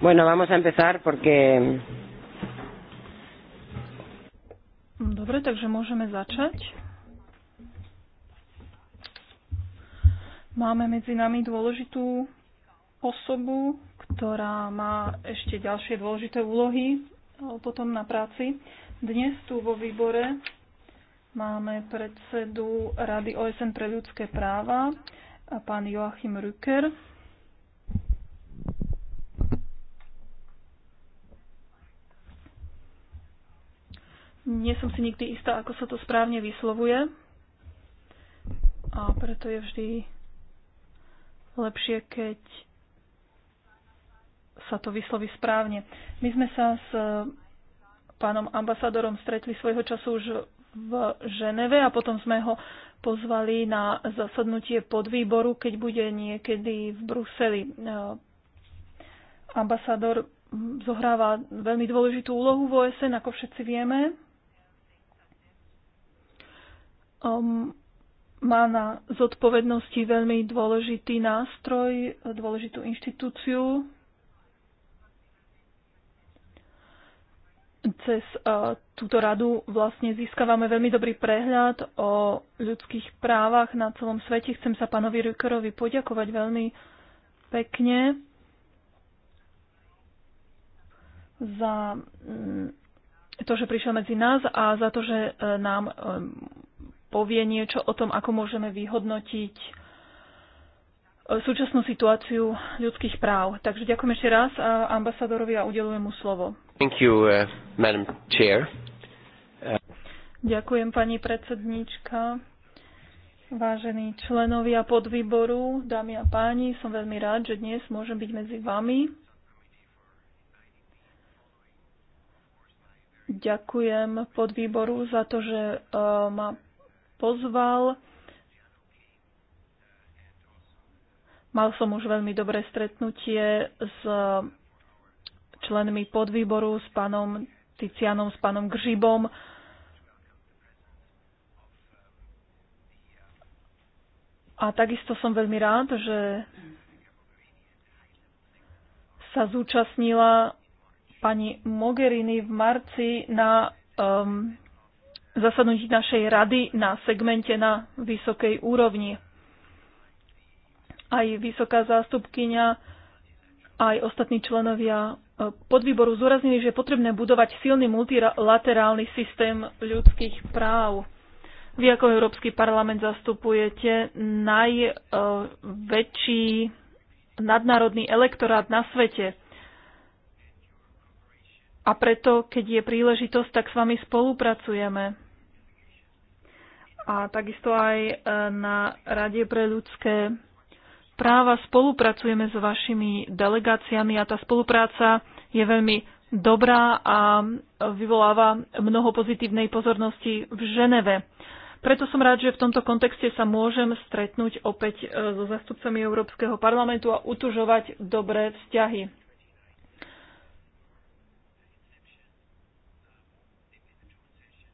Bueno, vamos a empezar porque... Dobre, takže môžeme začať. Máme medzi nami dôležitú osobu, ktorá má ešte ďalšie dôležité úlohy potom na práci. Dnes tu vo výbore máme predsedu Rady OSN pre ľudské práva, a pán Joachim Rücker. Nie som si nikdy istá, ako sa to správne vyslovuje. A preto je vždy lepšie, keď sa to vysloví správne. My sme sa s pánom ambasádorom stretli svojho času už v Ženeve a potom sme ho pozvali na zasadnutie podvýboru, keď bude niekedy v Bruseli. E, Ambasador zohráva veľmi dôležitú úlohu v OSN, ako všetci vieme. Um, má na zodpovednosti veľmi dôležitý nástroj, dôležitú inštitúciu, cez e, túto radu vlastne získavame veľmi dobrý prehľad o ľudských právach na celom svete. Chcem sa pánovi Rukerovi poďakovať veľmi pekne za mm, to, že prišiel medzi nás a za to, že e, nám e, povie niečo o tom, ako môžeme vyhodnotiť súčasnú situáciu ľudských práv. Takže ďakujem ešte raz ambasadorovi a udelujem mu slovo. Thank you, uh, Madam Chair. Ďakujem, pani predsednička, Vážení členovia podvýboru, dámy a páni, som veľmi rád, že dnes môžem byť medzi vami. Ďakujem podvýboru za to, že uh, ma pozval. Mal som už veľmi dobré stretnutie s členmi podvýboru s pánom Ticianom, s pánom Gržibom. A takisto som veľmi rád, že sa zúčastnila pani Mogherini v marci na um, zasadnutí našej rady na segmente na vysokej úrovni. Aj vysoká zástupkyňa, aj ostatní členovia podvýboru zúraznili, že je potrebné budovať silný multilaterálny systém ľudských práv. Vy ako Európsky parlament zastupujete najväčší nadnárodný elektorát na svete. A preto, keď je príležitosť, tak s vami spolupracujeme. A takisto aj e, na Rade pre ľudské práva spolupracujeme s vašimi delegáciami a tá spolupráca je veľmi dobrá a vyvoláva mnoho pozitívnej pozornosti v Ženeve. Preto som rád, že v tomto kontexte sa môžem stretnúť opäť e, so zastupcami Európskeho parlamentu a utužovať dobré vzťahy.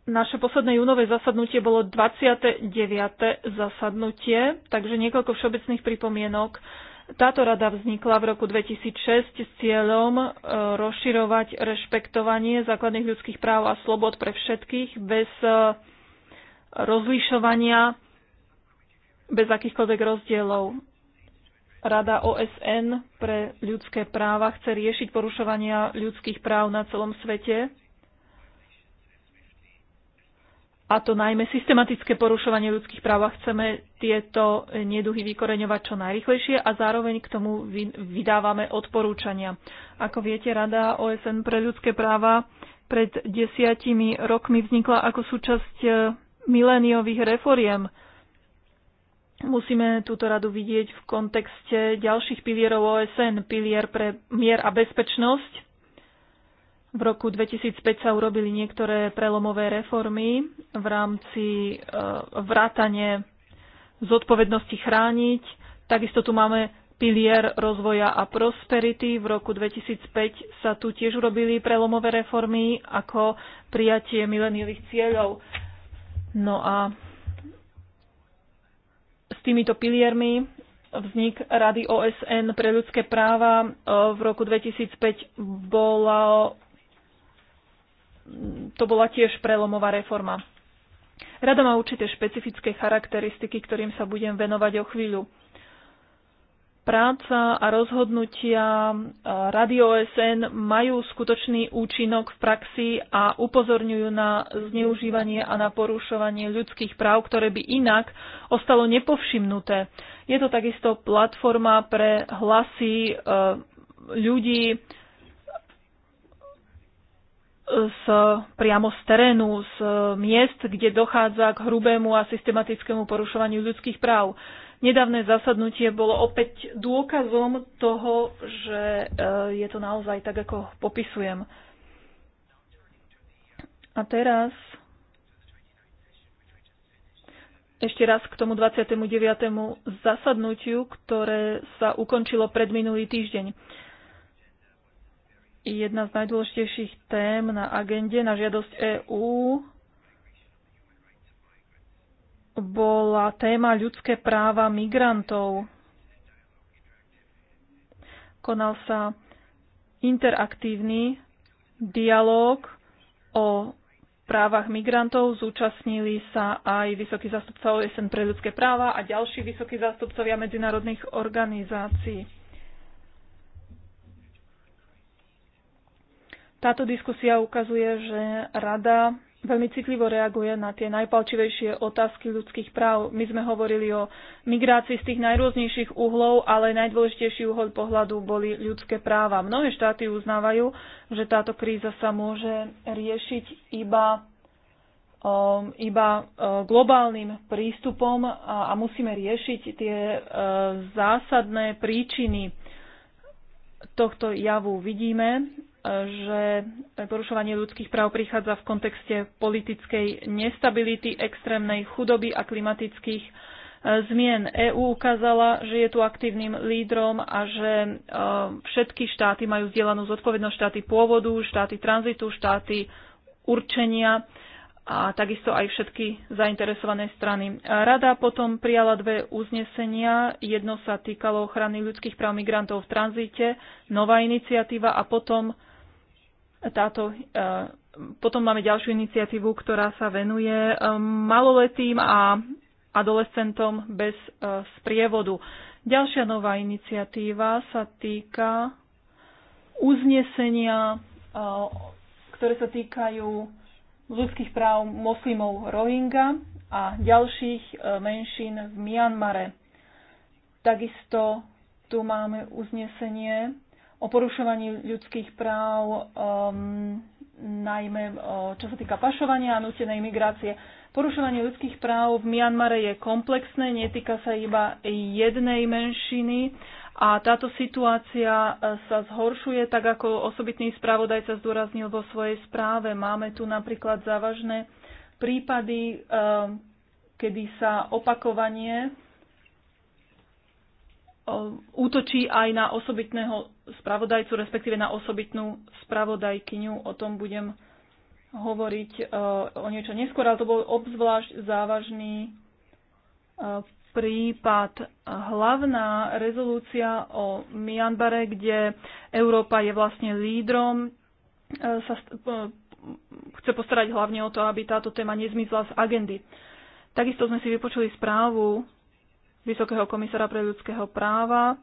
Naše posledné júnové zasadnutie bolo 29. zasadnutie, takže niekoľko všeobecných pripomienok. Táto rada vznikla v roku 2006 s cieľom e, rozširovať rešpektovanie základných ľudských práv a slobod pre všetkých bez e, rozlišovania, bez akýchkoľvek rozdielov. Rada OSN pre ľudské práva chce riešiť porušovania ľudských práv na celom svete a to najmä systematické porušovanie ľudských práv a chceme tieto neduhy vykoreňovať čo najrychlejšie a zároveň k tomu vydávame odporúčania. Ako viete, Rada OSN pre ľudské práva pred desiatimi rokmi vznikla ako súčasť e, miléniových reforiem. Musíme túto radu vidieť v kontexte ďalších pilierov OSN, pilier pre mier a bezpečnosť, v roku 2005 sa urobili niektoré prelomové reformy v rámci e, vrátane zodpovednosti chrániť. Takisto tu máme pilier rozvoja a prosperity. V roku 2005 sa tu tiež urobili prelomové reformy ako prijatie mileniových cieľov. No a s týmito piliermi vznik Rady OSN pre ľudské práva e, v roku 2005 bolo to bola tiež prelomová reforma. Rada má určité špecifické charakteristiky, ktorým sa budem venovať o chvíľu. Práca a rozhodnutia e, Rady OSN majú skutočný účinok v praxi a upozorňujú na zneužívanie a na porušovanie ľudských práv, ktoré by inak ostalo nepovšimnuté. Je to takisto platforma pre hlasy e, ľudí, z, priamo z terénu, z e, miest, kde dochádza k hrubému a systematickému porušovaniu ľudských práv. Nedávne zasadnutie bolo opäť dôkazom toho, že e, je to naozaj tak, ako popisujem. A teraz ešte raz k tomu 29. zasadnutiu, ktoré sa ukončilo pred minulý týždeň jedna z najdôležitejších tém na agende na žiadosť EÚ bola téma ľudské práva migrantov. Konal sa interaktívny dialog o právach migrantov. Zúčastnili sa aj vysoký zastupca OSN pre ľudské práva a ďalší vysokí zástupcovia medzinárodných organizácií. Táto diskusia ukazuje, že rada veľmi citlivo reaguje na tie najpalčivejšie otázky ľudských práv. My sme hovorili o migrácii z tých najrôznejších uhlov, ale najdôležitejší uhol pohľadu boli ľudské práva. Mnohé štáty uznávajú, že táto kríza sa môže riešiť iba um, iba uh, globálnym prístupom a musíme riešiť tie uh, zásadné príčiny tohto javu. Vidíme, že porušovanie ľudských práv prichádza v kontexte politickej nestability, extrémnej chudoby a klimatických e, zmien. EÚ ukázala, že je tu aktívnym lídrom a že e, všetky štáty majú vzdielanú zodpovednosť štáty pôvodu, štáty tranzitu, štáty určenia a takisto aj všetky zainteresované strany. E, Rada potom prijala dve uznesenia. Jedno sa týkalo ochrany ľudských práv migrantov v tranzite, nová iniciatíva a potom táto e, potom máme ďalšiu iniciatívu, ktorá sa venuje e, maloletým a adolescentom bez e, sprievodu. Ďalšia nová iniciatíva sa týka uznesenia, ktoré sa týkajú ľudských práv moslimov Rohingya a ďalších menšín v Mianmare. Takisto tu máme uznesenie o porušovaní ľudských práv, um, najmä uh, čo sa týka pašovania a nutenej migrácie. Porušovanie ľudských práv v Mianmare je komplexné, netýka sa iba jednej menšiny a táto situácia uh, sa zhoršuje, tak ako osobitný spravodajca zdôraznil vo svojej správe. Máme tu napríklad závažné prípady, uh, kedy sa opakovanie útočí aj na osobitného spravodajcu, respektíve na osobitnú spravodajkyňu. O tom budem hovoriť e, o niečo neskôr, ale to bol obzvlášť závažný e, prípad. Hlavná rezolúcia o Mianbare, kde Európa je vlastne lídrom, e, sa chce postarať hlavne o to, aby táto téma nezmizla z agendy. Takisto sme si vypočuli správu Vysokého komisára pre ľudského práva,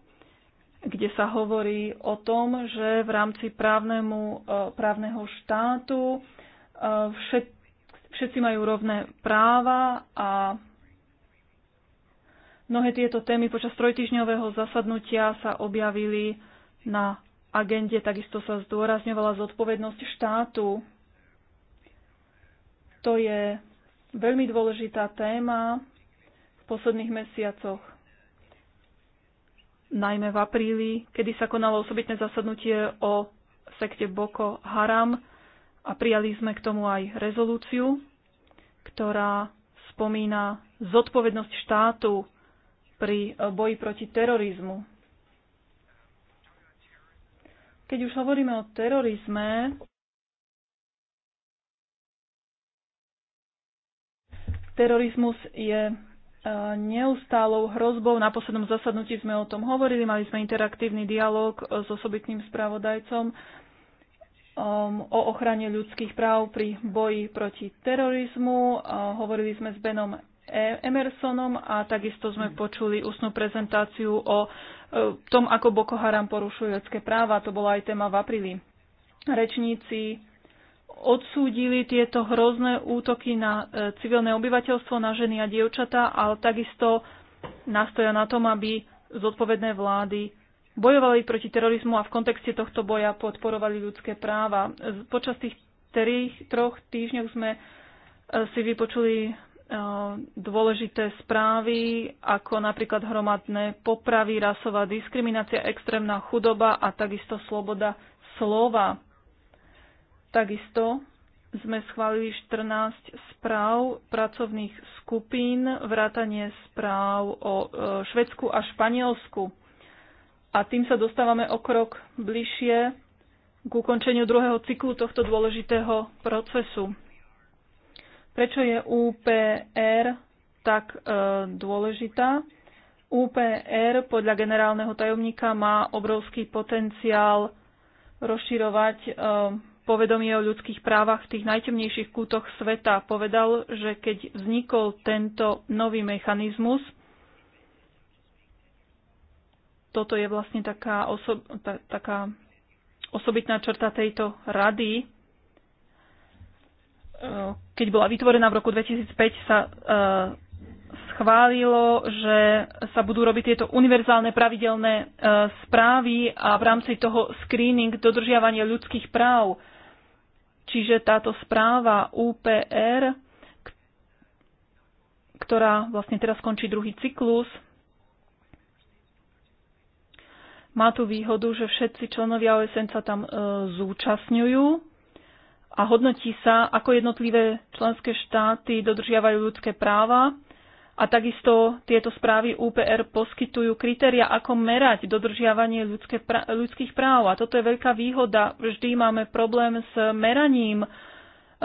kde sa hovorí o tom, že v rámci právnemu, e, právneho štátu e, všet, všetci majú rovné práva a mnohé tieto témy počas trojtyžňového zasadnutia sa objavili na agende. Takisto sa zdôrazňovala zodpovednosť štátu. To je veľmi dôležitá téma, posledných mesiacoch. Najmä v apríli, kedy sa konalo osobitné zasadnutie o sekte Boko Haram a prijali sme k tomu aj rezolúciu, ktorá spomína zodpovednosť štátu pri boji proti terorizmu. Keď už hovoríme o terorizme, terorizmus je neustálou hrozbou. Na poslednom zasadnutí sme o tom hovorili, mali sme interaktívny dialog e, s osobitným spravodajcom um, o ochrane ľudských práv pri boji proti terorizmu. E, hovorili sme s Benom e. Emersonom a takisto sme mm. počuli ústnu prezentáciu o tom, ako Boko Haram porušuje ľudské práva. To bola aj téma v apríli. Rečníci odsúdili tieto hrozné útoky na e, civilné obyvateľstvo, na ženy a dievčatá, ale takisto nastoja na tom, aby zodpovedné vlády bojovali proti terorizmu a v kontexte tohto boja podporovali ľudské práva. Počas tých terých, troch týždňov sme e, si vypočuli e, dôležité správy, ako napríklad hromadné popravy, rasová diskriminácia, extrémna chudoba a takisto sloboda slova. Takisto sme schválili 14 správ pracovných skupín, vrátanie správ o e, Švedsku a Španielsku. A tým sa dostávame o krok bližšie k ukončeniu druhého cyklu tohto dôležitého procesu. Prečo je UPR tak e, dôležitá? UPR podľa generálneho tajomníka má obrovský potenciál rozširovať e, povedomie o ľudských právach v tých najtemnejších kútoch sveta. Povedal, že keď vznikol tento nový mechanizmus, toto je vlastne taká, oso- ta- taká osobitná črta tejto rady. E, keď bola vytvorená v roku 2005, sa e, schválilo, že sa budú robiť tieto univerzálne pravidelné e, správy a v rámci toho screening dodržiavania ľudských práv. E, Čiže táto správa UPR, ktorá vlastne teraz skončí druhý cyklus, má tu výhodu, že všetci členovia OSN sa tam e, zúčastňujú a hodnotí sa, ako jednotlivé členské štáty dodržiavajú ľudské práva a takisto tieto správy UPR poskytujú kritéria, ako merať dodržiavanie ľudské pra- ľudských práv. A toto je veľká výhoda. Vždy máme problém s meraním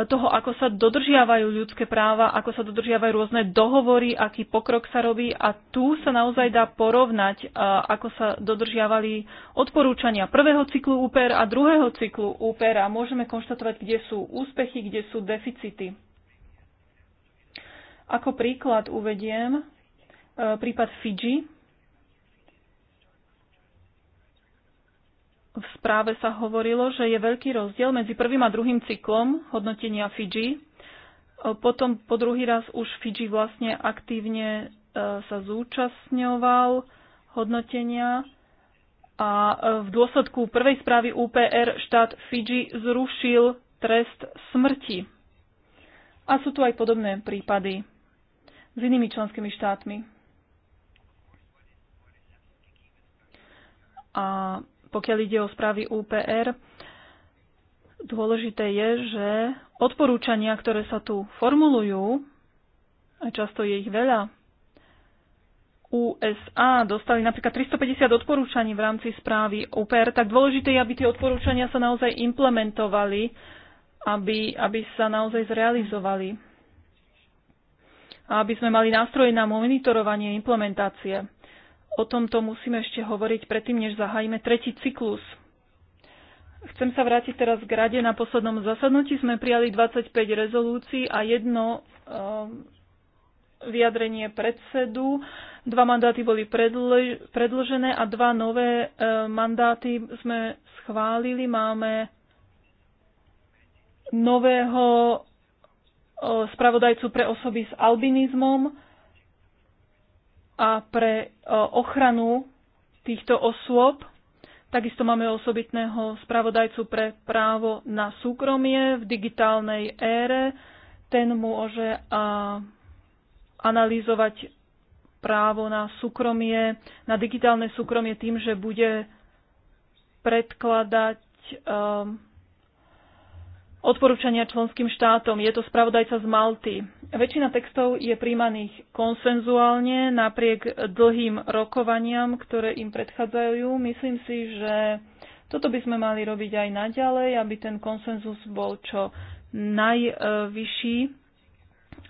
toho, ako sa dodržiavajú ľudské práva, ako sa dodržiavajú rôzne dohovory, aký pokrok sa robí. A tu sa naozaj dá porovnať, ako sa dodržiavali odporúčania prvého cyklu UPR a druhého cyklu UPR. A môžeme konštatovať, kde sú úspechy, kde sú deficity. Ako príklad uvediem e, prípad Fidži. V správe sa hovorilo, že je veľký rozdiel medzi prvým a druhým cyklom hodnotenia Fidži. E, potom po druhý raz už Fidži vlastne aktívne e, sa zúčastňoval hodnotenia a v dôsledku prvej správy UPR štát Fidži zrušil trest smrti. A sú tu aj podobné prípady s inými členskými štátmi. A pokiaľ ide o správy UPR, dôležité je, že odporúčania, ktoré sa tu formulujú, a často je ich veľa, USA dostali napríklad 350 odporúčaní v rámci správy UPR, tak dôležité je, aby tie odporúčania sa naozaj implementovali, aby, aby sa naozaj zrealizovali aby sme mali nástroje na monitorovanie implementácie. O tomto musíme ešte hovoriť predtým, než zahájime tretí cyklus. Chcem sa vrátiť teraz k rade. Na poslednom zasadnutí sme prijali 25 rezolúcií a jedno um, vyjadrenie predsedu. Dva mandáty boli predložené a dva nové ehm, mandáty sme schválili. Máme nového spravodajcu pre osoby s albinizmom a pre ochranu týchto osôb. Takisto máme osobitného spravodajcu pre právo na súkromie v digitálnej ére. Ten môže analyzovať právo na súkromie, na digitálne súkromie tým, že bude predkladať odporúčania členským štátom. Je to spravodajca z Malty. Väčšina textov je príjmaných konsenzuálne napriek dlhým rokovaniam, ktoré im predchádzajú. Myslím si, že toto by sme mali robiť aj naďalej, aby ten konsenzus bol čo najvyšší,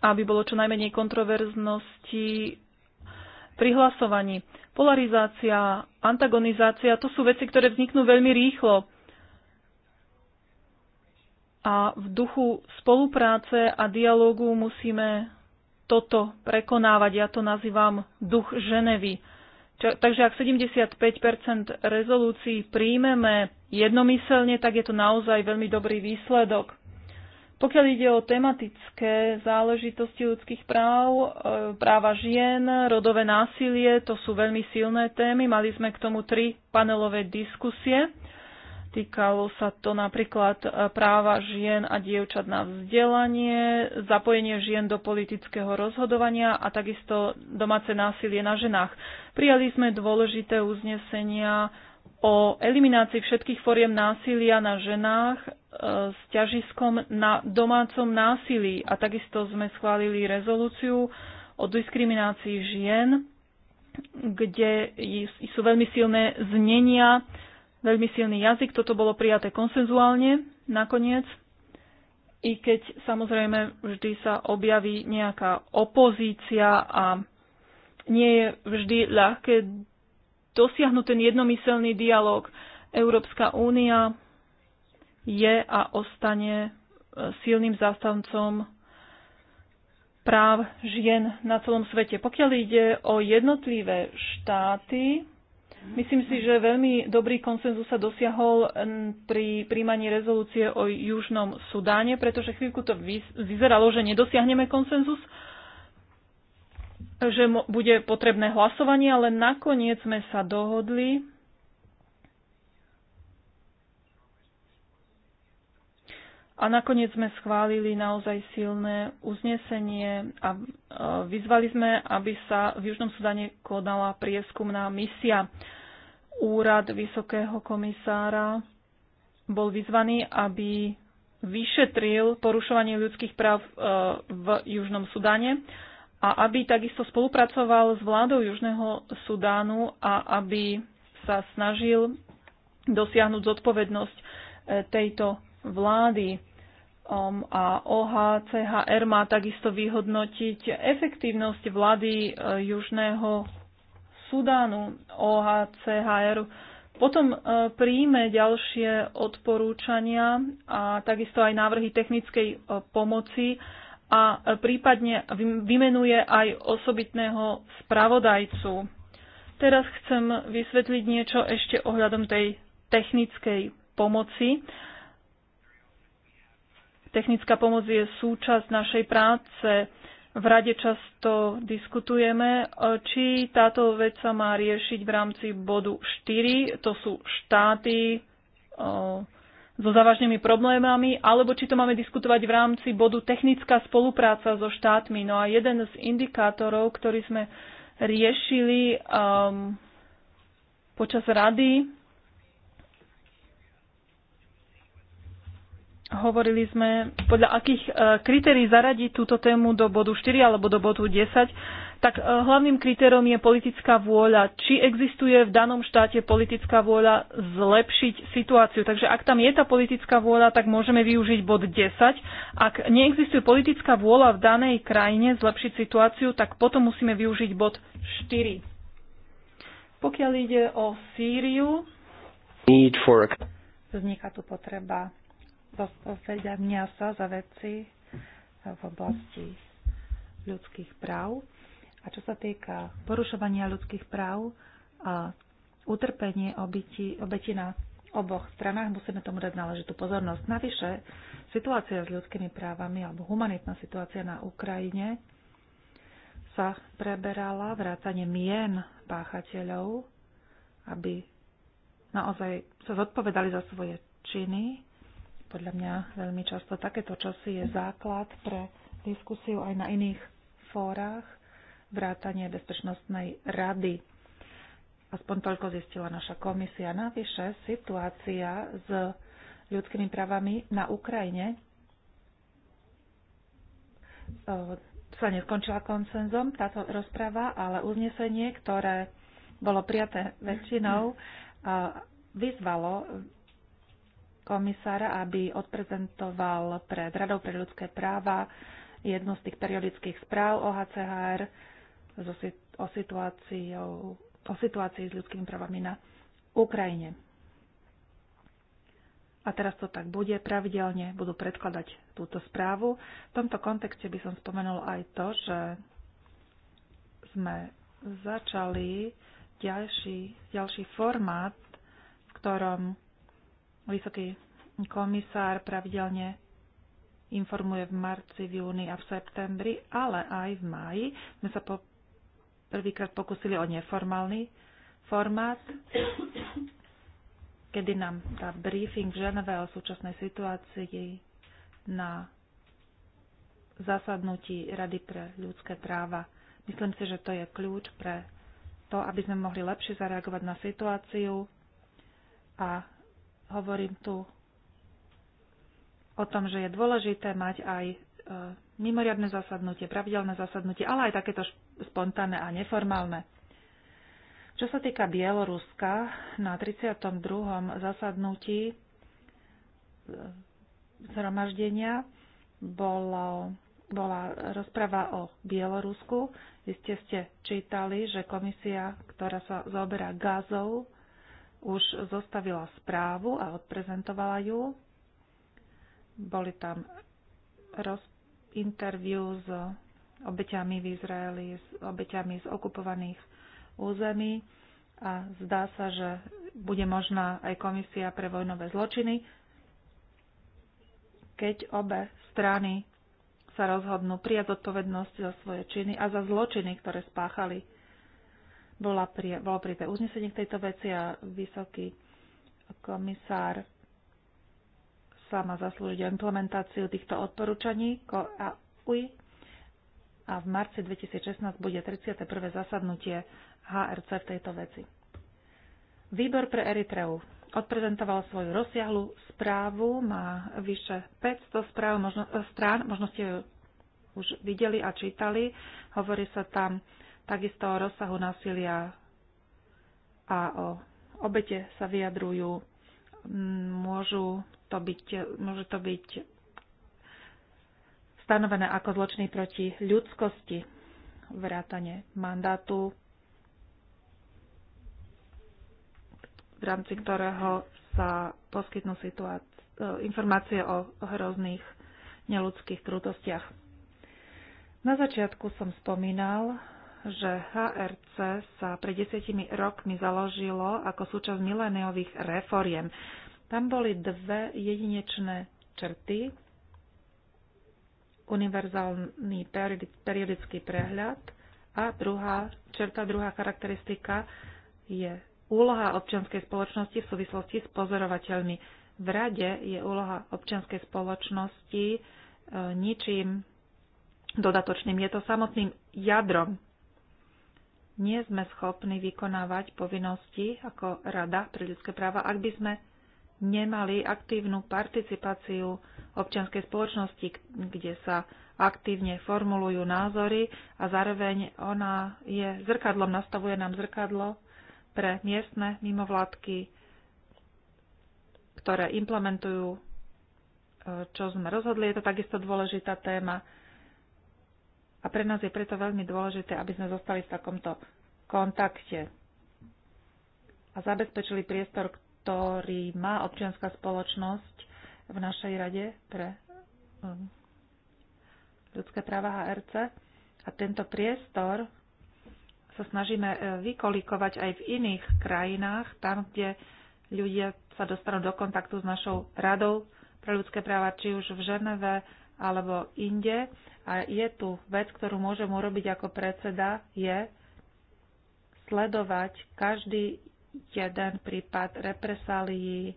aby bolo čo najmenej kontroverznosti pri hlasovaní. Polarizácia, antagonizácia, to sú veci, ktoré vzniknú veľmi rýchlo. A v duchu spolupráce a dialógu musíme toto prekonávať. Ja to nazývam duch Ženevy. Čo, takže ak 75 rezolúcií príjmeme jednomyselne, tak je to naozaj veľmi dobrý výsledok. Pokiaľ ide o tematické záležitosti ľudských práv, e, práva žien, rodové násilie, to sú veľmi silné témy. Mali sme k tomu tri panelové diskusie. Týkalo sa to napríklad e, práva žien a dievčat na vzdelanie, zapojenie žien do politického rozhodovania a takisto domáce násilie na ženách. Prijali sme dôležité uznesenia o eliminácii všetkých foriem násilia na ženách e, s ťažiskom na domácom násilí a takisto sme schválili rezolúciu o diskriminácii žien, kde sú veľmi silné znenia veľmi silný jazyk. Toto bolo prijaté konsenzuálne nakoniec. I keď samozrejme vždy sa objaví nejaká opozícia a nie je vždy ľahké dosiahnuť ten jednomyselný dialog. Európska únia je a ostane e, silným zástancom práv žien na celom svete. Pokiaľ ide o jednotlivé štáty, Myslím si, že veľmi dobrý konsenzus sa dosiahol mm, pri príjmaní rezolúcie o Južnom Sudáne, pretože chvíľku to vyzeralo, že nedosiahneme konsenzus, že bude potrebné hlasovanie, ale nakoniec sme sa dohodli A nakoniec sme schválili naozaj silné uznesenie a e, vyzvali sme, aby sa v Južnom Sudane konala prieskumná misia. Úrad vysokého komisára bol vyzvaný, aby vyšetril porušovanie ľudských práv e, v Južnom Sudane a aby takisto spolupracoval s vládou Južného Sudánu a aby sa snažil dosiahnuť zodpovednosť e, tejto vlády. Um, a OHCHR má takisto vyhodnotiť efektívnosť vlády e, Južného Sudánu OHCHR. Potom e, príjme ďalšie odporúčania a takisto aj návrhy technickej e, pomoci a prípadne vymenuje aj osobitného spravodajcu. Teraz chcem vysvetliť niečo ešte ohľadom tej technickej pomoci. Technická pomoc je súčasť našej práce. V rade často diskutujeme, či táto vec sa má riešiť v rámci bodu 4, to sú štáty so závažnými problémami, alebo či to máme diskutovať v rámci bodu technická spolupráca so štátmi. No a jeden z indikátorov, ktorý sme riešili um, počas rady, hovorili sme, podľa akých e, kritérií zaradiť túto tému do bodu 4 alebo do bodu 10, tak e, hlavným kritérom je politická vôľa. Či existuje v danom štáte politická vôľa zlepšiť situáciu. Takže ak tam je tá politická vôľa, tak môžeme využiť bod 10. Ak neexistuje politická vôľa v danej krajine zlepšiť situáciu, tak potom musíme využiť bod 4. Pokiaľ ide o Sýriu, vzniká tu potreba zodpovedia sa za veci v oblasti ľudských práv. A čo sa týka porušovania ľudských práv a utrpenie obeti, obeti na oboch stranách musíme tomu dať náležitú pozornosť. Navyše, situácia s ľudskými právami alebo humanitná situácia na Ukrajine sa preberala vrátane mien páchateľov, aby naozaj sa zodpovedali za svoje činy podľa mňa veľmi často takéto čosi je základ pre diskusiu aj na iných fórach vrátanie Bezpečnostnej rady. Aspoň toľko zistila naša komisia. Navyše situácia s ľudskými právami na Ukrajine eh, sa neskončila koncenzom táto rozprava, ale uznesenie, ktoré bolo prijaté väčšinou, eh, vyzvalo komisára, aby odprezentoval pred Radou pre ľudské práva jednu z tých periodických správ OHCHR o, o situácii s ľudskými právami na Ukrajine. A teraz to tak bude, pravidelne budú predkladať túto správu. V tomto kontexte by som spomenul aj to, že sme začali ďalší, ďalší formát, v ktorom Vysoký komisár pravidelne informuje v marci, v júni a v septembri, ale aj v máji. My sa po prvýkrát pokusili o neformálny formát, kedy nám tá briefing v Ženeve o súčasnej situácii na zasadnutí Rady pre ľudské práva. Myslím si, že to je kľúč pre to, aby sme mohli lepšie zareagovať na situáciu a Hovorím tu o tom, že je dôležité mať aj e, mimoriadne zasadnutie, pravidelné zasadnutie, ale aj takéto spontánne a neformálne. Čo sa týka Bieloruska, na 32. zasadnutí e, zhromaždenia bolo, bola rozprava o Bielorusku. Vy ste, ste čítali, že komisia, ktorá sa zoberá Gazov už zostavila správu a odprezentovala ju. Boli tam roz, interview s obeťami v Izraeli, s obeťami z okupovaných území a zdá sa, že bude možná aj komisia pre vojnové zločiny, keď obe strany sa rozhodnú prijať zodpovednosť za svoje činy a za zločiny, ktoré spáchali bola pri, bolo prijaté uznesenie k tejto veci a vysoký komisár sa má zaslúžiť o implementáciu týchto odporúčaní a uj. a v marci 2016 bude 31. zasadnutie HRC v tejto veci. Výbor pre Eritreu odprezentoval svoju rozsiahlu správu, má vyše 500 správ, možno, strán, možno ste ju už videli a čítali. Hovorí sa tam takisto o rozsahu násilia a o obete sa vyjadrujú. Môžu to byť, môže to byť stanovené ako zločiny proti ľudskosti, vrátane mandátu, v rámci ktorého sa poskytnú situácie, eh, informácie o hrozných neludských krutostiach. Na začiatku som spomínal, že HRC sa pred desiatimi rokmi založilo ako súčasť miléniových reforiem. Tam boli dve jedinečné črty. Univerzálny periodický prehľad a druhá črta, druhá charakteristika je úloha občianskej spoločnosti v súvislosti s pozorovateľmi. V rade je úloha občianskej spoločnosti e, ničím dodatočným. Je to samotným jadrom nie sme schopní vykonávať povinnosti ako Rada pre ľudské práva, ak by sme nemali aktívnu participáciu občianskej spoločnosti, kde sa aktívne formulujú názory a zároveň ona je zrkadlom, nastavuje nám zrkadlo pre miestne mimovládky, ktoré implementujú, e, čo sme rozhodli. Je to takisto dôležitá téma. A pre nás je preto veľmi dôležité, aby sme zostali v takomto kontakte a zabezpečili priestor, ktorý má občianská spoločnosť v našej rade pre um, ľudské práva HRC. A tento priestor sa snažíme e, vykolikovať aj v iných krajinách, tam, kde ľudia sa dostanú do kontaktu s našou radou pre ľudské práva, či už v Ženeve, alebo inde. A je tu vec, ktorú môžem urobiť ako predseda, je sledovať každý jeden prípad represálií,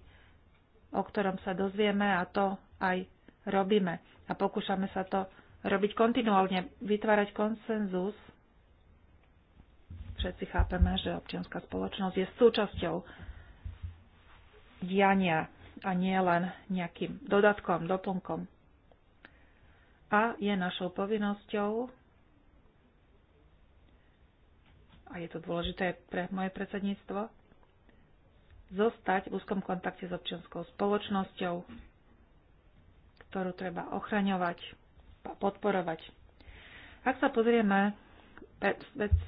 o ktorom sa dozvieme a to aj robíme. A pokúšame sa to robiť kontinuálne, vytvárať konsenzus. Všetci chápeme, že občianská spoločnosť je súčasťou diania a nie len nejakým dodatkom, doplnkom a je našou povinnosťou a je to dôležité pre moje predsedníctvo, zostať v úzkom kontakte s občianskou spoločnosťou, ktorú treba ochraňovať a podporovať. Ak sa pozrieme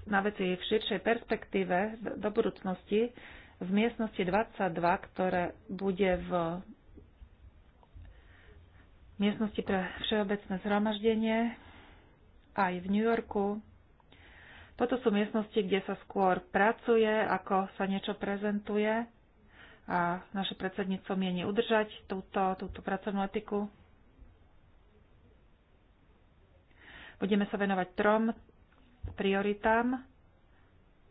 na veci v širšej perspektíve do budúcnosti, v miestnosti 22, ktoré bude v miestnosti pre všeobecné zhromaždenie aj v New Yorku. Toto sú miestnosti, kde sa skôr pracuje, ako sa niečo prezentuje a naše predsednico mieni udržať túto, túto pracovnú etiku. Budeme sa venovať trom prioritám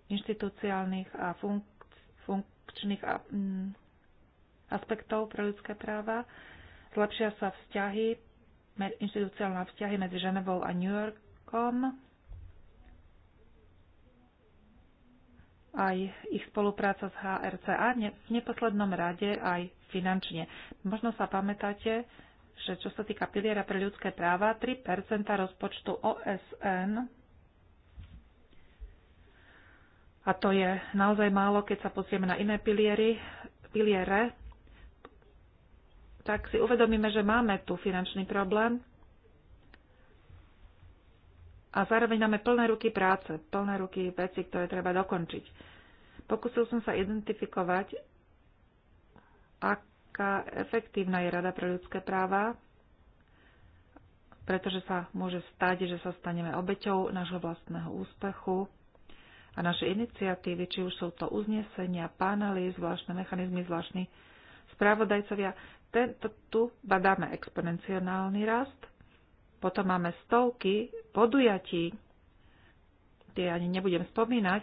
inštitúciálnych a funk- funkčných a, mm, aspektov pre ľudské práva. Zlepšia sa vzťahy, inštitúciálne vzťahy medzi Ženevou a New Yorkom. Aj ich spolupráca s HRC a v neposlednom rade aj finančne. Možno sa pamätáte, že čo sa týka piliera pre ľudské práva, 3 rozpočtu OSN a to je naozaj málo, keď sa pozrieme na iné piliery, piliere tak si uvedomíme, že máme tu finančný problém a zároveň máme plné ruky práce, plné ruky veci, ktoré treba dokončiť. Pokúsil som sa identifikovať, aká efektívna je Rada pre ľudské práva, pretože sa môže stať, že sa staneme obeťou nášho vlastného úspechu a naše iniciatívy, či už sú to uznesenia, panely, zvláštne mechanizmy, zvláštni spravodajcovia, tento, tu badáme exponenciálny rast. Potom máme stovky podujatí, tie ani nebudem spomínať,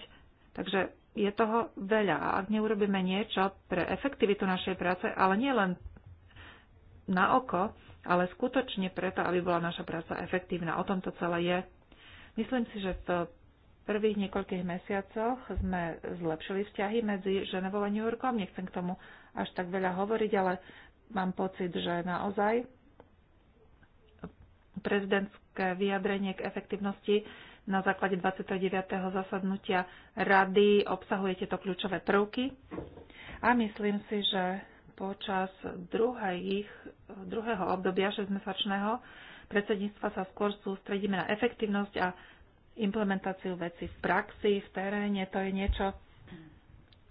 takže je toho veľa. A ak neurobíme niečo pre efektivitu našej práce, ale nie len na oko, ale skutočne preto, aby bola naša práca efektívna. O tom to celé je. Myslím si, že v prvých niekoľkých mesiacoch sme zlepšili vzťahy medzi Ženevou a New Yorkom. Nechcem k tomu až tak veľa hovoriť, ale mám pocit, že naozaj prezidentské vyjadrenie k efektivnosti na základe 29. zasadnutia rady obsahuje tieto kľúčové prvky a myslím si, že počas druhých, druhého obdobia 6-mesačného predsedníctva sa skôr sústredíme na efektívnosť a implementáciu veci v praxi, v teréne. To je niečo,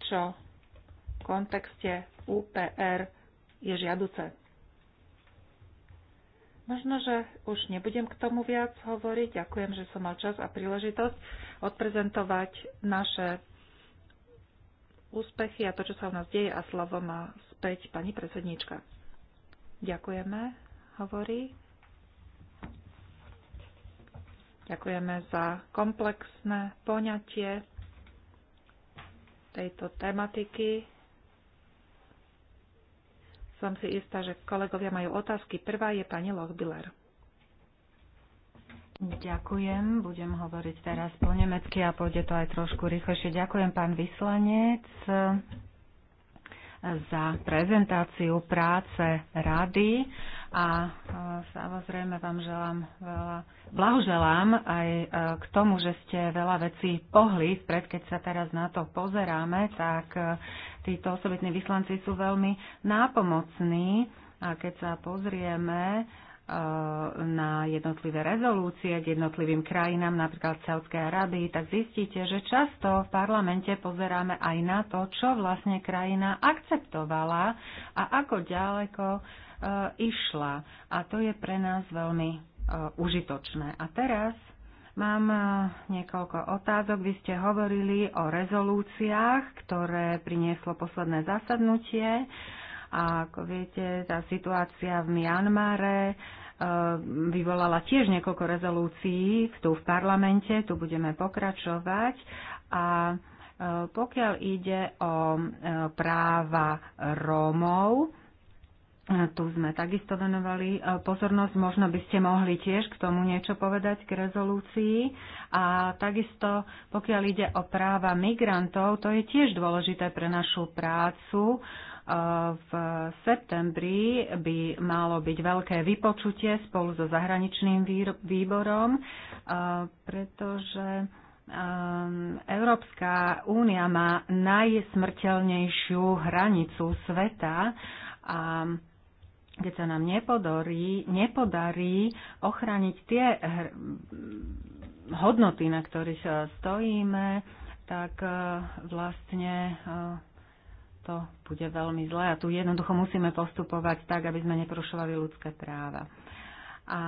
čo v kontexte UPR je žiaduce. Možno, že už nebudem k tomu viac hovoriť. Ďakujem, že som mal čas a príležitosť odprezentovať naše úspechy a to, čo sa u nás deje a slovo má späť pani predsednička. Ďakujeme, hovorí. Ďakujeme za komplexné poňatie tejto tematiky. Som si istá, že kolegovia majú otázky. Prvá je pani Lochbiller. Ďakujem, budem hovoriť teraz po nemecky a pôjde to aj trošku rýchlejšie. Ďakujem, pán vyslanec, za prezentáciu práce rady a samozrejme vám želám veľa, blahoželám aj e, k tomu, že ste veľa vecí pohli. pred keď sa teraz na to pozeráme, tak e, títo osobitní vyslanci sú veľmi nápomocní a keď sa pozrieme e, na jednotlivé rezolúcie k jednotlivým krajinám, napríklad Saudskej Arabii, tak zistíte, že často v parlamente pozeráme aj na to, čo vlastne krajina akceptovala a ako ďaleko E, išla. A to je pre nás veľmi e, užitočné. A teraz Mám e, niekoľko otázok. Vy ste hovorili o rezolúciách, ktoré prinieslo posledné zasadnutie. A ako viete, tá situácia v Mianmare vyvolala tiež niekoľko rezolúcií tu v parlamente, tu budeme pokračovať. A pokiaľ ide o práva Rómov, E, tu sme takisto venovali e, pozornosť. Možno by ste mohli tiež k tomu niečo povedať k rezolúcii. A takisto, pokiaľ ide o práva migrantov, to je tiež dôležité pre našu prácu. E, v septembri by malo byť veľké vypočutie spolu so zahraničným výborom, pretože ehm, Európska únia má najsmrteľnejšiu hranicu sveta a keď sa nám nepodarí, nepodarí ochraniť tie hodnoty, na ktorých e, stojíme, tak e, vlastne e, to bude veľmi zlé a tu jednoducho musíme postupovať tak, aby sme neprošovali ľudské práva. A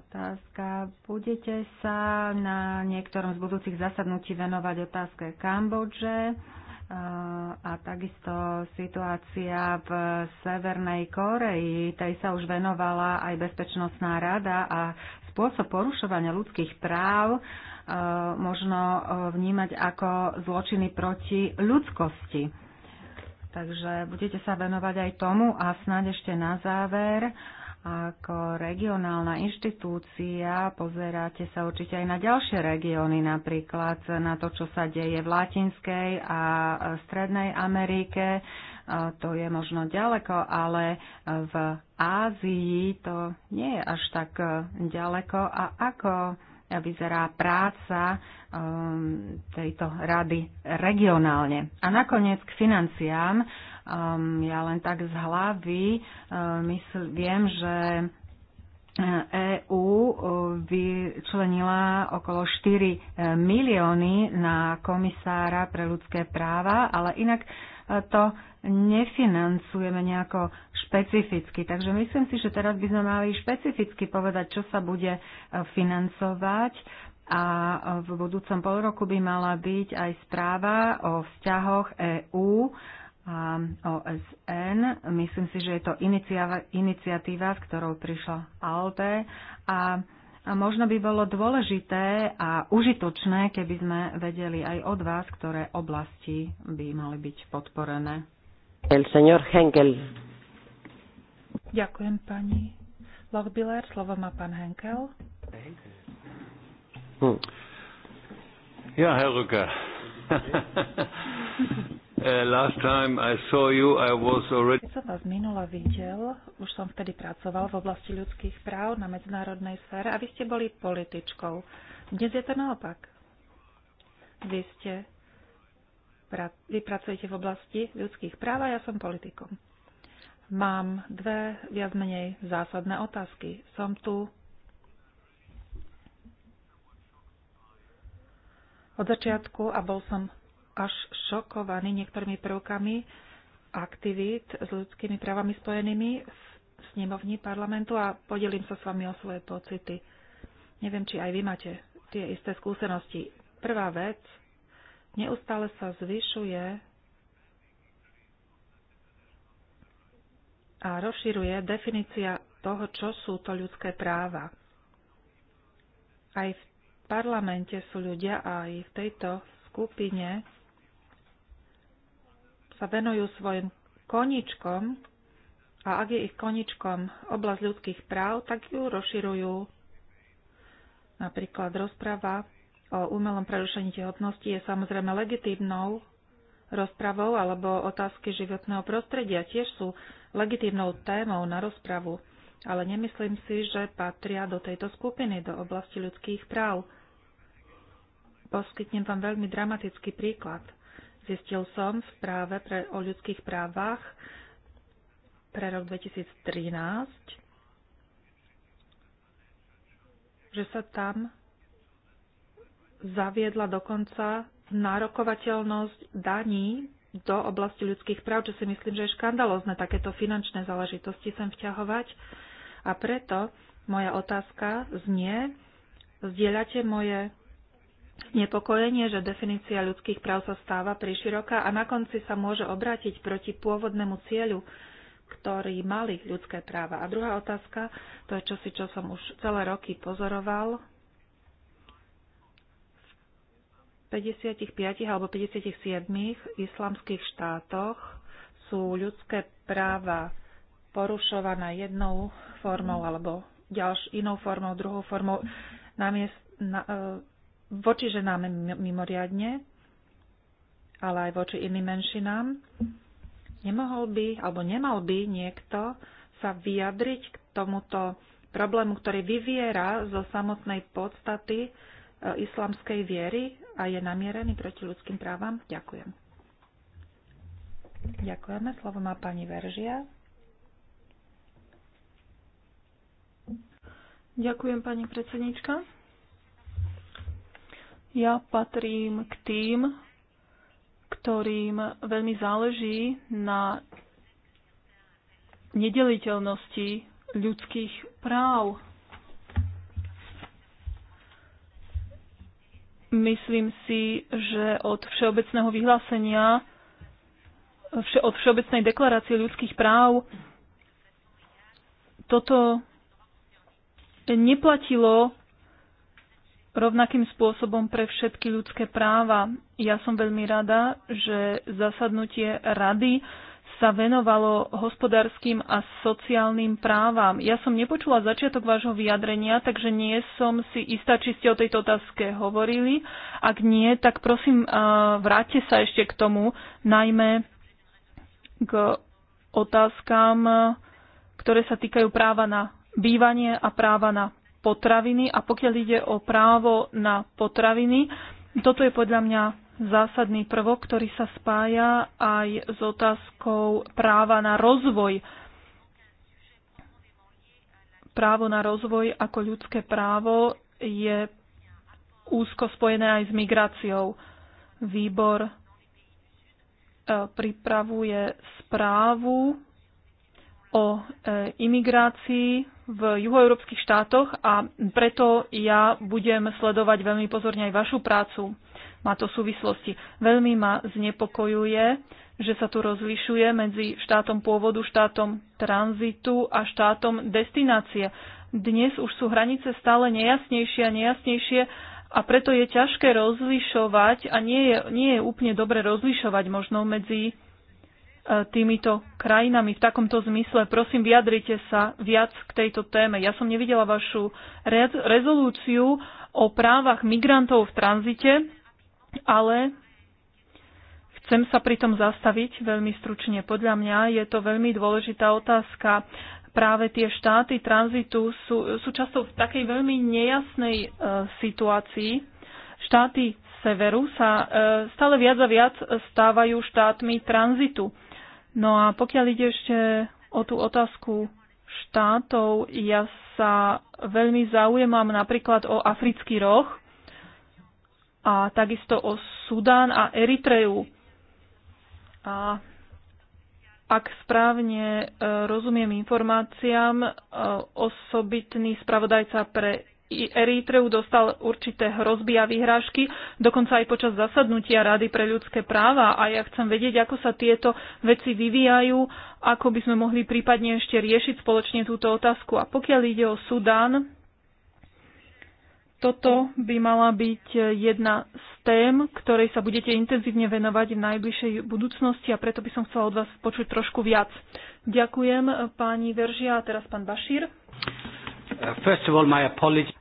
otázka, budete sa na niektorom z budúcich zasadnutí venovať otázke Kambodže? a takisto situácia v Severnej Koreji, tej sa už venovala aj Bezpečnostná rada a spôsob porušovania ľudských práv e, možno e, vnímať ako zločiny proti ľudskosti. Takže budete sa venovať aj tomu a snáď ešte na záver ako regionálna inštitúcia pozeráte sa určite aj na ďalšie regióny, napríklad na to, čo sa deje v Latinskej a Strednej Amerike. E, to je možno ďaleko, ale v Ázii to nie je až tak e, ďaleko. A ako vyzerá práca e, tejto rady regionálne. A nakoniec k financiám. Um, ja len tak z hlavy um, mysl, viem, že EÚ e e, vyčlenila okolo 4 e, milióny na komisára pre ľudské práva, ale inak to nefinancujeme nejako špecificky. Takže myslím si, že teraz by sme mali špecificky povedať, čo sa bude financovať a v budúcom polroku by mala byť aj správa o vzťahoch EÚ OSN. Myslím si, že je to iniciatíva, s ktorou prišla ALDE a a možno by bolo dôležité a užitočné, keby sme vedeli aj od vás, ktoré oblasti by mali byť podporené. El señor Henkel. Ďakujem pani Lochbiller. Slovo má pán Henkel. Hm. Ja, Herr Rücker. Uh, last time I saw you, I was already... Keď som vás minula videl, už som vtedy pracoval v oblasti ľudských práv na medzinárodnej sfére a vy ste boli političkou. Dnes je to naopak. Vy ste vy pracujete v oblasti ľudských práv a ja som politikom. Mám dve viac menej zásadné otázky. Som tu od začiatku a bol som až šokovaní niektorými prvkami aktivít s ľudskými právami spojenými v snemovni parlamentu a podelím sa s vami o svoje pocity. Neviem, či aj vy máte tie isté skúsenosti. Prvá vec, neustále sa zvyšuje a rozširuje definícia toho, čo sú to ľudské práva. Aj v parlamente sú ľudia, aj v tejto skupine sa venujú svojim koničkom a ak je ich koničkom oblasť ľudských práv, tak ju rozširujú. Napríklad rozprava o umelom prerušení tehotnosti je samozrejme legitímnou rozpravou alebo otázky životného prostredia tiež sú legitímnou témou na rozpravu, ale nemyslím si, že patria do tejto skupiny, do oblasti ľudských práv. Poskytnem vám veľmi dramatický príklad. Zistil som v práve pre, o ľudských právach pre rok 2013, že sa tam zaviedla dokonca nárokovateľnosť daní do oblasti ľudských práv, čo si myslím, že je škandalozne takéto finančné záležitosti sem vťahovať. A preto moja otázka znie, zdieľate moje znepokojenie, že definícia ľudských práv sa stáva priširoká a na konci sa môže obrátiť proti pôvodnému cieľu, ktorý mali ľudské práva. A druhá otázka, to je čosi, čo som už celé roky pozoroval. V 55 alebo 57 islamských štátoch sú ľudské práva porušované jednou formou alebo ďalš, inou formou, druhou formou. Namiest, na, e, voči ženám mimoriadne, ale aj voči iným menšinám. Nemohol by, alebo nemal by niekto sa vyjadriť k tomuto problému, ktorý vyviera zo samotnej podstaty e, islamskej viery a je namierený proti ľudským právam? Ďakujem. Ďakujeme. Slovo má pani Veržia. Ďakujem, pani predsednička. Ja patrím k tým, ktorým veľmi záleží na nedeliteľnosti ľudských práv. Myslím si, že od všeobecného vyhlásenia, od všeobecnej deklarácie ľudských práv toto neplatilo rovnakým spôsobom pre všetky ľudské práva. Ja som veľmi rada, že zasadnutie rady sa venovalo hospodárskym a sociálnym právam. Ja som nepočula začiatok vášho vyjadrenia, takže nie som si istá, či ste o tejto otázke hovorili. Ak nie, tak prosím, vráte sa ešte k tomu, najmä k otázkam, ktoré sa týkajú práva na bývanie a práva na potraviny a pokiaľ ide o právo na potraviny, toto je podľa mňa zásadný prvok, ktorý sa spája aj s otázkou práva na rozvoj. Právo na rozvoj ako ľudské právo je úzko spojené aj s migráciou. Výbor e, pripravuje správu o e, imigrácii v juhoeurópskych štátoch a preto ja budem sledovať veľmi pozorne aj vašu prácu. Má to súvislosti. Veľmi ma znepokojuje, že sa tu rozlišuje medzi štátom pôvodu, štátom tranzitu a štátom destinácie. Dnes už sú hranice stále nejasnejšie a nejasnejšie a preto je ťažké rozlišovať a nie je, nie je úplne dobre rozlišovať možno medzi týmito krajinami. V takomto zmysle prosím, vyjadrite sa viac k tejto téme. Ja som nevidela vašu rezolúciu o právach migrantov v tranzite, ale Chcem sa pritom zastaviť veľmi stručne. Podľa mňa je to veľmi dôležitá otázka. Práve tie štáty tranzitu sú, sú často v takej veľmi nejasnej e, situácii. Štáty severu sa e, stále viac a viac stávajú štátmi tranzitu. No a pokiaľ ide ešte o tú otázku štátov, ja sa veľmi zaujímam napríklad o africký roh a takisto o Sudán a Eritreju. A ak správne e, rozumiem informáciám, e, osobitný spravodajca pre Eritreu dostal určité hrozby a vyhrážky, dokonca aj počas zasadnutia Rady pre ľudské práva. A ja chcem vedieť, ako sa tieto veci vyvíjajú, ako by sme mohli prípadne ešte riešiť spoločne túto otázku. A pokiaľ ide o Sudán, toto by mala byť jedna z tém, ktorej sa budete intenzívne venovať v najbližšej budúcnosti a preto by som chcela od vás počuť trošku viac. Ďakujem pani Veržia a teraz pán Bašír. Uh,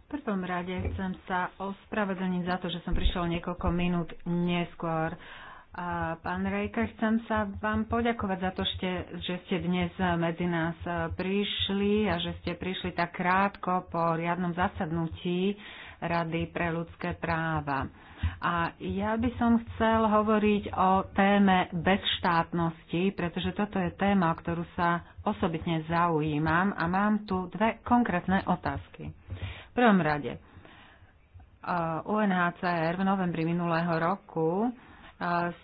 v prvom rade chcem sa ospravedlniť za to, že som prišiel niekoľko minút neskôr. A pán Rejka, chcem sa vám poďakovať za to, že ste dnes medzi nás e, prišli a že ste prišli tak krátko po riadnom zasadnutí Rady pre ľudské práva. A ja by som chcel hovoriť o téme bezštátnosti, pretože toto je téma, o ktorú sa osobitne zaujímam a mám tu dve konkrétne otázky. V prvom rade, e, UNHCR v novembri minulého roku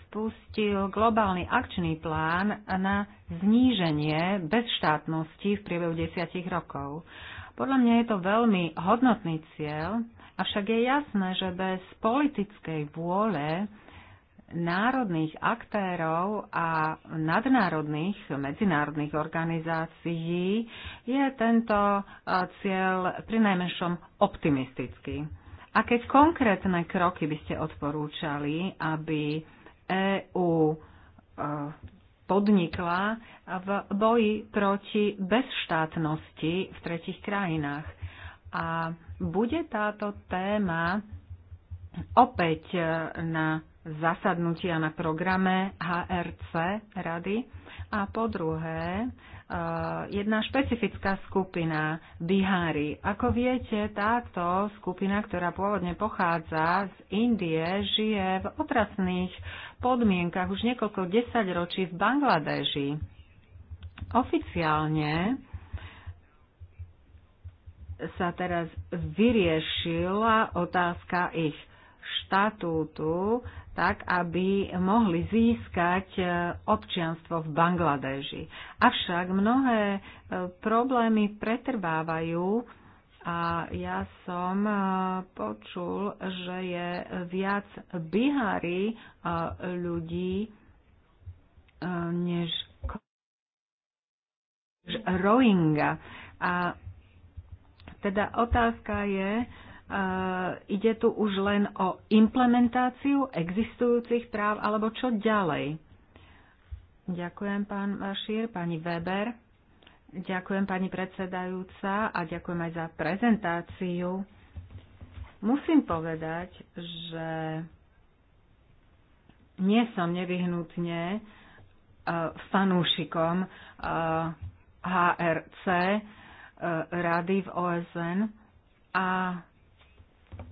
spustil globálny akčný plán na zníženie bezštátnosti v priebehu desiatich rokov. Podľa mňa je to veľmi hodnotný cieľ, avšak je jasné, že bez politickej vôle národných aktérov a nadnárodných medzinárodných organizácií je tento cieľ pri najmenšom optimistický. Aké konkrétne kroky by ste odporúčali, aby EÚ e, podnikla v boji proti bezštátnosti v tretich krajinách? A bude táto téma opäť e, na zasadnutia na programe HRC rady? A po druhé, Eh, jedna špecifická skupina Bihári. Ako viete, táto skupina, ktorá pôvodne pochádza z Indie, žije v otrasných podmienkach už niekoľko desaťročí v Bangladeži. Oficiálne sa teraz vyriešila otázka ich štatútu tak aby mohli získať e, občianstvo v Bangladeži. Avšak mnohé e, problémy pretrvávajú a ja som e, počul, že je viac bihári ľudí než Rohingya. A teda otázka je, Eh, ide tu už len o implementáciu existujúcich práv alebo čo ďalej? Ďakujem, pán Vašír, pani Weber. Ďakujem, pani predsedajúca a ďakujem aj za prezentáciu. Musím povedať, že nie som nevyhnutne eh, fanúšikom HRC eh, rady v OSN a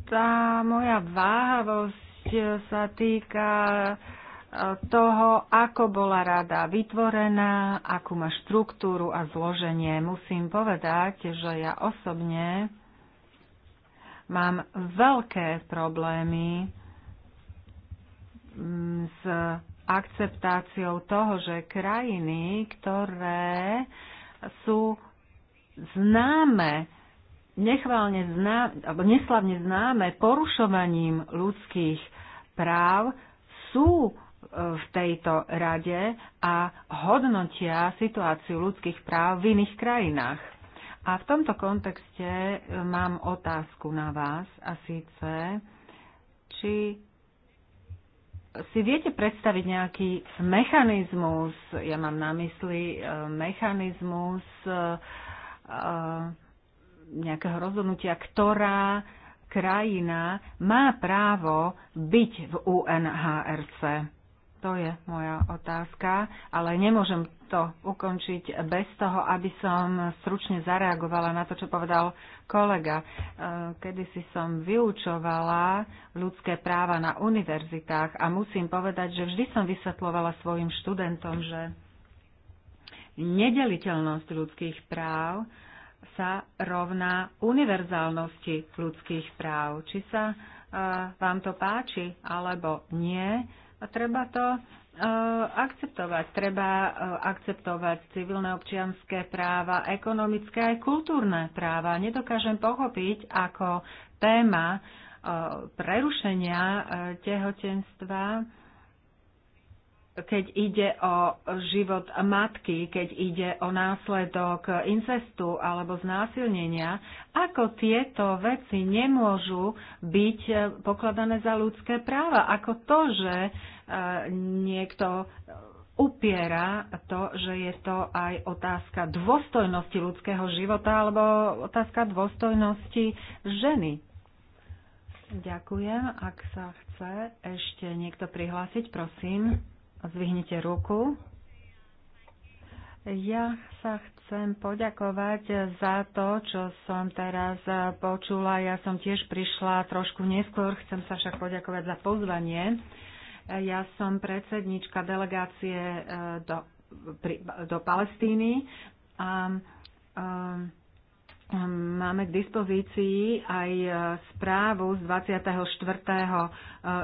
tá moja váhavosť sa týka e, toho, ako bola rada vytvorená, akú má štruktúru a zloženie. Musím povedať, že ja osobne mám veľké problémy mm, s akceptáciou toho, že krajiny, ktoré sú známe nechválne zná, alebo neslavne známe porušovaním ľudských práv, sú e, v tejto rade a hodnotia situáciu ľudských práv v iných krajinách. A v tomto kontexte e, mám otázku na vás a síce, či si viete predstaviť nejaký mechanizmus, ja mám na mysli e, mechanizmus, uh, nejakého rozhodnutia, ktorá krajina má právo byť v UNHRC? To je moja otázka, ale nemôžem to ukončiť bez toho, aby som stručne zareagovala na to, čo povedal kolega. E, kedy si som vyučovala ľudské práva na univerzitách a musím povedať, že vždy som vysvetlovala svojim študentom, že nedeliteľnosť ľudských práv sa rovná univerzálnosti ľudských práv. Či sa e, vám to páči alebo nie, treba to e, akceptovať. Treba e, akceptovať civilné občianské práva, ekonomické aj kultúrne práva. Nedokážem pochopiť, ako téma prerušenia tehotenstva keď ide o život matky, keď ide o následok incestu alebo znásilnenia, ako tieto veci nemôžu byť e, pokladané za ľudské práva. Ako to, že e, niekto upiera to, že je to aj otázka dôstojnosti ľudského života alebo otázka dôstojnosti ženy. Ďakujem. Ak sa chce ešte niekto prihlásiť, prosím. Zvihnite ruku. Ja sa chcem poďakovať za to, čo som teraz počula. Ja som tiež prišla trošku neskôr, chcem sa však poďakovať za pozvanie. Ja som predsednička delegácie e, do, pri, do Palestíny a a e, Máme k dispozícii aj e, správu z 24.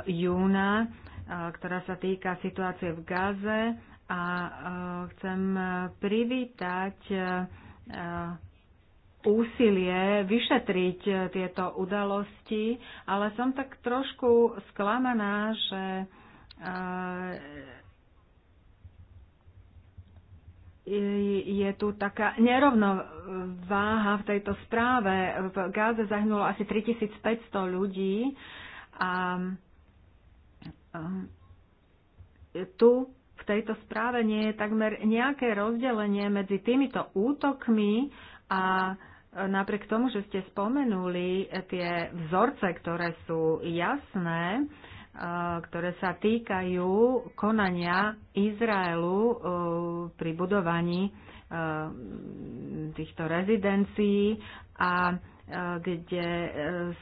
júna Eh, ktorá sa týka situácie v Gaze a eh, chcem privítať eh, úsilie vyšetriť tieto udalosti, ale som tak trošku sklamaná, že je tu taká nerovnováha v tejto správe. V Gáze zahynulo asi 3500 ľudí a tu v tejto správe nie je takmer nejaké rozdelenie medzi týmito útokmi a e, napriek tomu, že ste spomenuli tie vzorce, ktoré sú jasné, e, ktoré sa týkajú konania Izraelu e, pri budovaní týchto rezidencií a kde e,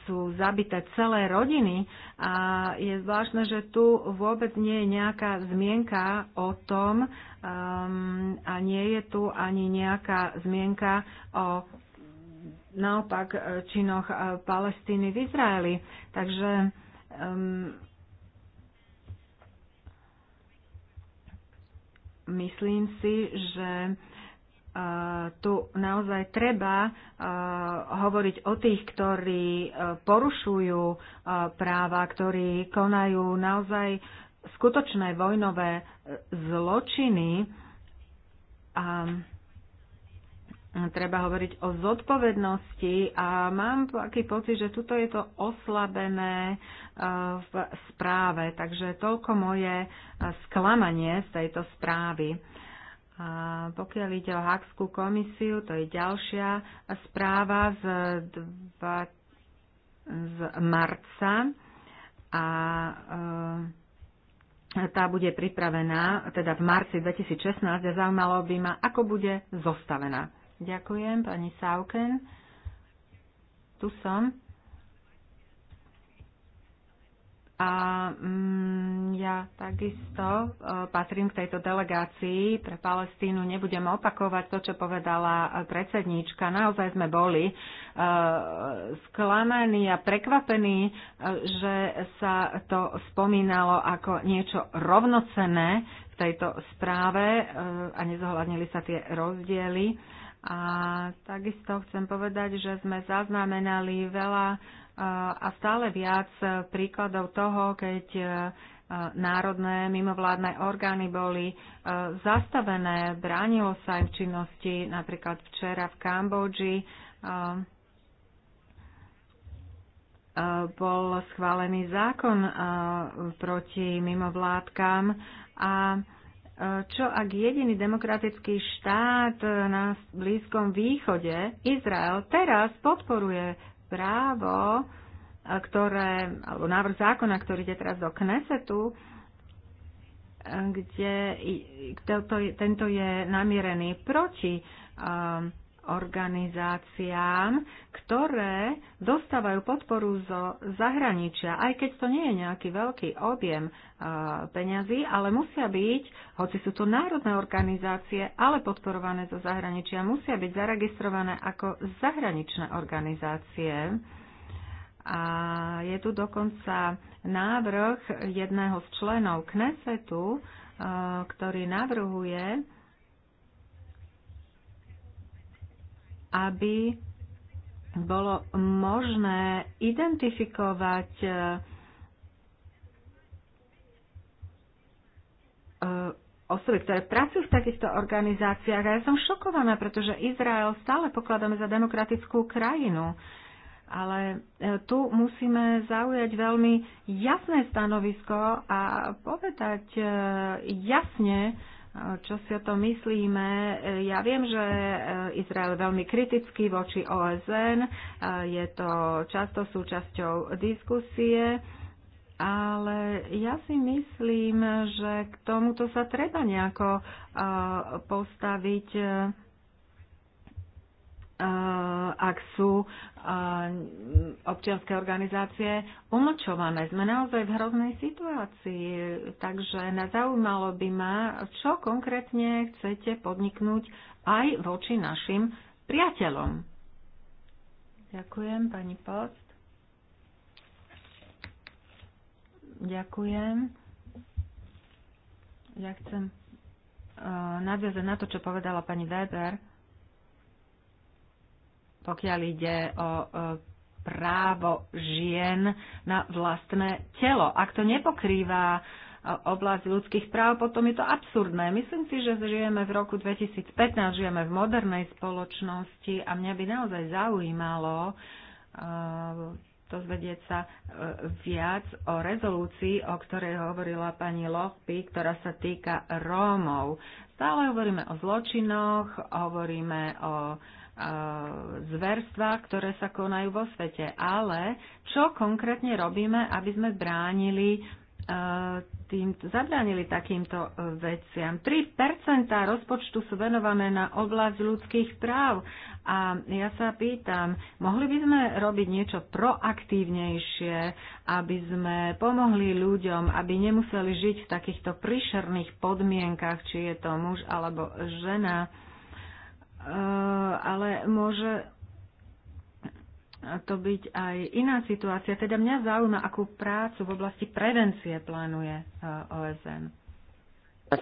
sú zabité celé rodiny a je zvláštne, že tu vôbec nie je nejaká zmienka o tom um, a nie je tu ani nejaká zmienka o naopak e, činoch e, Palestíny v Izraeli. Takže um, myslím si, že tu naozaj treba hovoriť o tých, ktorí e, porušujú e, práva, ktorí konajú naozaj skutočné vojnové e, zločiny. A treba hovoriť o zodpovednosti a mám taký pocit, že tuto je to oslabené v správe. Takže toľko moje sklamanie z tejto správy. A pokiaľ ide o Hakskú komisiu, to je ďalšia správa z, dva, z marca a e, tá bude pripravená teda v marci 2016 a zaujímalo by ma, ako bude zostavená. Ďakujem, pani Sauken. Tu som. A mm, ja takisto uh, patrím k tejto delegácii pre Palestínu. Nebudem opakovať to, čo povedala e, predsedníčka. Naozaj sme boli uh, e, sklamaní a prekvapení, uh, že sa to spomínalo ako niečo rovnocené v tejto správe uh, a nezohľadnili sa tie rozdiely. A takisto chcem povedať, že sme zaznamenali veľa uh, a stále viac príkladov toho, keď e, národné mimovládne orgány boli e, zastavené, bránilo sa aj v činnosti, napríklad včera v Kambodži e, bol schválený zákon proti mimovládkam a čo ak jediný demokratický štát na Blízkom východe, Izrael, teraz podporuje právo, e, ktoré, alebo návrh zákona, ktorý ide teraz do Knesetu, e, kde tento, tento je namierený proti um, organizáciám, ktoré dostávajú podporu zo zahraničia, aj keď to nie je nejaký veľký objem eh, peňazí, ale musia byť, hoci sú to národné organizácie, ale podporované zo zahraničia, musia byť zaregistrované ako zahraničné organizácie. A je tu dokonca návrh jedného z členov Knesetu, eh, ktorý navrhuje, aby bolo možné identifikovať e, e, osoby, ktoré pracujú v takýchto organizáciách. A ja som šokovaná, pretože Izrael stále pokladáme za demokratickú krajinu. Ale e, tu musíme zaujať veľmi jasné stanovisko a povedať jasne, čo si o tom myslíme. Ja viem, že e, Izrael je veľmi kritický voči OSN, e, je to často súčasťou diskusie, ale ja si myslím, že k tomuto sa treba nejako e, postaviť ak sú občianské organizácie umlčované. Sme naozaj v hroznej situácii, takže na zaujímalo by ma, čo konkrétne chcete podniknúť aj voči našim priateľom. Ďakujem, pani Post. Ďakujem. Ja chcem nadviazať na to, čo povedala pani Weber pokiaľ ide o e, právo žien na vlastné telo. Ak to nepokrýva e, oblasť ľudských práv, potom je to absurdné. Myslím si, že žijeme v roku 2015, žijeme v modernej spoločnosti a mňa by naozaj zaujímalo dozvedieť e, sa viac o rezolúcii, o ktorej hovorila pani Lochby, ktorá sa týka Rómov. Stále hovoríme o zločinoch, hovoríme o zverstva, ktoré sa konajú vo svete. Ale čo konkrétne robíme, aby sme bránili tým, zabránili takýmto e, veciam. 3% rozpočtu sú venované na oblasť ľudských práv. A ja sa pýtam, mohli by sme robiť niečo proaktívnejšie, aby sme pomohli ľuďom, aby nemuseli žiť v takýchto prišerných podmienkach, či je to muž alebo žena Eh, ale môže to byť aj iná situácia. Teda mňa zaujíma, akú prácu v oblasti prevencie plánuje eh, OSN. Eh,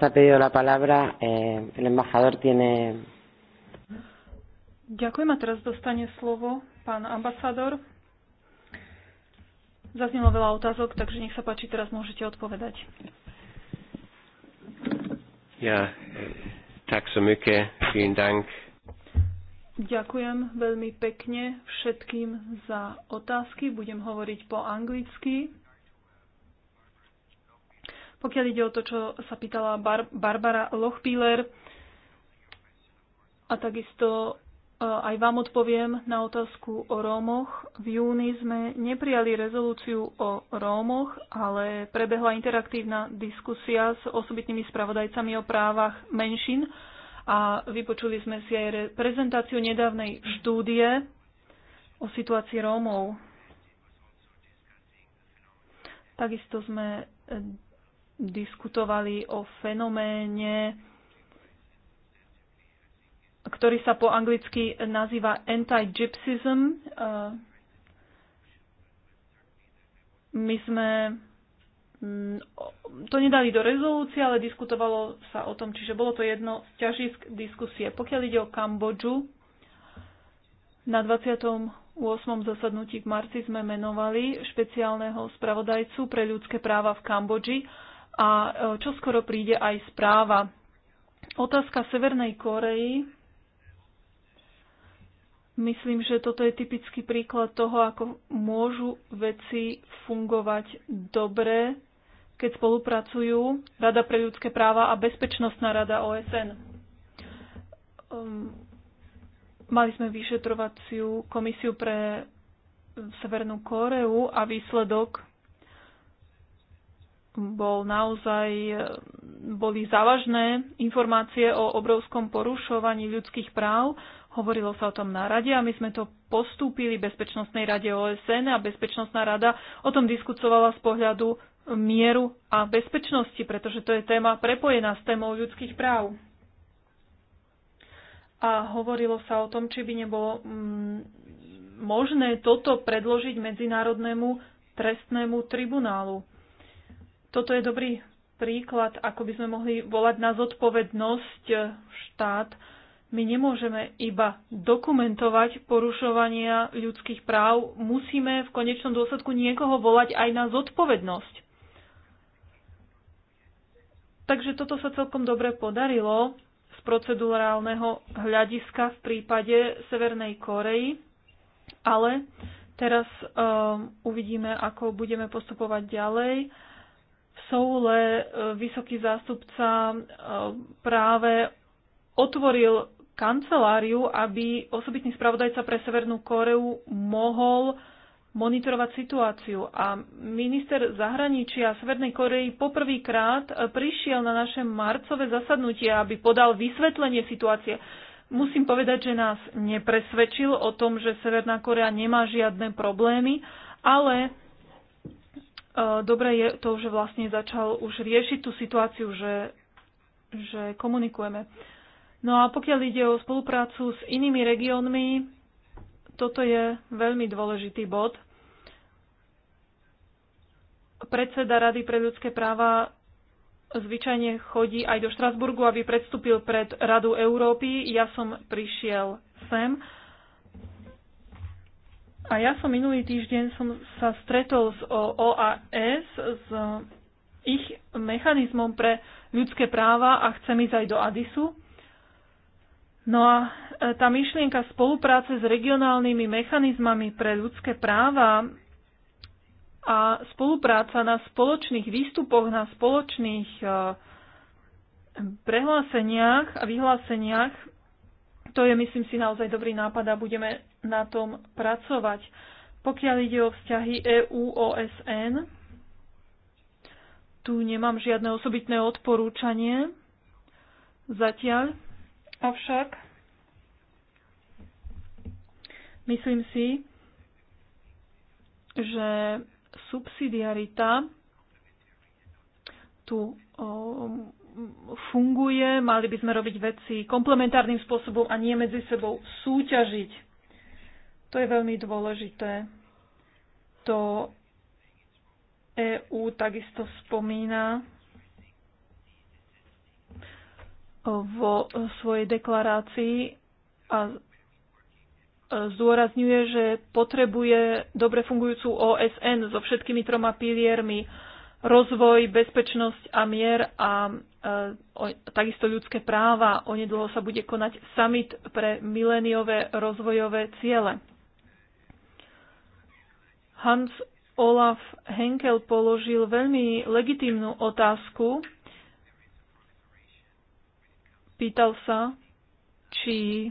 Ďakujem a teraz dostane slovo pán ambasador. Zaznelo veľa otázok, takže nech sa páči, teraz môžete odpovedať. Ja, tak so mycket. Vielen Dank Ďakujem veľmi pekne všetkým za otázky. Budem hovoriť po anglicky. Pokiaľ ide o to, čo sa pýtala Bar- Barbara Lochpíler, a takisto e, aj vám odpoviem na otázku o Rómoch. V júni sme neprijali rezolúciu o Rómoch, ale prebehla interaktívna diskusia s osobitnými spravodajcami o právach menšín a vypočuli sme si aj prezentáciu nedávnej štúdie o situácii Rómov. Takisto sme e, diskutovali o fenoméne, ktorý sa po anglicky nazýva anti-gypsism. E, my sme Mm, to nedali do rezolúcie, ale diskutovalo sa o tom, čiže bolo to jedno z ťažisk diskusie. Pokiaľ ide o Kambodžu, na 28. zasadnutí v marci sme menovali špeciálneho spravodajcu pre ľudské práva v Kambodži a e, čo skoro príde aj správa. Otázka Severnej Koreji. Myslím, že toto je typický príklad toho, ako môžu veci fungovať dobre keď spolupracujú Rada pre ľudské práva a Bezpečnostná rada OSN. Um, mali sme vyšetrovaciu komisiu pre Severnú Kóreu a výsledok bol naozaj, boli závažné informácie o obrovskom porušovaní ľudských práv. Hovorilo sa o tom na rade a my sme to postúpili Bezpečnostnej rade OSN a Bezpečnostná rada o tom diskutovala z pohľadu mieru a bezpečnosti, pretože to je téma prepojená s témou ľudských práv. A hovorilo sa o tom, či by nebolo mm, možné toto predložiť Medzinárodnému trestnému tribunálu. Toto je dobrý príklad, ako by sme mohli volať na zodpovednosť e, štát. My nemôžeme iba dokumentovať porušovania ľudských práv, musíme v konečnom dôsledku niekoho volať aj na zodpovednosť. Takže toto sa celkom dobre podarilo z procedurálneho hľadiska v prípade Severnej Korei, ale teraz um, uvidíme, ako budeme postupovať ďalej. V Soule uh, vysoký zástupca uh, práve otvoril kanceláriu, aby osobitný spravodajca pre Severnú Koreu mohol monitorovať situáciu. A minister zahraničia Svernej Korei poprvýkrát prišiel na naše marcové zasadnutie, aby podal vysvetlenie situácie. Musím povedať, že nás nepresvedčil o tom, že Severná Korea nemá žiadne problémy, ale e, dobre je to, že vlastne začal už riešiť tú situáciu, že, že komunikujeme. No a pokiaľ ide o spoluprácu s inými regiónmi, toto je veľmi dôležitý bod. Predseda Rady pre ľudské práva zvyčajne chodí aj do Štrasburgu, aby predstúpil pred Radu Európy. Ja som prišiel sem. A ja som minulý týždeň som sa stretol s OAS, s ich mechanizmom pre ľudské práva a chcem ísť aj do Adisu. No a e, tá myšlienka spolupráce s regionálnymi mechanizmami pre ľudské práva a spolupráca na spoločných výstupoch, na spoločných e, prehláseniach a vyhláseniach, to je, myslím si, naozaj dobrý nápad a budeme na tom pracovať. Pokiaľ ide o vzťahy EU-OSN, tu nemám žiadne osobitné odporúčanie zatiaľ. Avšak myslím si, že subsidiarita tu funguje, mali by sme robiť veci komplementárnym spôsobom a nie medzi sebou súťažiť. To je veľmi dôležité. To EU takisto spomína vo svojej deklarácii a zdôrazňuje, že potrebuje dobre fungujúcu OSN so všetkými troma piliermi rozvoj, bezpečnosť a mier a e, takisto ľudské práva. Onedlho sa bude konať summit pre mileniové rozvojové ciele. Hans Olaf Henkel položil veľmi legitímnu otázku, Pýtal sa, či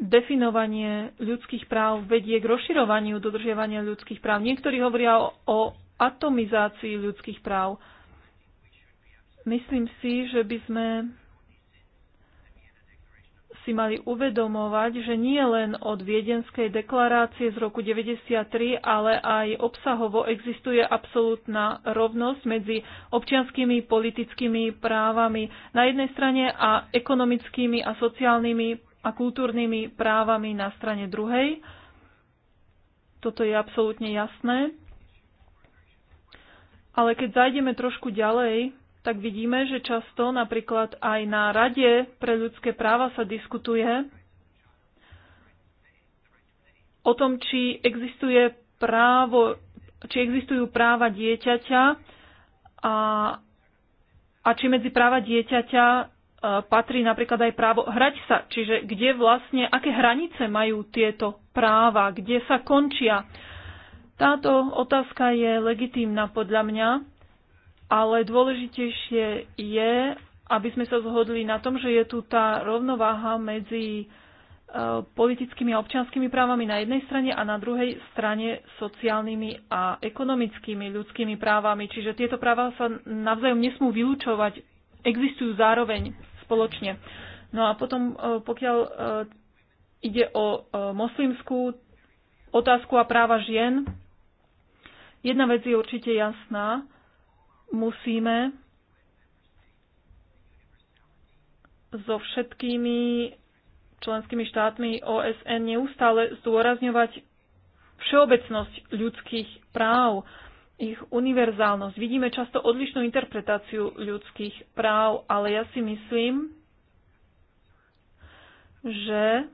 definovanie ľudských práv vedie k rozširovaniu dodržiavania ľudských práv. Niektorí hovoria o, o atomizácii ľudských práv. Myslím si, že by sme si mali uvedomovať, že nie len od Viedenskej deklarácie z roku 1993, ale aj obsahovo existuje absolútna rovnosť medzi občianskými politickými právami na jednej strane a ekonomickými a sociálnymi a kultúrnymi právami na strane druhej. Toto je absolútne jasné. Ale keď zajdeme trošku ďalej, tak vidíme, že často napríklad aj na Rade pre ľudské práva sa diskutuje o tom, či existuje právo, či existujú práva dieťaťa a, a či medzi práva dieťaťa e, patrí napríklad aj právo hrať sa. Čiže kde vlastne, aké hranice majú tieto práva, kde sa končia. Táto otázka je legitímna podľa mňa ale dôležitejšie je, aby sme sa zhodli na tom, že je tu tá rovnováha medzi e, politickými a občianskými právami na jednej strane a na druhej strane sociálnymi a ekonomickými ľudskými právami. Čiže tieto práva sa navzájom nesmú vylúčovať, existujú zároveň spoločne. No a potom, e, pokiaľ e, ide o moslimskú otázku a práva žien, jedna vec je určite jasná musíme so všetkými členskými štátmi OSN neustále zdôrazňovať všeobecnosť ľudských práv, ich univerzálnosť. Vidíme často odlišnú interpretáciu ľudských práv, ale ja si myslím, že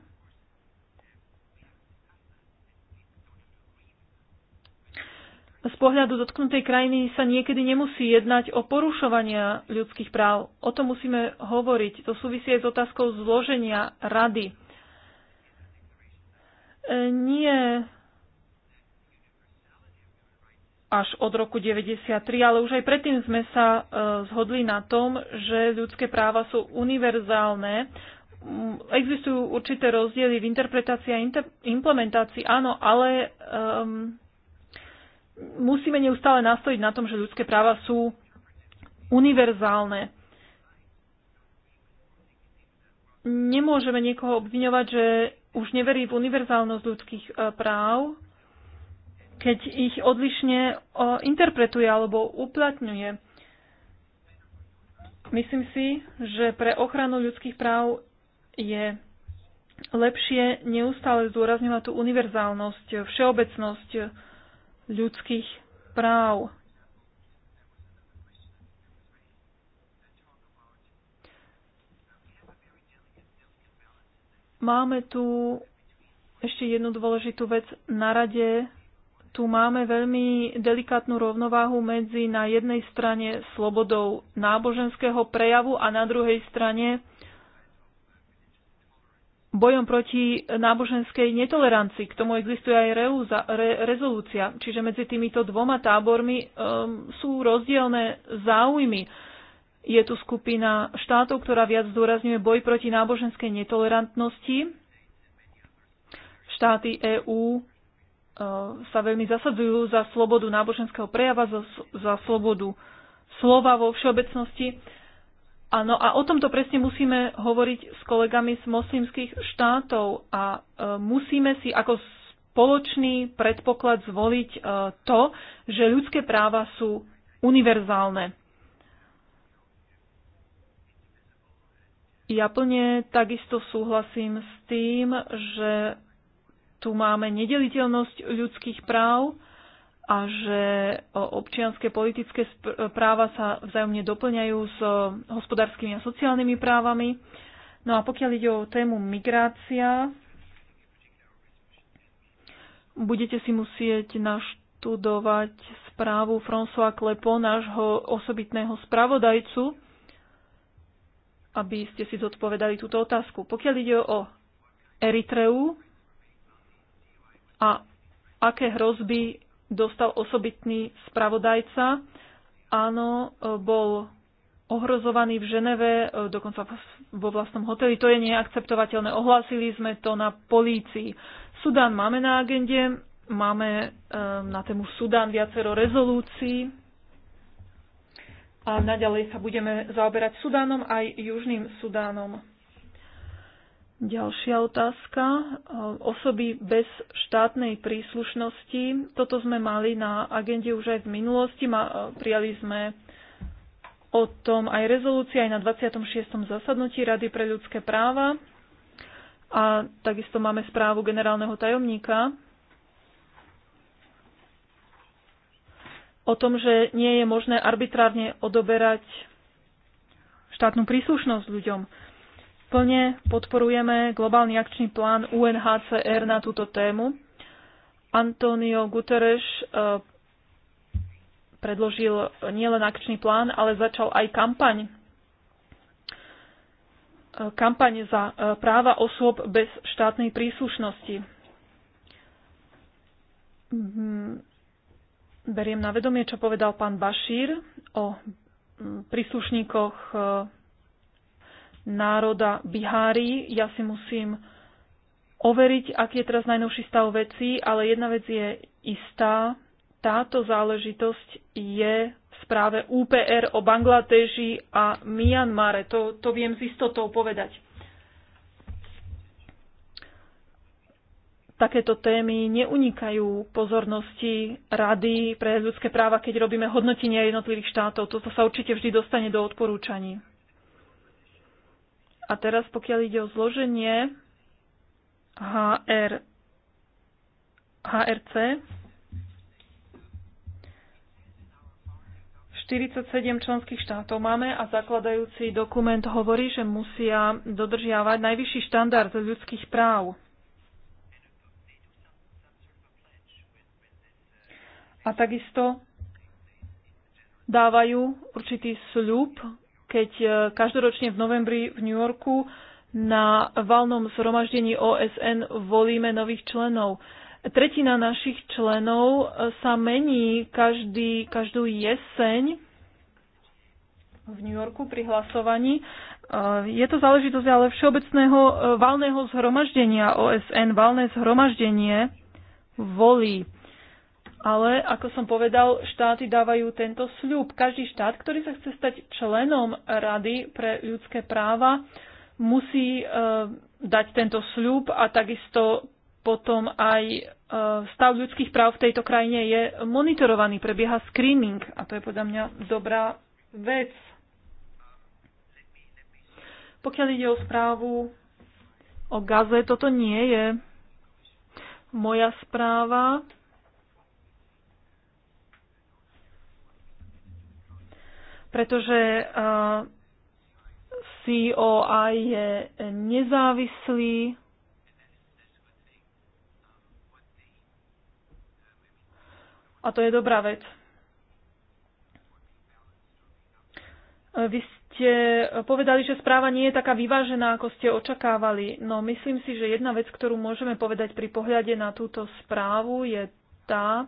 z pohľadu dotknutej krajiny sa niekedy nemusí jednať o porušovania ľudských práv. O tom musíme hovoriť. To súvisí aj s otázkou zloženia rady. E, nie až od roku 93, ale už aj predtým sme sa e, zhodli na tom, že ľudské práva sú univerzálne. Existujú určité rozdiely v interpretácii a implementácii, áno, ale um, musíme neustále nastojiť na tom, že ľudské práva sú univerzálne. Nemôžeme niekoho obviňovať, že už neverí v univerzálnosť ľudských e, práv, keď ich odlišne e, interpretuje alebo uplatňuje. Myslím si, že pre ochranu ľudských práv je lepšie neustále zdôrazňovať tú univerzálnosť, všeobecnosť ľudských práv. Máme tu ešte jednu dôležitú vec na rade. Tu máme veľmi delikátnu rovnováhu medzi na jednej strane slobodou náboženského prejavu a na druhej strane bojom proti náboženskej netolerancii. K tomu existuje aj reuza, re, rezolúcia. Čiže medzi týmito dvoma tábormi um, sú rozdielne záujmy. Je tu skupina štátov, ktorá viac zdôrazňuje boj proti náboženskej netolerantnosti. Štáty EÚ uh, sa veľmi zasadzujú za slobodu náboženského prejava, za, za slobodu slova vo všeobecnosti. Áno, a o tomto presne musíme hovoriť s kolegami z moslimských štátov a e, musíme si ako spoločný predpoklad zvoliť e, to, že ľudské práva sú univerzálne. Ja plne takisto súhlasím s tým, že tu máme nedeliteľnosť ľudských práv, a že občianské politické e, práva sa vzájomne doplňajú s e, hospodárskymi a sociálnymi právami. No a pokiaľ ide o tému migrácia, budete si musieť naštudovať správu François Klepo, nášho osobitného spravodajcu, aby ste si zodpovedali túto otázku. Pokiaľ ide o Eritreu a aké hrozby dostal osobitný spravodajca. Áno, e, bol ohrozovaný v Ženeve, e, dokonca vo vlastnom hoteli. To je neakceptovateľné. Ohlásili sme to na polícii. Sudán máme na agende, máme e, na tému Sudán viacero rezolúcií a naďalej sa budeme zaoberať Sudánom aj Južným Sudánom. Ďalšia otázka. Osoby bez štátnej príslušnosti. Toto sme mali na agende už aj v minulosti. Prijali sme o tom aj rezolúcia aj na 26. zasadnutí Rady pre ľudské práva. A takisto máme správu generálneho tajomníka o tom, že nie je možné arbitrárne odoberať štátnu príslušnosť ľuďom. Plne podporujeme globálny akčný plán UNHCR na túto tému. Antonio Guterres e, predložil nielen akčný plán, ale začal aj kampaň. E, kampaň za e, práva osôb bez štátnej príslušnosti. Mm, beriem na vedomie, čo povedal pán Bašír o príslušníkoch národa Bihári. Ja si musím overiť, aký je teraz najnovší stav veci, ale jedna vec je istá. Táto záležitosť je v správe UPR o Bangladeži a Mianmare. To, to viem s istotou povedať. takéto témy neunikajú pozornosti Rady pre ľudské práva, keď robíme hodnotenie jednotlivých štátov. Toto sa určite vždy dostane do odporúčaní. A teraz pokiaľ ide o zloženie HR, HRC, 47 členských štátov máme a zakladajúci dokument hovorí, že musia dodržiavať najvyšší štandard ľudských práv. A takisto dávajú určitý sľub keď e, každoročne v novembri v New Yorku na valnom zhromaždení OSN volíme nových členov. Tretina našich členov e, sa mení každý, každú jeseň v New Yorku pri hlasovaní. E, je to záležitosť ale všeobecného valného zhromaždenia OSN. Valné zhromaždenie volí ale, ako som povedal, štáty dávajú tento sľub. Každý štát, ktorý sa chce stať členom Rady pre ľudské práva, musí e, dať tento sľub a takisto potom aj e, stav ľudských práv v tejto krajine je monitorovaný, prebieha screening a to je podľa mňa dobrá vec. Pokiaľ ide o správu o Gaze, toto nie je moja správa pretože COI je nezávislý. A to je dobrá vec. Vy ste povedali, že správa nie je taká vyvážená, ako ste očakávali. No myslím si, že jedna vec, ktorú môžeme povedať pri pohľade na túto správu, je tá,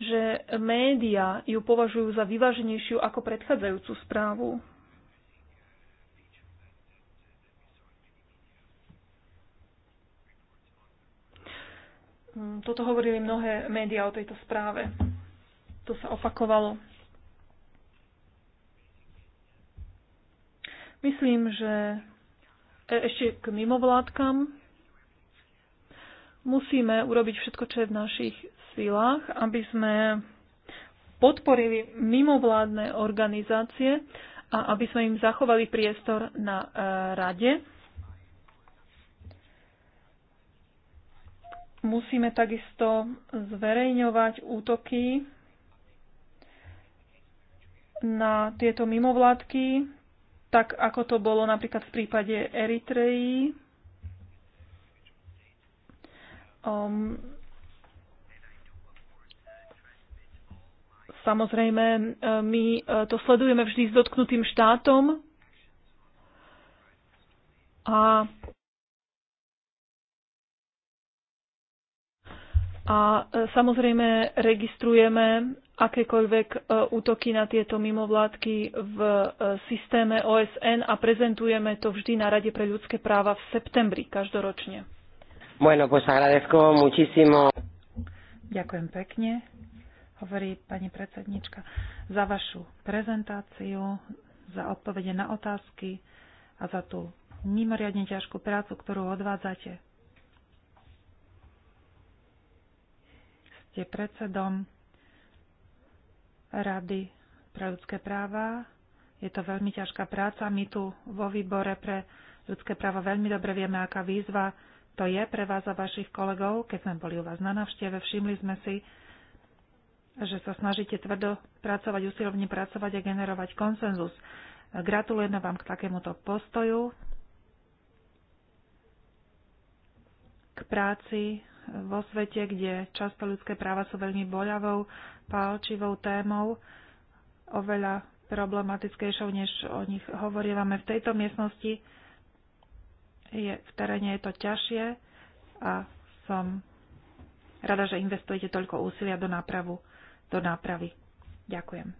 že médiá ju považujú za vyváženejšiu ako predchádzajúcu správu. Mm, toto hovorili mnohé médiá o tejto správe. To sa opakovalo. Myslím, že e, ešte k mimovládkam musíme urobiť všetko, čo je v našich silách, aby sme podporili mimovládne organizácie a aby sme im zachovali priestor na e, rade. Musíme takisto zverejňovať útoky na tieto mimovládky, tak ako to bolo napríklad v prípade Eritreji. Um, Samozrejme, e, my e, to sledujeme vždy s dotknutým štátom a A e, samozrejme registrujeme akékoľvek útoky na tieto mimovládky v systéme OSN a prezentujeme to vždy na Rade pre ľudské práva v septembri každoročne. Bueno, pues agradezco muchísimo. Ďakujem pekne hovorí pani predsednička, za vašu prezentáciu, za odpovede na otázky a za tú mimoriadne ťažkú prácu, ktorú odvádzate. Ste predsedom Rady pre ľudské práva. Je to veľmi ťažká práca. My tu vo výbore pre ľudské práva veľmi dobre vieme, aká výzva to je pre vás a vašich kolegov. Keď sme boli u vás na navšteve, všimli sme si, že sa snažíte tvrdo pracovať, usilovne pracovať a generovať konsenzus. Gratulujeme vám k takémuto postoju, k práci vo svete, kde často ľudské práva sú veľmi boľavou, pálčivou témou, oveľa problematickejšou, než o nich hovorívame v tejto miestnosti. Je, v teréne je to ťažšie a som rada, že investujete toľko úsilia do nápravu do nápravy. Ďakujem.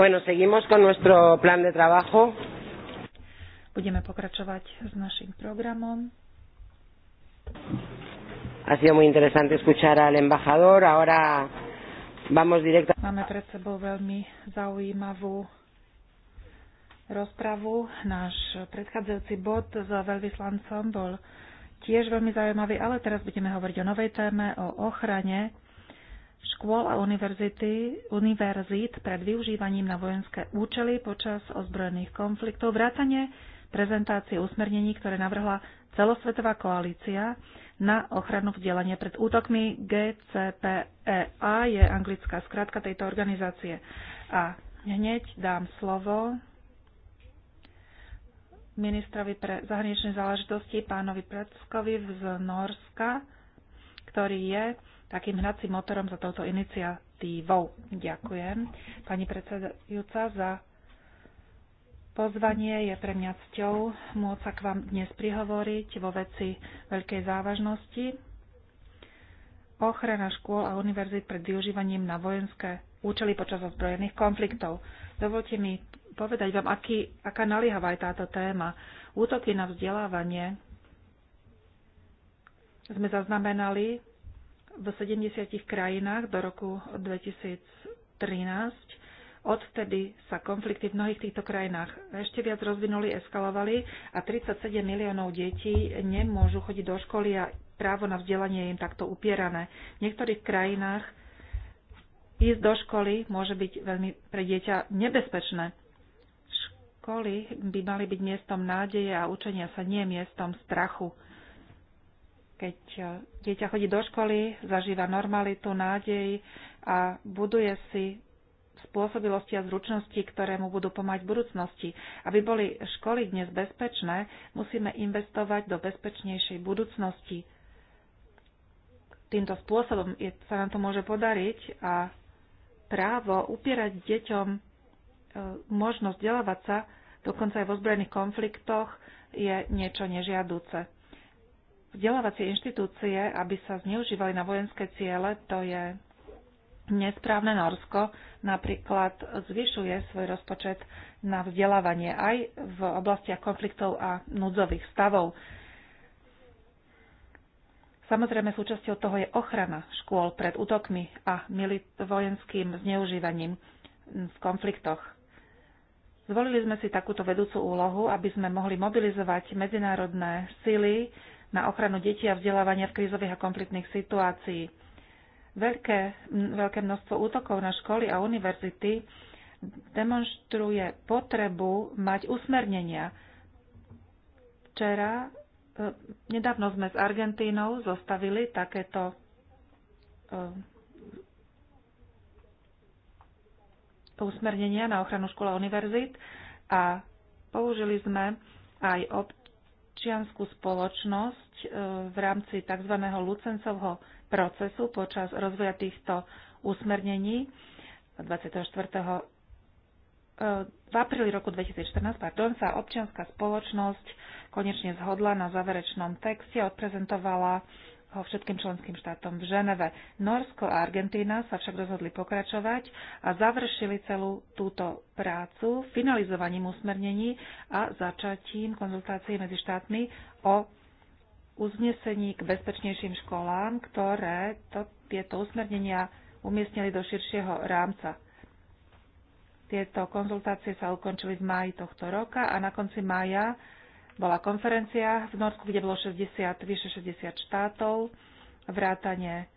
Bueno, seguimos con nuestro plan de trabajo. Budeme pokračovať s našim programom. Ha sido muy interesante escuchar al embajador. Ahora vamos directo. Máme pred sebou veľmi zaujímavú rozpravu. Náš predchádzajúci bod s veľvyslancom bol tiež veľmi zaujímavý, ale teraz budeme hovoriť o novej téme, o ochrane škôl a univerzity, univerzít pred využívaním na vojenské účely počas ozbrojených konfliktov, vrátane prezentácie usmernení, ktoré navrhla celosvetová koalícia na ochranu vzdelania pred útokmi GCPEA je anglická skratka tejto organizácie. A hneď dám slovo ministrovi pre zahraničné záležitosti pánovi Preckovi z Norska, ktorý je takým hnacím motorom za touto iniciatívou. Ďakujem pani predsedajúca za pozvanie. Je pre mňa cťou môcť sa k vám dnes prihovoriť vo veci veľkej závažnosti ochrana škôl a univerzít pred využívaním na vojenské účely počas ozbrojených konfliktov. Dovolte mi povedať vám, aký, aká naliehavá je táto téma. Útoky na vzdelávanie sme zaznamenali v 70 krajinách do roku 2013. Odvtedy sa konflikty v mnohých týchto krajinách ešte viac rozvinuli, eskalovali a 37 miliónov detí nemôžu chodiť do školy a právo na vzdelanie je im takto upierané. V niektorých krajinách ísť do školy môže byť veľmi pre dieťa nebezpečné. Školy by mali byť miestom nádeje a učenia sa nie miestom strachu. Keď e, dieťa chodí do školy, zažíva normalitu, nádej a buduje si spôsobilosti a zručnosti, ktoré mu budú pomáhať v budúcnosti. Aby boli školy dnes bezpečné, musíme investovať do bezpečnejšej budúcnosti. Týmto spôsobom sa nám to môže podariť a právo upierať deťom e, možnosť vzdelávať sa, dokonca aj v ozbrojených konfliktoch, je niečo nežiaduce vzdelávacie inštitúcie, aby sa zneužívali na vojenské ciele, to je nesprávne. Norsko napríklad zvyšuje svoj rozpočet na vzdelávanie aj v oblastiach konfliktov a núdzových stavov. Samozrejme, súčasťou toho je ochrana škôl pred útokmi a vojenským zneužívaním v konfliktoch. Zvolili sme si takúto vedúcu úlohu, aby sme mohli mobilizovať medzinárodné síly na ochranu detí a vzdelávania v krízových a konfliktných situácií. Veľké, veľké množstvo útokov na školy a univerzity demonstruje potrebu mať usmernenia. Včera, e, nedávno sme s Argentínou zostavili takéto e, usmernenia na ochranu a univerzit a použili sme aj občianskú spoločnosť e, v rámci tzv. Lucencovho procesu počas rozvoja týchto usmernení 24. E, v apríli roku 2014 pardon, sa občianská spoločnosť konečne zhodla na záverečnom texte, odprezentovala ho všetkým členským štátom v Ženeve. Norsko a Argentína sa však rozhodli pokračovať a završili celú túto prácu finalizovaním usmernení a začatím konzultácií medzi štátmi o uznesení k bezpečnejším školám, ktoré to, tieto usmernenia umiestnili do širšieho rámca. Tieto konzultácie sa ukončili v máji tohto roka a na konci mája bola konferencia v Norsku, kde bolo 60, vyše 60 štátov, vrátanie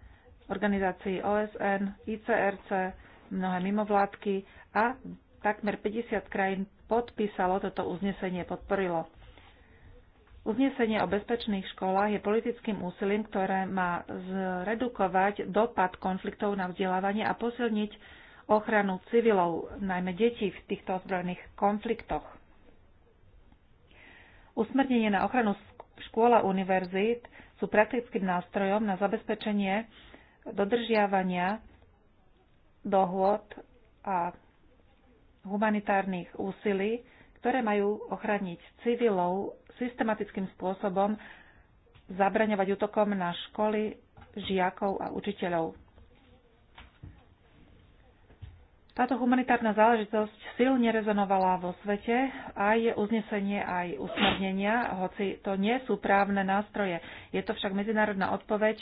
organizácií OSN, ICRC, mnohé mimovládky a takmer 50 krajín podpísalo toto uznesenie, podporilo. Uznesenie o bezpečných školách je politickým úsilím, ktoré má zredukovať dopad konfliktov na vzdelávanie a posilniť ochranu civilov, najmä detí v týchto ozbrojených konfliktoch. Usmernenie na ochranu škôl a univerzít sú praktickým nástrojom na zabezpečenie dodržiavania dohôd a humanitárnych úsilí, ktoré majú ochraniť civilov systematickým spôsobom zabraňovať útokom na školy, žiakov a učiteľov. Táto humanitárna záležitosť silne rezonovala vo svete, aj uznesenie, aj usmernenia, hoci to nie sú právne nástroje. Je to však medzinárodná odpoveď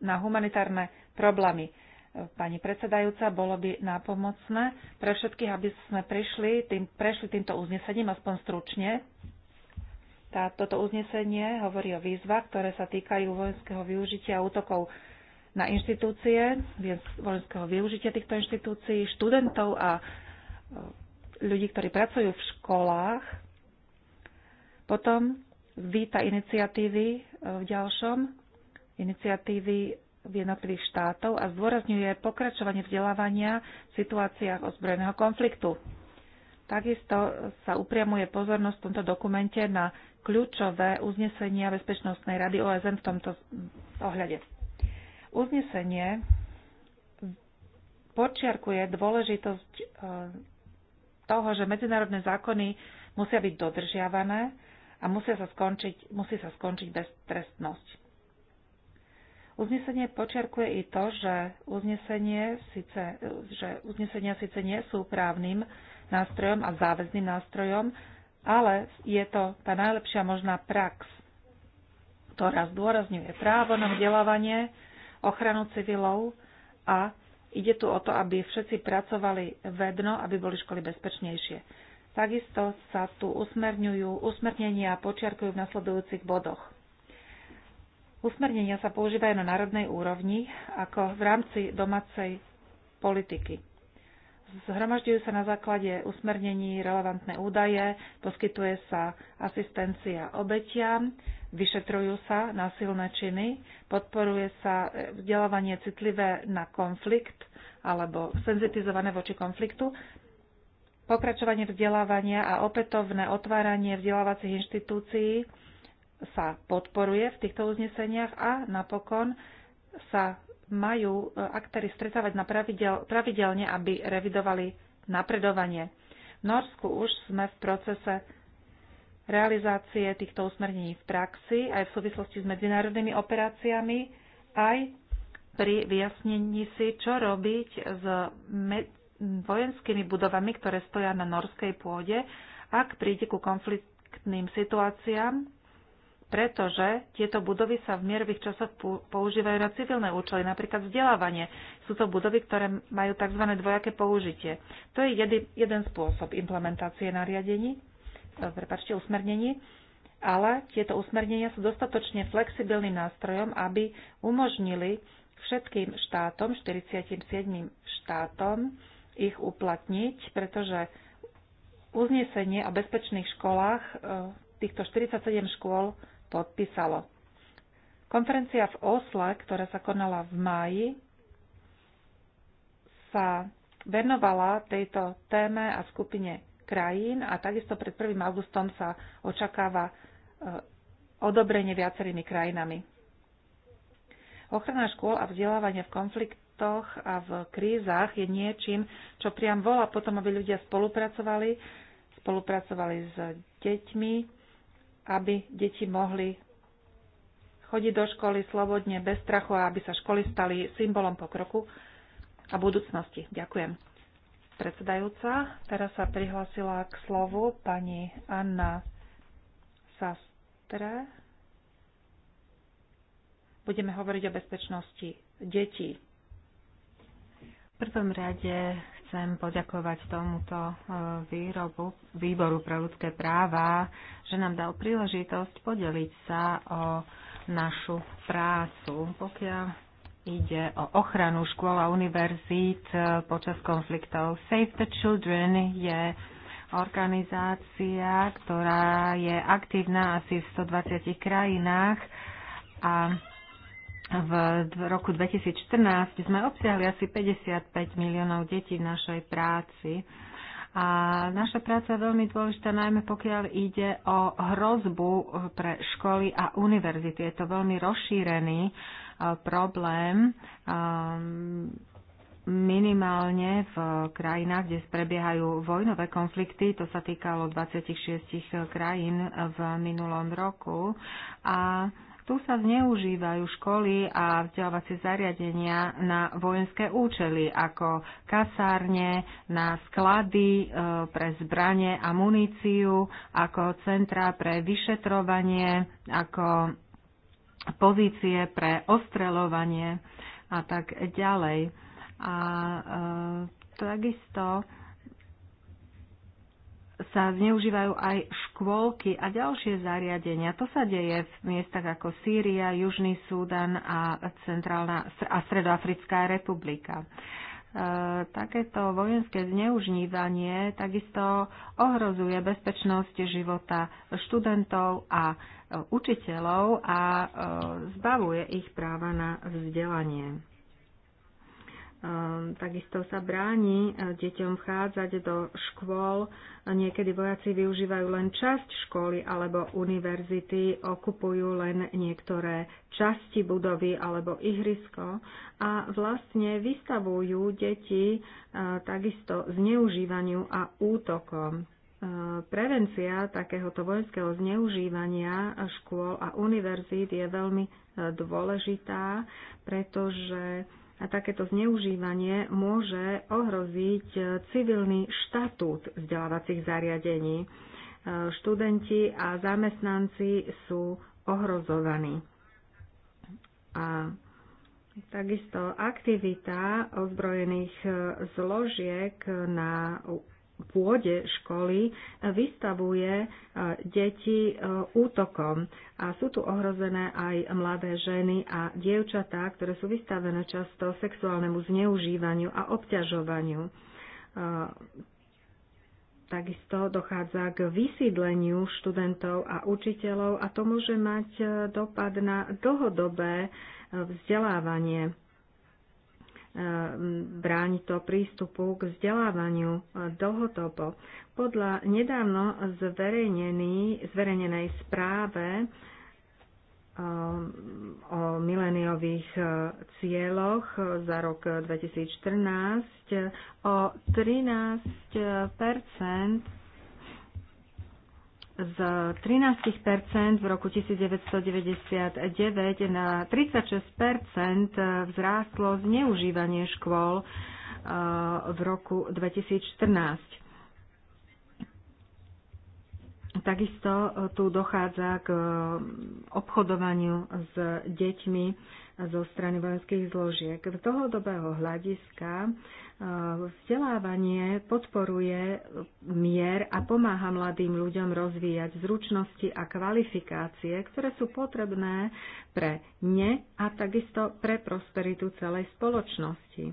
na humanitárne problémy. Pani predsedajúca, bolo by nápomocné pre všetkých, aby sme prišli, tým, prešli týmto uznesením aspoň stručne. Tá, toto uznesenie hovorí o výzvach, ktoré sa týkajú vojenského využitia útokov na inštitúcie, vojenského využitia týchto inštitúcií, študentov a e, ľudí, ktorí pracujú v školách. Potom víta iniciatívy e, v ďalšom, iniciatívy v jednotlivých štátov a zdôrazňuje pokračovanie vzdelávania v situáciách ozbrojeného konfliktu. Takisto sa upriamuje pozornosť v tomto dokumente na kľúčové uznesenia Bezpečnostnej rady OSN v tomto ohľade. Uznesenie počiarkuje dôležitosť e, toho, že medzinárodné zákony musia byť dodržiavané a musia sa skončiť, musí sa skončiť beztrestnosť. Uznesenie počiarkuje i to, že, uznesenie síce, že uznesenia síce nie sú právnym nástrojom a záväzným nástrojom, ale je to tá najlepšia možná prax, ktorá zdôrazňuje právo na vzdelávanie, ochranu civilov a ide tu o to, aby všetci pracovali vedno, aby boli školy bezpečnejšie. Takisto sa tu usmerňujú usmernenia a počiarkujú v nasledujúcich bodoch. Usmernenia sa používajú na národnej úrovni ako v rámci domácej politiky. Zhromažďujú sa na základe usmernení relevantné údaje, poskytuje sa asistencia obetiam, vyšetrujú sa násilné činy, podporuje sa e, vzdelávanie citlivé na konflikt alebo senzitizované voči konfliktu, pokračovanie vzdelávania a opätovné otváranie vzdelávacích inštitúcií sa podporuje v týchto uzneseniach a napokon sa majú e, aktéry stretávať na pravidel, pravidelne, aby revidovali napredovanie. V Norsku už sme v procese realizácie týchto usmernení v praxi, aj v súvislosti s medzinárodnými operáciami, aj pri vyjasnení si, čo robiť s vojenskými budovami, ktoré stoja na norskej pôde, ak príde ku konfliktným situáciám pretože tieto budovy sa v mierových časoch používajú na civilné účely, napríklad vzdelávanie. Sú to budovy, ktoré majú tzv. dvojaké použitie. To je jedy, jeden spôsob implementácie nariadení, e, prepačte, usmernení, ale tieto usmernenia sú dostatočne flexibilným nástrojom, aby umožnili všetkým štátom, 47 štátom, ich uplatniť, pretože uznesenie o bezpečných školách e, týchto 47 škôl podpísalo. Konferencia v Osle, ktorá sa konala v máji, sa venovala tejto téme a skupine krajín a takisto pred 1. augustom sa očakáva e, odobrenie viacerými krajinami. Ochrana škôl a vzdelávanie v konfliktoch a v krízach je niečím, čo priam volá potom, aby ľudia spolupracovali, spolupracovali s deťmi, aby deti mohli chodiť do školy slobodne, bez strachu a aby sa školy stali symbolom pokroku a budúcnosti. Ďakujem. Predsedajúca, teraz sa prihlasila k slovu pani Anna Sastre. Budeme hovoriť o bezpečnosti detí. V prvom rade chcem poďakovať tomuto e, výrobu, výboru pre ľudské práva, že nám dal príležitosť podeliť sa o našu prácu. Pokiaľ ide o ochranu škôl a univerzít e, počas konfliktov, Save the Children je organizácia, ktorá je aktívna asi v 120 krajinách a v roku 2014 sme obsiahli asi 55 miliónov detí v našej práci. A naša práca je veľmi dôležitá, najmä pokiaľ ide o hrozbu pre školy a univerzity. Je to veľmi rozšírený e, problém ehm, minimálne v krajinách, kde prebiehajú vojnové konflikty. To sa týkalo 26 krajín v minulom roku. A tu sa zneužívajú školy a vzdelávacie zariadenia na vojenské účely, ako kasárne, na sklady e, pre zbranie a muníciu, ako centra pre vyšetrovanie, ako pozície pre ostreľovanie a tak ďalej. A e, takisto sa zneužívajú aj škôlky a ďalšie zariadenia. To sa deje v miestach ako Sýria, Južný Súdan a, Centrálna, a Stredoafrická republika. E, takéto vojenské zneužívanie takisto ohrozuje bezpečnosť života študentov a e, učiteľov a e, zbavuje ich práva na vzdelanie. Ehm, takisto sa bráni e, deťom vchádzať do škôl. Niekedy vojaci využívajú len časť školy alebo univerzity, okupujú len niektoré časti budovy alebo ihrisko a vlastne vystavujú deti e, takisto zneužívaniu a útokom. E, prevencia takéhoto vojenského zneužívania škôl a univerzít je veľmi dôležitá, pretože a takéto zneužívanie môže ohroziť e, civilný štatút vzdelávacích zariadení. E, študenti a zamestnanci sú ohrozovaní. A takisto aktivita ozbrojených e, zložiek na pôde školy e, vystavuje e, deti e, útokom. A sú tu ohrozené aj mladé ženy a dievčatá, ktoré sú vystavené často sexuálnemu zneužívaniu a obťažovaniu. Takisto dochádza k vysídleniu študentov a učiteľov a to môže mať dopad na dlhodobé vzdelávanie bráni to prístupu k vzdelávaniu e, dlhotopo. Podľa nedávno zverejnenej správe e, o mileniových e, cieľoch za rok 2014 o 13 z 13 v roku 1999 na 36 vzrástlo zneužívanie škôl eh, v roku 2014. Takisto tu dochádza k eh, obchodovaniu s deťmi zo strany vojenských zložiek. Z dlhodobého hľadiska e, vzdelávanie podporuje mier a pomáha mladým ľuďom rozvíjať zručnosti a kvalifikácie, ktoré sú potrebné pre ne a takisto pre prosperitu celej spoločnosti.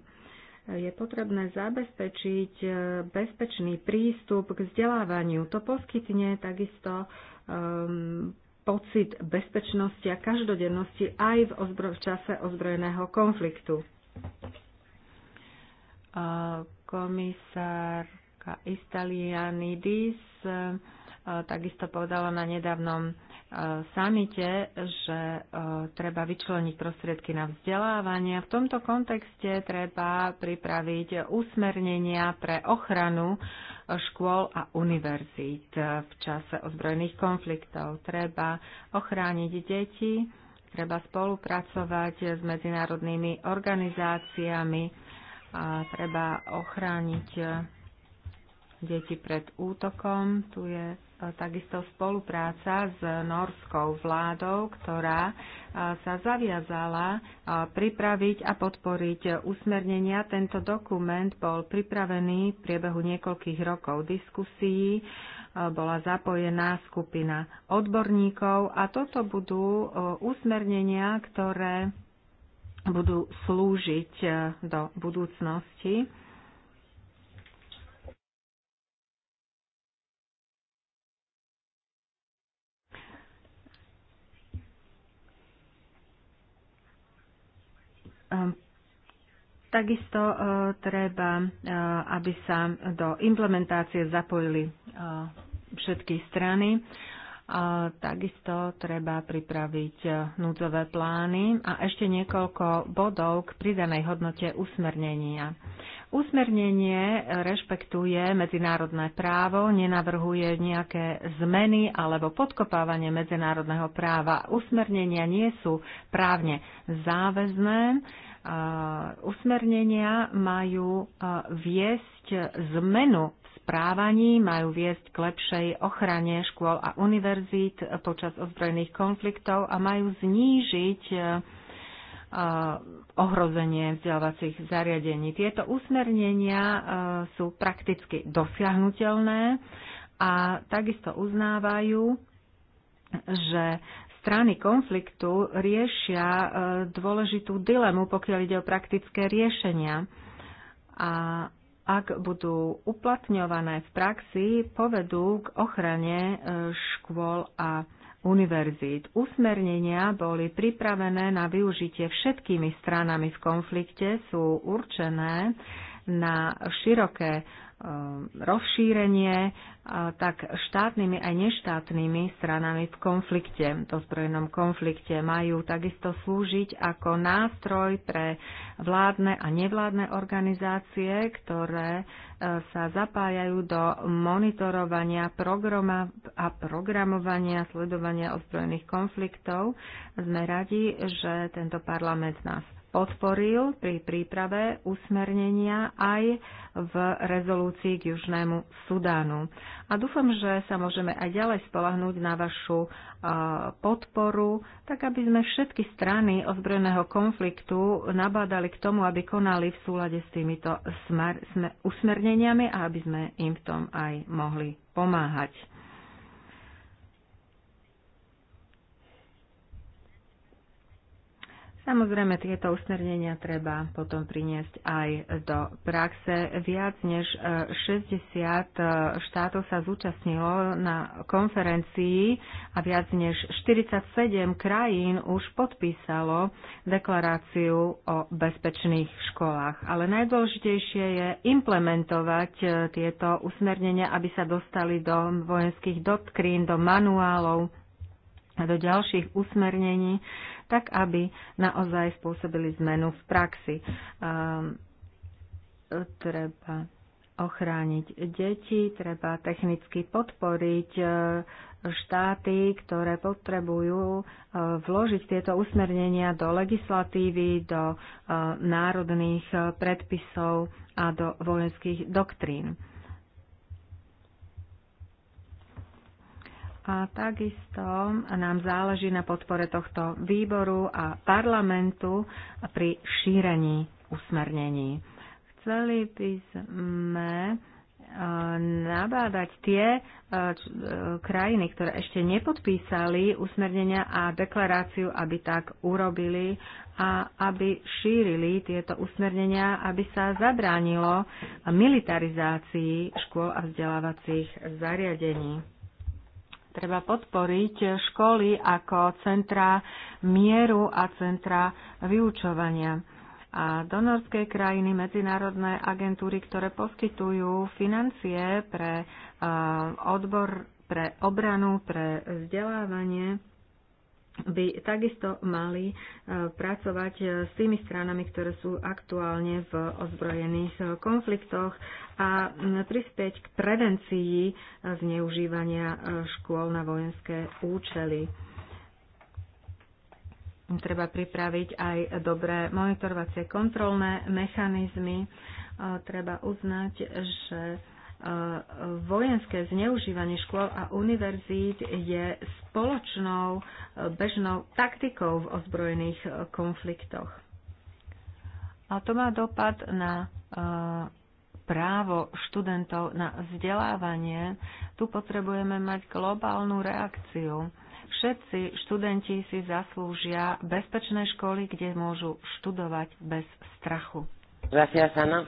Je potrebné zabezpečiť e, bezpečný prístup k vzdelávaniu. To poskytne takisto e, pocit bezpečnosti a každodennosti aj v, ozbro- v čase ozbrojeného konfliktu. Komisárka Istalianidis e, takisto povedala na nedávnom samite, že e, treba vyčleniť prostriedky na vzdelávanie. V tomto kontexte treba pripraviť usmernenia pre ochranu škôl a univerzít v čase ozbrojených konfliktov. Treba ochrániť deti, treba spolupracovať s medzinárodnými organizáciami, a treba ochrániť deti pred útokom. Tu je E, takisto spolupráca s norskou vládou, ktorá e, sa zaviazala e, pripraviť a podporiť usmernenia. Tento dokument bol pripravený v priebehu niekoľkých rokov diskusí, bola zapojená skupina odborníkov a toto budú usmernenia, ktoré budú slúžiť do budúcnosti Ehm, takisto eh, treba, eh, aby sa do implementácie zapojili eh, všetky strany. takisto treba pripraviť núdzové plány a ešte niekoľko bodov k pridanej hodnote usmernenia. Usmernenie rešpektuje medzinárodné právo, nenavrhuje nejaké zmeny alebo podkopávanie medzinárodného práva. Usmernenia nie sú právne záväzné. Usmernenia majú viesť zmenu v správaní, majú viesť k lepšej ochrane škôl a univerzít počas ozbrojených konfliktov a majú znížiť ohrozenie vzdelávacích zariadení. Tieto usmernenia sú prakticky dosiahnutelné a takisto uznávajú, že strany konfliktu riešia dôležitú dilemu, pokiaľ ide o praktické riešenia. A ak budú uplatňované v praxi, povedú k ochrane e, škôl a univerzít. Usmernenia boli pripravené na využitie všetkými stranami v konflikte, sú určené na široké Um, rozšírenie tak štátnymi aj neštátnymi stranami v konflikte, v ozbrojenom konflikte majú takisto slúžiť ako nástroj pre vládne a nevládne organizácie, ktoré e, sa zapájajú do monitorovania programa a programovania sledovania ozbrojených konfliktov. Sme radi, že tento parlament nás podporil pri príprave usmernenia aj v rezolúcii k Južnému Sudánu. A dúfam, že sa môžeme aj ďalej spolahnúť na vašu podporu, tak aby sme všetky strany ozbrojeného konfliktu nabádali k tomu, aby konali v súlade s týmito usmerneniami a aby sme im v tom aj mohli pomáhať. Samozrejme, tieto usmernenia treba potom priniesť aj do praxe. Viac než 60 e, e, štátov sa zúčastnilo na konferencii a viac než 47 krajín už podpísalo deklaráciu o bezpečných školách. Ale najdôležitejšie je implementovať e, tieto usmernenia, aby sa dostali do vojenských doktrín, do manuálov a do ďalších usmernení tak aby naozaj spôsobili zmenu v praxi. Ehm, treba ochrániť deti, treba technicky podporiť e, štáty, ktoré potrebujú e, vložiť tieto usmernenia do legislatívy, do e, národných predpisov a do vojenských doktrín. A takisto nám záleží na podpore tohto výboru a parlamentu pri šírení usmernení. Chceli by sme eh, nabádať tie eh, krajiny, ktoré ešte nepodpísali usmernenia a deklaráciu, aby tak urobili a aby šírili tieto usmernenia, aby sa zabránilo militarizácii škôl a vzdelávacích zariadení. Treba podporiť školy ako centra mieru a centra vyučovania. A donorské krajiny, medzinárodné agentúry, ktoré poskytujú financie pre eh, odbor, pre obranu, pre vzdelávanie, by takisto mali e, pracovať e, s tými stranami, ktoré sú aktuálne v ozbrojených e, konfliktoch a prispieť k prevencii zneužívania škôl na vojenské účely. Treba pripraviť aj dobré monitorovacie kontrolné mechanizmy. Treba uznať, že vojenské zneužívanie škôl a univerzít je spoločnou e, bežnou taktikou v ozbrojených e, konfliktoch. A to má dopad na e, právo študentov na vzdelávanie. Tu potrebujeme mať globálnu reakciu. Všetci študenti si zaslúžia bezpečné školy, kde môžu študovať bez strachu. Gracias, Ana.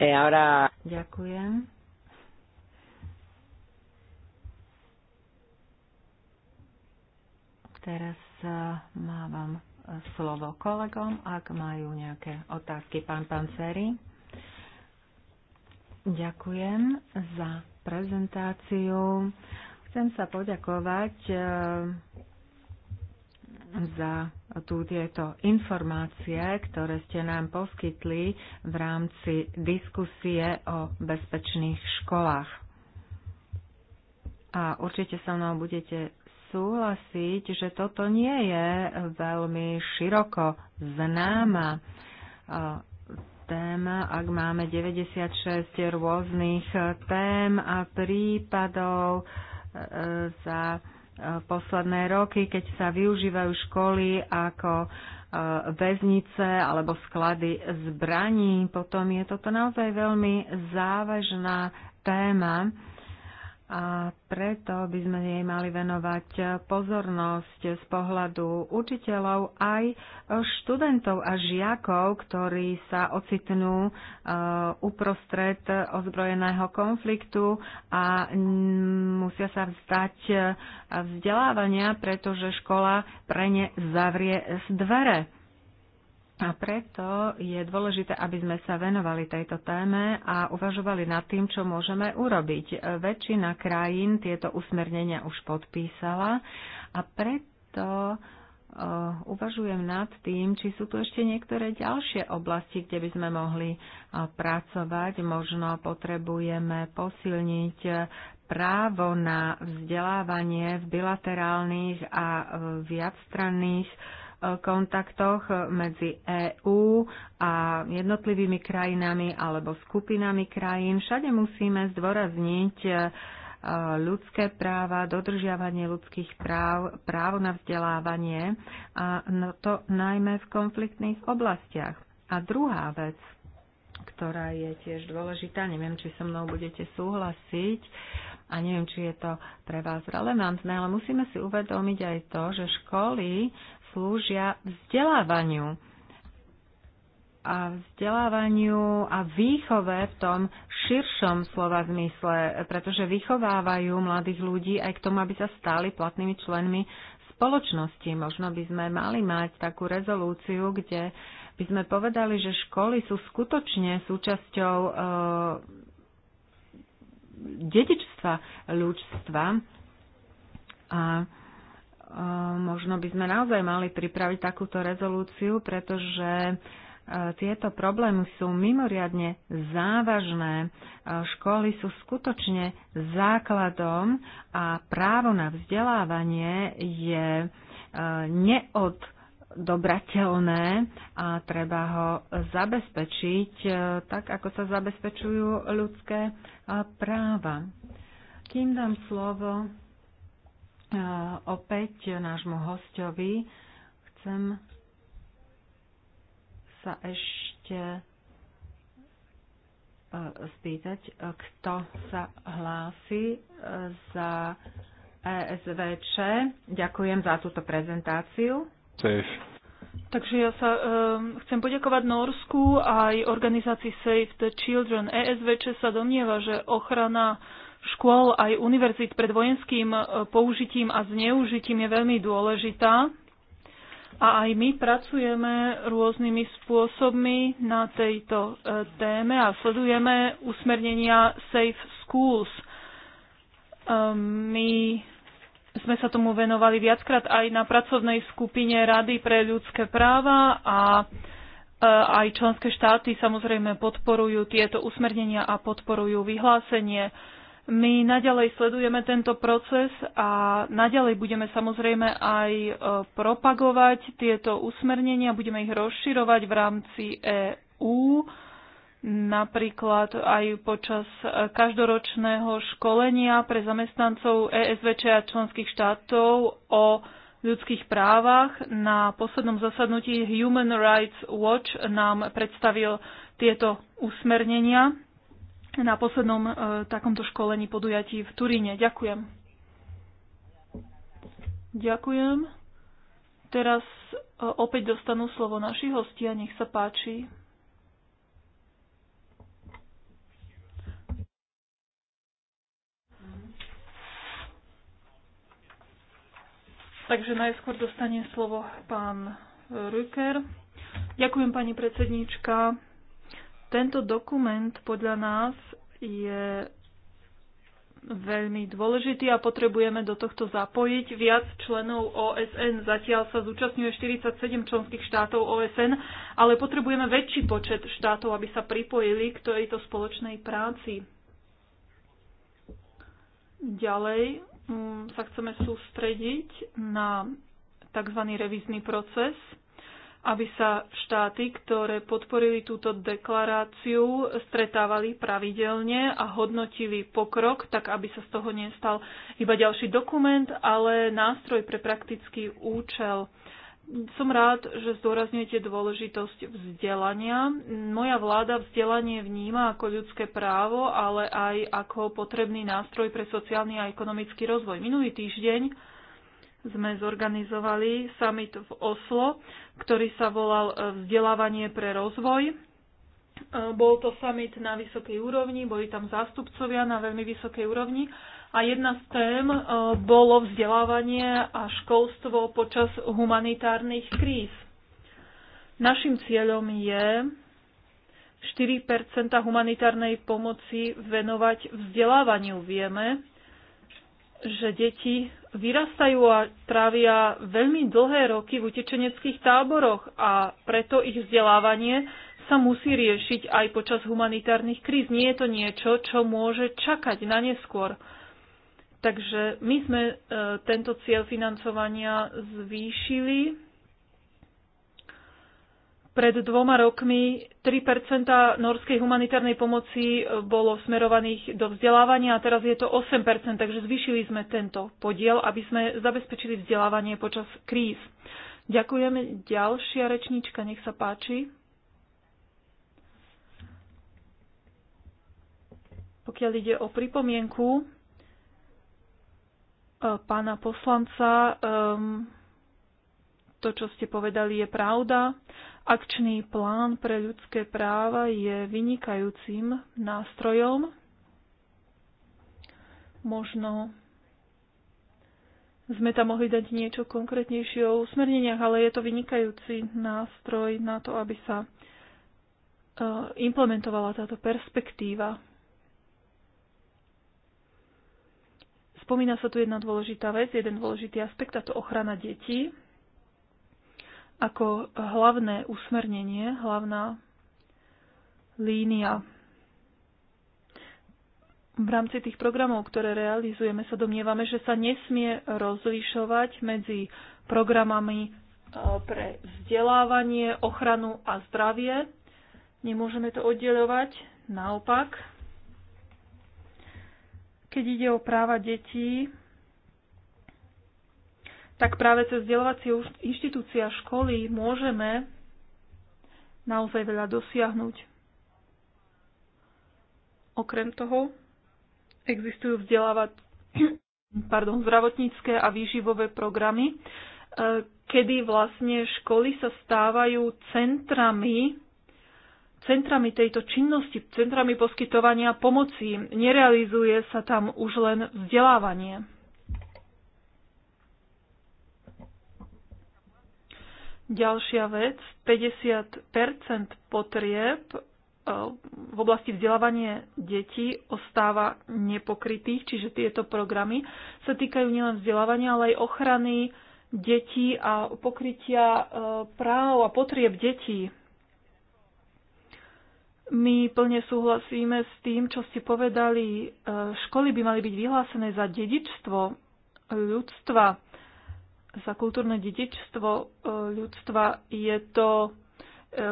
E ahora... Ďakujem. Teraz eh, mávam eh, slovo kolegom, ak majú nejaké otázky. Pán Panceri. Ďakujem za prezentáciu. Chcem sa poďakovať eh, za tú tieto informácie, ktoré ste nám poskytli v rámci diskusie o bezpečných školách. A určite sa mnou budete súhlasiť, že toto nie je veľmi široko známa e, téma, ak máme 96 rôznych tém a prípadov e, za e, posledné roky, keď sa využívajú školy ako väznice alebo sklady zbraní, potom je toto naozaj veľmi závažná téma a preto by sme jej mali venovať pozornosť z pohľadu učiteľov aj študentov a žiakov, ktorí sa ocitnú e, uprostred ozbrojeného konfliktu a musia sa vzdať e, vzdelávania, pretože škola pre ne zavrie z dvere a preto je dôležité, aby sme sa venovali tejto téme a uvažovali nad tým, čo môžeme urobiť. Väčšina krajín tieto usmernenia už podpísala a preto eh, uvažujem nad tým, či sú tu ešte niektoré ďalšie oblasti, kde by sme mohli eh, pracovať. Možno potrebujeme posilniť eh, právo na vzdelávanie v bilaterálnych a viacstranných kontaktoch medzi EÚ a jednotlivými krajinami alebo skupinami krajín. Všade musíme zdôrazniť e, ľudské práva, dodržiavanie ľudských práv, právo na vzdelávanie a to najmä v konfliktných oblastiach. A druhá vec, ktorá je tiež dôležitá, neviem, či so mnou budete súhlasiť, a neviem, či je to pre vás relevantné, ale musíme si uvedomiť aj to, že školy slúžia vzdelávaniu a vzdelávaniu a výchove v tom širšom slova zmysle, pretože vychovávajú mladých ľudí aj k tomu, aby sa stali platnými členmi spoločnosti. Možno by sme mali mať takú rezolúciu, kde by sme povedali, že školy sú skutočne súčasťou e, dedičstva ľudstva. A možno by sme naozaj mali pripraviť takúto rezolúciu, pretože e, tieto problémy sú mimoriadne závažné. E, školy sú skutočne základom a právo na vzdelávanie je e, neod dobrateľné a treba ho zabezpečiť tak, ako sa zabezpečujú ľudské práva. Kým dám slovo opäť nášmu hostovi. Chcem sa ešte e, spýtať, kto sa hlási e, za ESVČ. Ďakujem za túto prezentáciu. Safe. Takže ja sa um, chcem poďakovať Norsku aj organizácii Save the Children. ESVČ sa domnieva, že ochrana škôl aj univerzít pred vojenským e, použitím a zneužitím je veľmi dôležitá. A aj my pracujeme rôznymi spôsobmi na tejto e, téme a sledujeme usmernenia Safe Schools. E, my sme sa tomu venovali viackrát aj na pracovnej skupine Rady pre ľudské práva a aj členské štáty samozrejme podporujú tieto usmernenia a podporujú vyhlásenie. My naďalej sledujeme tento proces a naďalej budeme samozrejme aj e, propagovať tieto usmernenia, budeme ich rozširovať v rámci EÚ, napríklad aj počas e, každoročného školenia pre zamestnancov ESVČ a členských štátov o ľudských právach. Na poslednom zasadnutí Human Rights Watch nám predstavil tieto usmernenia na poslednom e, takomto školení podujatí v Turíne. Ďakujem. Ďakujem. Teraz e, opäť dostanú slovo naši hostia. Nech sa páči. Takže najskôr dostane slovo pán Rüker. Ďakujem pani predsedníčka. Tento dokument podľa nás je veľmi dôležitý a potrebujeme do tohto zapojiť viac členov OSN. Zatiaľ sa zúčastňuje 47 členských štátov OSN, ale potrebujeme väčší počet štátov, aby sa pripojili k tejto spoločnej práci. Ďalej mm, sa chceme sústrediť na tzv. revizný proces – aby sa štáty, ktoré podporili túto deklaráciu, stretávali pravidelne a hodnotili pokrok, tak aby sa z toho nestal iba ďalší dokument, ale nástroj pre praktický účel. Som rád, že zdôrazňujete dôležitosť vzdelania. Moja vláda vzdelanie vníma ako ľudské právo, ale aj ako potrebný nástroj pre sociálny a ekonomický rozvoj. Minulý týždeň sme zorganizovali summit v Oslo, ktorý sa volal e, Vzdelávanie pre rozvoj. E, bol to summit na vysokej úrovni, boli tam zástupcovia na veľmi vysokej úrovni a jedna z tém e, bolo vzdelávanie a školstvo počas humanitárnych kríz. Našim cieľom je 4 humanitárnej pomoci venovať vzdelávaniu. Vieme, že deti vyrastajú a trávia veľmi dlhé roky v utečeneckých táboroch a preto ich vzdelávanie sa musí riešiť aj počas humanitárnych kríz. Nie je to niečo, čo môže čakať na neskôr. Takže my sme e, tento cieľ financovania zvýšili pred dvoma rokmi 3 norskej humanitárnej pomoci bolo smerovaných do vzdelávania a teraz je to 8 takže zvýšili sme tento podiel, aby sme zabezpečili vzdelávanie počas kríz. Ďakujem. Ďalšia rečníčka, nech sa páči. Pokiaľ ide o pripomienku e, pána poslanca, e, to, čo ste povedali, je pravda. Akčný plán pre ľudské práva je vynikajúcim nástrojom. Možno sme tam mohli dať niečo konkrétnejšie o usmerneniach, ale je to vynikajúci nástroj na to, aby sa e, implementovala táto perspektíva. Spomína sa tu jedna dôležitá vec, jeden dôležitý aspekt, a to ochrana detí ako hlavné usmernenie, hlavná línia. V rámci tých programov, ktoré realizujeme, sa domnievame, že sa nesmie rozlišovať medzi programami e, pre vzdelávanie, ochranu a zdravie. Nemôžeme to oddelovať. Naopak, keď ide o práva detí, tak práve cez inštitúcie inštitúcia školy môžeme naozaj veľa dosiahnuť. Okrem toho existujú vzdelávať pardon, zdravotnícke a výživové programy, e, kedy vlastne školy sa stávajú centrami centrami tejto činnosti, centrami poskytovania pomoci. Nerealizuje sa tam už len vzdelávanie. Ďalšia vec, 50 potrieb e, v oblasti vzdelávania detí ostáva nepokrytých, čiže tieto programy sa týkajú nielen vzdelávania, ale aj ochrany detí a pokrytia e, práv a potrieb detí. My plne súhlasíme s tým, čo ste povedali. E, školy by mali byť vyhlásené za dedičstvo ľudstva za kultúrne dedičstvo e, ľudstva je to e,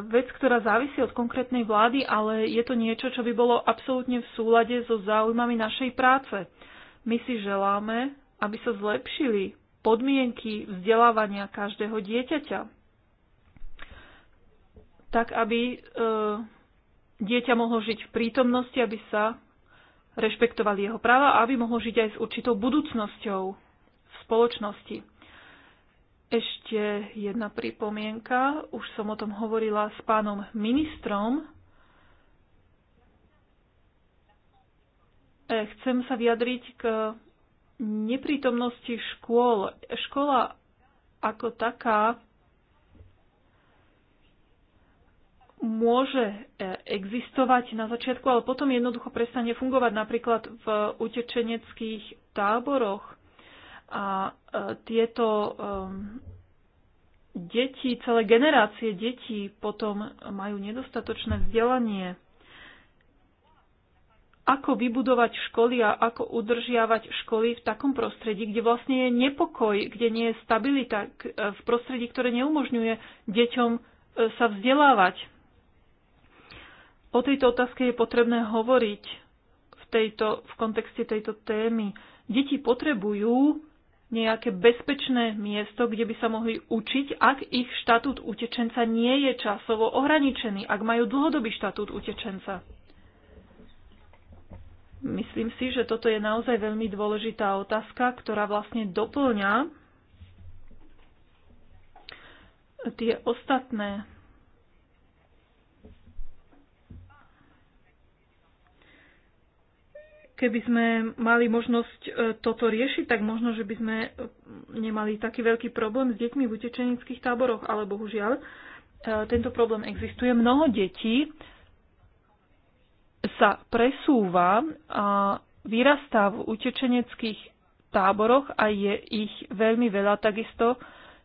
vec, ktorá závisí od konkrétnej vlády, ale je to niečo, čo by bolo absolútne v súlade so záujmami našej práce. My si želáme, aby sa zlepšili podmienky vzdelávania každého dieťaťa, tak aby e, dieťa mohlo žiť v prítomnosti, aby sa rešpektovali jeho práva a aby mohlo žiť aj s určitou budúcnosťou v spoločnosti. Ešte jedna pripomienka. Už som o tom hovorila s pánom ministrom. E, chcem sa vyjadriť k neprítomnosti škôl. Škola ako taká môže e, existovať na začiatku, ale potom jednoducho prestane fungovať napríklad v utečeneckých táboroch a e, tieto deti, celé generácie detí potom majú nedostatočné vzdelanie. Ako vybudovať školy a ako udržiavať školy v takom prostredí, kde vlastne je nepokoj, kde nie je stabilita, e, v prostredí, ktoré neumožňuje deťom e, sa vzdelávať. O tejto otázke je potrebné hovoriť v, tejto, v kontexte tejto témy. Deti potrebujú nejaké bezpečné miesto, kde by sa mohli učiť, ak ich štatút utečenca nie je časovo ohraničený, ak majú dlhodobý štatút utečenca. Myslím si, že toto je naozaj veľmi dôležitá otázka, ktorá vlastne doplňa tie ostatné Keby sme mali možnosť e, toto riešiť, tak možno, že by sme e, nemali taký veľký problém s deťmi v utečenických táboroch, ale bohužiaľ e, tento problém existuje. Mnoho detí sa presúva a vyrastá v utečeneckých táboroch a je ich veľmi veľa takisto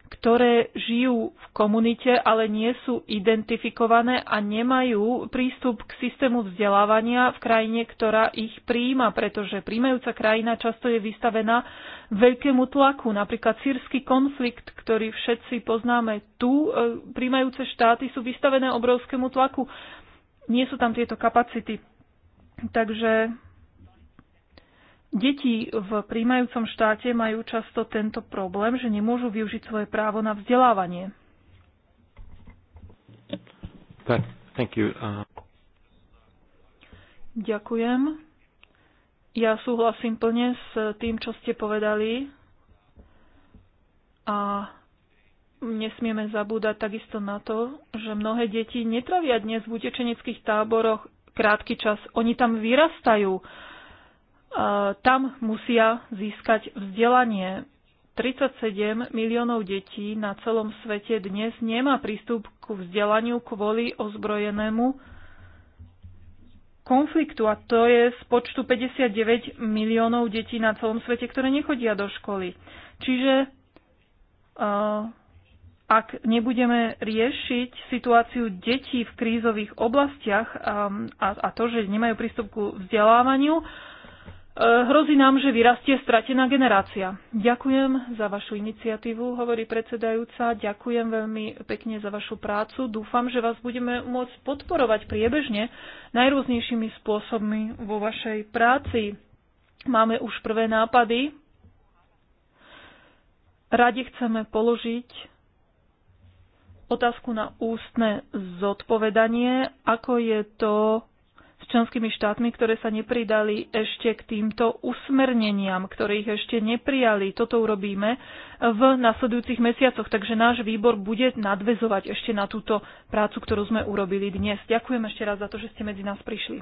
ktoré žijú v komunite, ale nie sú identifikované a nemajú prístup k systému vzdelávania v krajine, ktorá ich príjima, pretože príjmajúca krajina často je vystavená veľkému tlaku. Napríklad sírsky konflikt, ktorý všetci poznáme tu, e, príjmajúce štáty sú vystavené obrovskému tlaku. Nie sú tam tieto kapacity. Takže Deti v príjmajúcom štáte majú často tento problém, že nemôžu využiť svoje právo na vzdelávanie. Thank you. Uh... Ďakujem. Ja súhlasím plne s tým, čo ste povedali. A nesmieme zabúdať takisto na to, že mnohé deti netravia dnes v utečeneckých táboroch krátky čas. Oni tam vyrastajú. Uh, Eh, tam musia získať vzdelanie. 37 miliónov detí na celom svete dnes nemá prístup ku vzdelaniu kvôli ozbrojenému konfliktu a to je z počtu 59 miliónov detí na celom svete, ktoré nechodia do školy. Čiže eh, ak nebudeme riešiť situáciu detí v krízových oblastiach eh, a to, že nemajú prístup ku vzdelávaniu, Hrozí nám, že vyrastie stratená generácia. Ďakujem za vašu iniciatívu, hovorí predsedajúca. Ďakujem veľmi pekne za vašu prácu. Dúfam, že vás budeme môcť podporovať priebežne najrôznejšími spôsobmi vo vašej práci. Máme už prvé nápady. Radi chceme položiť otázku na ústne zodpovedanie, ako je to členskými štátmi, ktoré sa nepridali ešte k týmto usmerneniam, ktorých ešte neprijali. Toto urobíme v nasledujúcich mesiacoch, takže náš výbor bude nadvezovať ešte na túto prácu, ktorú sme urobili dnes. Ďakujem ešte raz za to, že ste medzi nás prišli.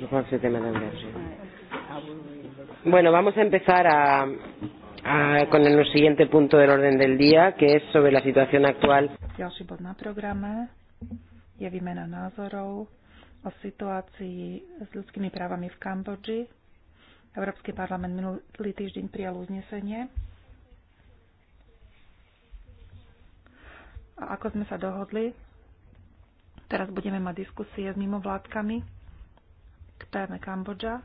Je crois que c'était Madame Berger. Bueno, vamos a empezar a, a, con el siguiente punto del orden del día, que es sobre la situación actual. Ďalší bod na programe je výmena názorov o situácii s ľudskými právami v Kambodži. Európsky parlament minulý týždeň prijal uznesenie. A ako sme sa dohodli, teraz budeme mať diskusie s mimovládkami téme Kambodža.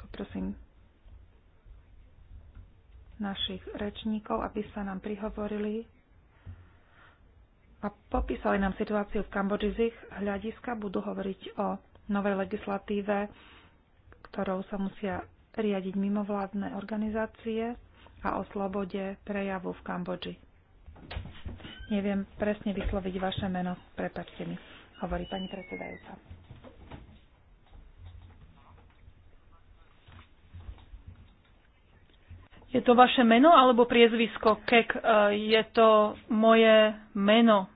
Poprosím našich rečníkov, aby sa nám prihovorili a popísali nám situáciu v Kambodži z ich hľadiska. Budú hovoriť o novej legislatíve, ktorou sa musia riadiť mimovládne organizácie a o slobode prejavu v Kambodži. Neviem presne vysloviť vaše meno, prepačte mi, hovorí pani predsedajúca. Je to vaše meno alebo priezvisko? Kek, e, je to moje meno.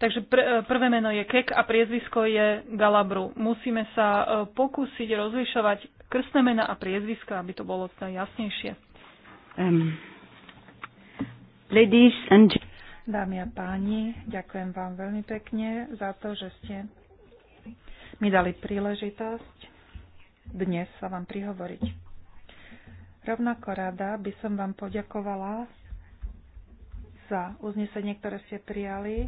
Takže pr- e, prvé meno je Kek a priezvisko je Galabru. Musíme sa e, pokúsiť rozlišovať krstné mena a priezviska, aby to bolo teda jasnejšie. Um, ladies and... Dámy a páni, ďakujem vám veľmi pekne za to, že ste mi dali príležitosť dnes sa vám prihovoriť. Rovnako rada by som vám poďakovala za uznesenie, ktoré ste prijali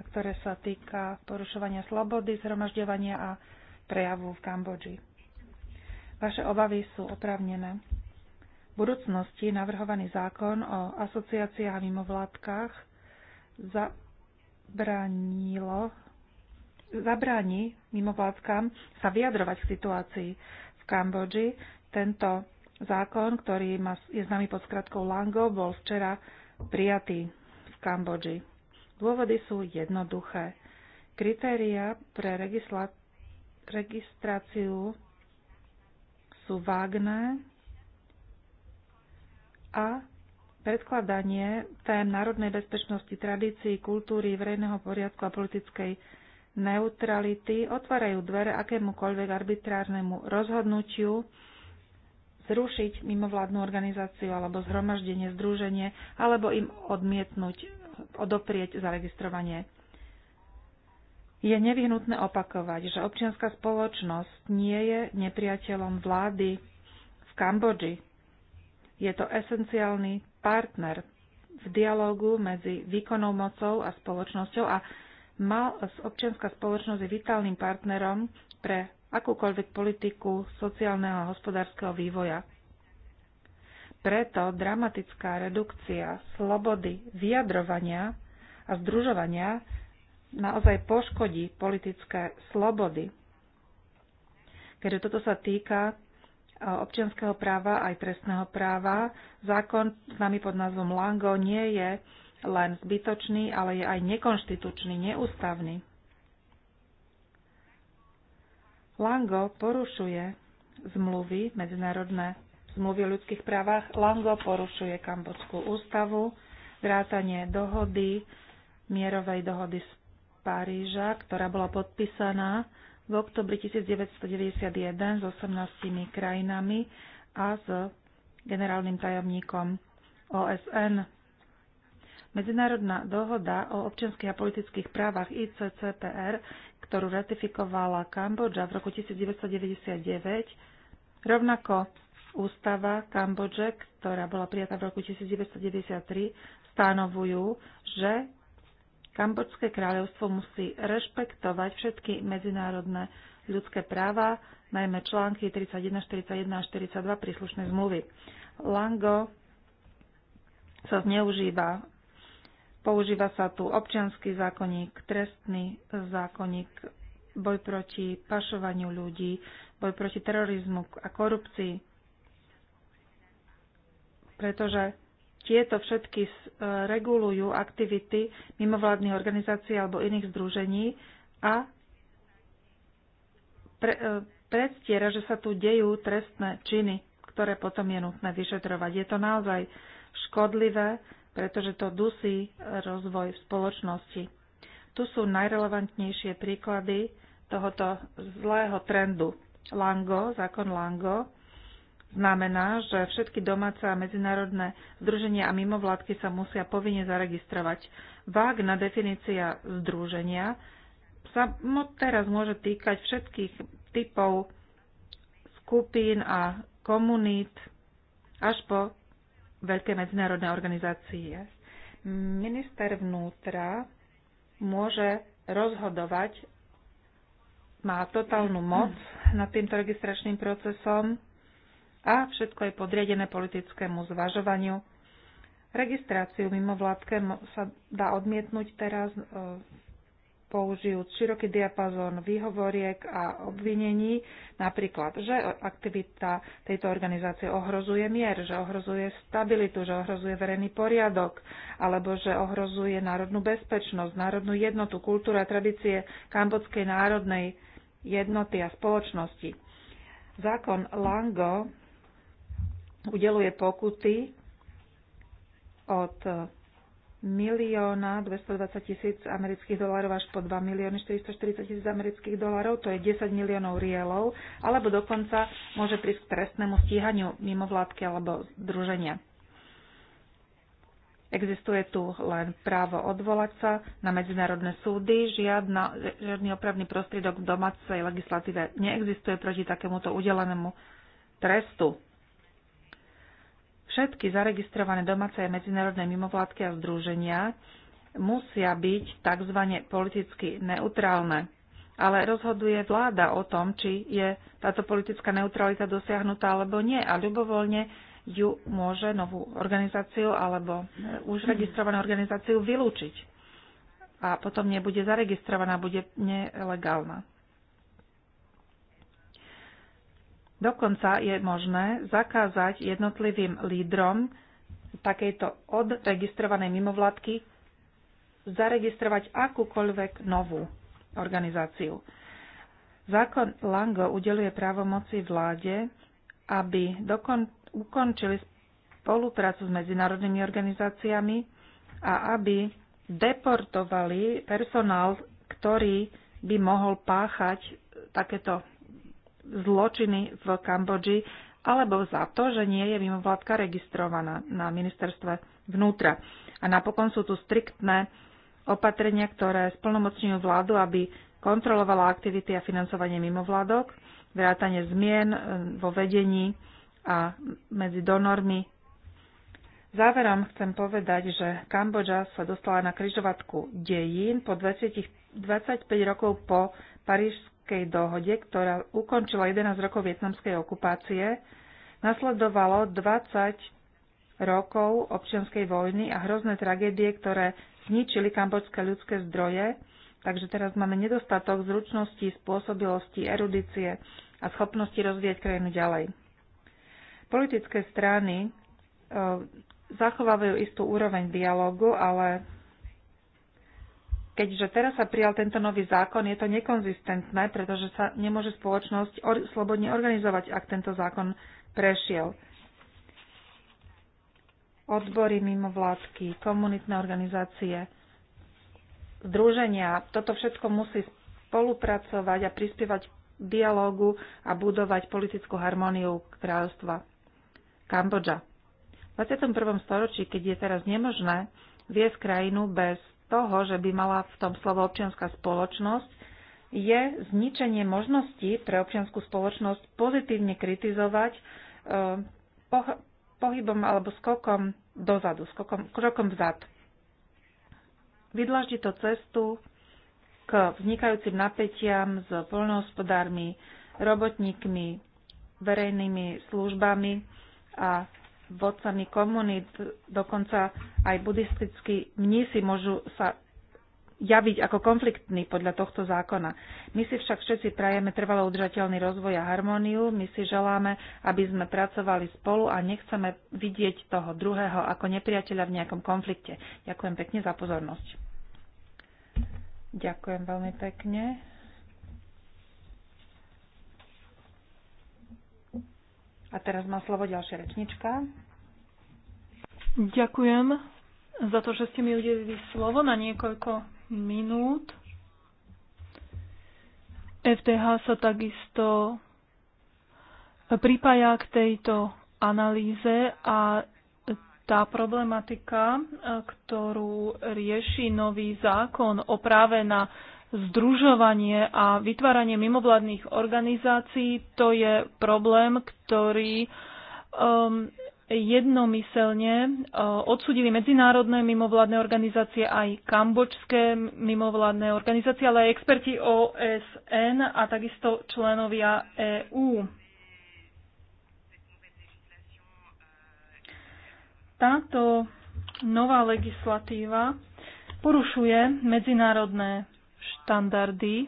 a ktoré sa týka porušovania slobody, zhromažďovania a prejavu v Kambodži. Vaše obavy sú oprávnené. V budúcnosti navrhovaný zákon o asociáciách a mimovládkach zabránilo zabráni mimovládkam sa vyjadrovať k situácii v Kambodži, tento zákon, ktorý je známy pod skratkou Lango, bol včera prijatý v Kambodži. Dôvody sú jednoduché. Kritéria pre registráciu sú vágné a predkladanie tém národnej bezpečnosti, tradícií, kultúry, verejného poriadku a politickej neutrality otvárajú dvere akémukoľvek arbitrárnemu rozhodnutiu, zrušiť mimovládnu organizáciu alebo zhromaždenie, združenie alebo im odmietnúť, odoprieť zaregistrovanie. Je nevyhnutné opakovať, že občianská spoločnosť nie je nepriateľom vlády v Kambodži. Je to esenciálny partner v dialógu medzi výkonnou mocou a spoločnosťou a mal, občianská spoločnosť je vitálnym partnerom pre akúkoľvek politiku sociálneho a hospodárskeho vývoja. Preto dramatická redukcia slobody vyjadrovania a združovania naozaj poškodí politické slobody. Keďže toto sa týka e, občianského práva aj trestného práva, zákon s nami pod názvom Lango nie je len zbytočný, ale je aj nekonštitučný, neústavný. Lango porušuje zmluvy, medzinárodné zmluvy o ľudských právach. Lango porušuje Kambodskú ústavu, vrátanie dohody, mierovej dohody z Paríža, ktorá bola podpísaná v oktobri 1991 s 18 krajinami a s generálnym tajomníkom OSN. Medzinárodná dohoda o občianských a politických právach ICCPR ktorú ratifikovala Kambodža v roku 1999, rovnako ústava Kambodže, ktorá bola prijatá v roku 1993, stanovujú, že Kambodžské kráľovstvo musí rešpektovať všetky medzinárodné ľudské práva, najmä články 31, 41 a 42 príslušnej zmluvy. Lango sa zneužíva Používa sa tu občianský zákonník, trestný zákonník, boj proti pašovaniu ľudí, boj proti terorizmu a korupcii. Pretože tieto všetky e, regulujú aktivity mimovládnych organizácií alebo iných združení a pre, e, predstiera, že sa tu dejú trestné činy, ktoré potom je nutné vyšetrovať. Je to naozaj škodlivé pretože to dusí rozvoj v spoločnosti. Tu sú najrelevantnejšie príklady tohoto zlého trendu. Lango, zákon Lango, znamená, že všetky domáce a medzinárodné združenia a mimovládky sa musia povinne zaregistrovať. Vágna definícia združenia sa teraz môže týkať všetkých typov skupín a komunít až po veľké medzinárodné organizácie. Minister vnútra môže rozhodovať, má totálnu moc hm. nad týmto registračným procesom a všetko je podriadené politickému zvažovaniu. Registráciu mimovládke sa dá odmietnúť teraz e, použijúc široký diapazón výhovoriek a obvinení, napríklad, že aktivita tejto organizácie ohrozuje mier, že ohrozuje stabilitu, že ohrozuje verejný poriadok, alebo že ohrozuje národnú bezpečnosť, národnú jednotu, kultúru a tradície kambodskej národnej jednoty a spoločnosti. Zákon Lango udeluje pokuty od milióna 220 tisíc amerických dolárov až po 2 milióny 440 tisíc amerických dolárov, to je 10 miliónov rielov, alebo dokonca môže prísť k trestnému stíhaniu mimovládky alebo združenia. Existuje tu len právo odvolať sa na medzinárodné súdy, žiadna, žiadny opravný prostriedok v domácej legislatíve neexistuje proti takémuto udelenému trestu. Všetky zaregistrované domáce a medzinárodné mimovládky a združenia musia byť tzv. politicky neutrálne. Ale rozhoduje vláda o tom, či je táto politická neutralita dosiahnutá alebo nie a ľubovoľne ju môže novú organizáciu alebo e, už registrovanú organizáciu vylúčiť. A potom nebude zaregistrovaná, bude nelegálna. Dokonca je možné zakázať jednotlivým lídrom takejto odregistrovanej mimovládky zaregistrovať akúkoľvek novú organizáciu. Zákon Lango udeluje právomoci vláde, aby dokon, ukončili spoluprácu s medzinárodnými organizáciami a aby deportovali personál, ktorý by mohol páchať takéto zločiny v Kambodži alebo za to, že nie je mimovládka registrovaná na ministerstve vnútra. A napokon sú tu striktné opatrenia, ktoré splnomocňujú vládu, aby kontrolovala aktivity a financovanie mimovládok, vrátanie zmien eh, vo vedení a medzi donormi. Záverom chcem povedať, že Kambodža sa dostala na kryžovatku dejín po 20, 25 rokov po parížskom Ženevskej dohode, ktorá ukončila 11 rokov vietnamskej okupácie, nasledovalo 20 rokov občianskej vojny a hrozné tragédie, ktoré zničili kambočské ľudské zdroje, takže teraz máme nedostatok zručností, spôsobilosti, erudície a schopnosti rozvíjať krajinu ďalej. Politické strany e, zachovávajú istú úroveň dialogu, ale Keďže teraz sa prijal tento nový zákon, je to nekonzistentné, pretože sa nemôže spoločnosť or- slobodne organizovať, ak tento zákon prešiel. Odbory mimo vládky, komunitné organizácie, združenia, toto všetko musí spolupracovať a prispievať k dialógu a budovať politickú harmóniu kráľovstva. Kambodža. V 21. storočí, keď je teraz nemožné viesť krajinu bez toho, že by mala v tom slovo občianská spoločnosť, je zničenie možnosti pre občianskú spoločnosť pozitívne kritizovať e, pohybom alebo skokom dozadu, skokom, krokom vzad. Vydlaždi to cestu k vznikajúcim napätiam s poľnohospodármi, robotníkmi, verejnými službami a vodcami komunít, dokonca aj buddhistickí mnísi môžu sa javiť ako konfliktní podľa tohto zákona. My si však všetci prajeme trvalo udržateľný rozvoj a harmóniu, my si želáme, aby sme pracovali spolu a nechceme vidieť toho druhého ako nepriateľa v nejakom konflikte. Ďakujem pekne za pozornosť. Ďakujem veľmi pekne. A teraz má slovo ďalšia rečnička. Ďakujem za to, že ste mi udelili slovo na niekoľko minút. FTH sa takisto pripája k tejto analýze a tá problematika, ktorú rieši nový zákon o práve na združovanie a vytváranie mimovládnych organizácií to je problém, ktorý um, jednomyselne uh, odsudili medzinárodné mimovládne organizácie, aj kambočské mimovládne organizácie, ale aj experti OSN a takisto členovia EÚ. Táto nová legislatíva porušuje medzinárodné štandardy,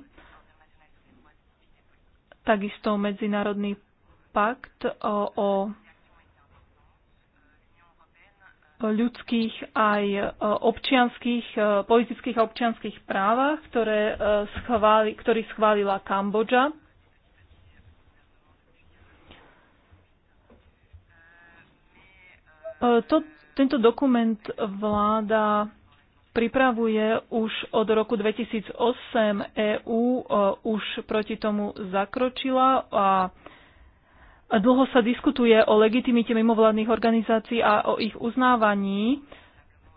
takisto Medzinárodný pakt o, o ľudských aj e, občianských, e, politických a občianských právach, ktoré e, schváli, ktorý schválila Kambodža. To, tento dokument vláda pripravuje už od roku 2008. EÚ e, už proti tomu zakročila a dlho sa diskutuje o legitimite mimovládnych organizácií a o ich uznávaní.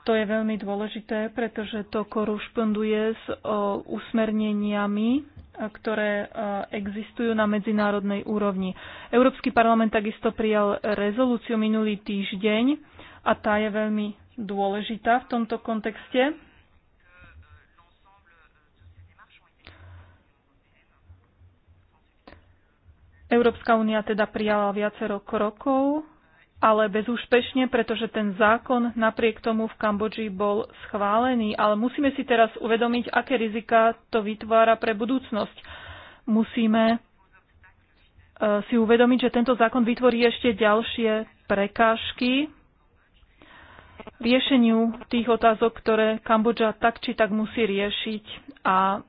To je veľmi dôležité, pretože to korešponduje s e, usmerneniami, ktoré e, existujú na medzinárodnej úrovni. Európsky parlament takisto prijal rezolúciu minulý týždeň a tá je veľmi dôležitá v tomto kontexte. Európska únia teda prijala viacero krokov, ale bezúspešne, pretože ten zákon napriek tomu v Kambodži bol schválený. Ale musíme si teraz uvedomiť, aké rizika to vytvára pre budúcnosť. Musíme e, si uvedomiť, že tento zákon vytvorí ešte ďalšie prekážky riešeniu tých otázok, ktoré Kambodža tak či tak musí riešiť. A e,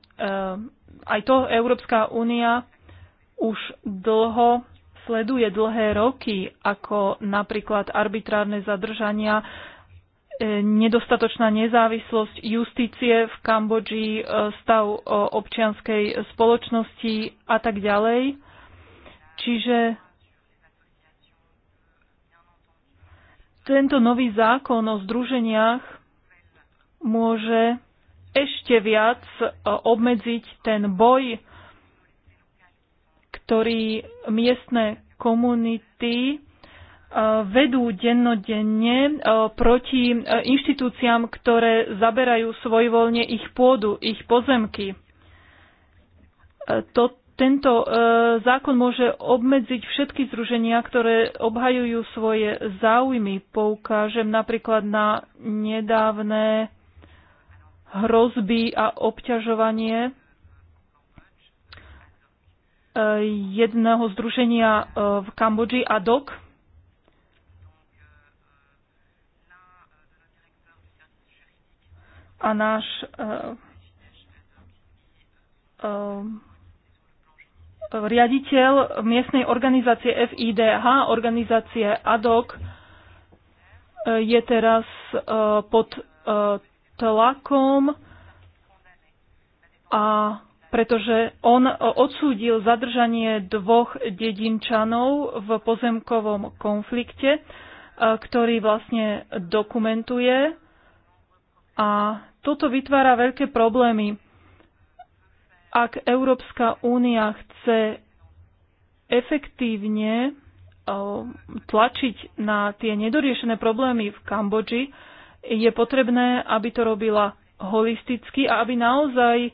aj to Európska únia už dlho sleduje dlhé roky, ako napríklad arbitrárne zadržania, e, nedostatočná nezávislosť justície v Kambodži, e, stav e, občianskej spoločnosti a tak ďalej. Čiže tento nový zákon o združeniach môže ešte viac e, obmedziť ten boj, ktorý miestne komunity e, vedú dennodenne e, proti inštitúciám, ktoré zaberajú svojvoľne ich pôdu, ich pozemky. Toto tento e, zákon môže obmedziť všetky združenia, ktoré obhajujú svoje záujmy. Poukážem napríklad na nedávne hrozby a obťažovanie e, jedného združenia e, v Kambodži, DOC. A náš uh, uh, riaditeľ miestnej organizácie FIDH, organizácie ADOC, e, je teraz e, pod e, tlakom a pretože on odsúdil zadržanie dvoch dedinčanov v pozemkovom konflikte, ktorý vlastne dokumentuje. A toto vytvára veľké problémy. Ak Európska únia chce efektívne tlačiť na tie nedoriešené problémy v Kambodži, je potrebné, aby to robila holisticky a aby naozaj e,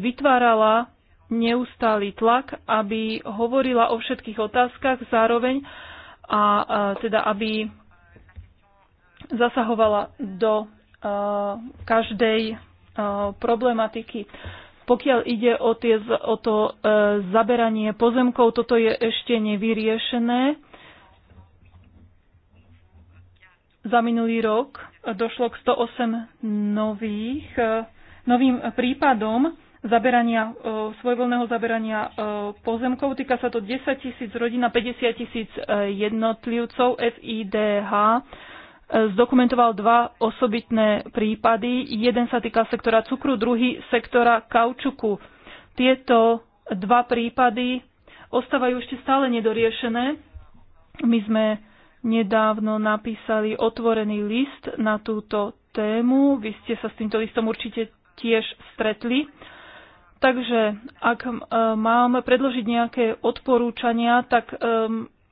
vytvárala neustály tlak, aby hovorila o všetkých otázkach zároveň a, e, teda aby zasahovala do e, každej problematiky. Pokiaľ ide o, tie, o to e, zaberanie pozemkov, toto je ešte nevyriešené. Za minulý rok došlo k 108 nových, e, novým prípadom zaberania, e, svojvoľného zaberania e, pozemkov. Týka sa to 10 tisíc rodín a 50 tisíc jednotlivcov FIDH E, zdokumentoval dva osobitné prípady. Jeden sa týka sektora cukru, druhý sektora kaučuku. Tieto dva prípady ostávajú ešte stále nedoriešené. My sme nedávno napísali otvorený list na túto tému. Vy ste sa s týmto listom určite tiež stretli. Takže ak e, mám predložiť nejaké odporúčania, tak e,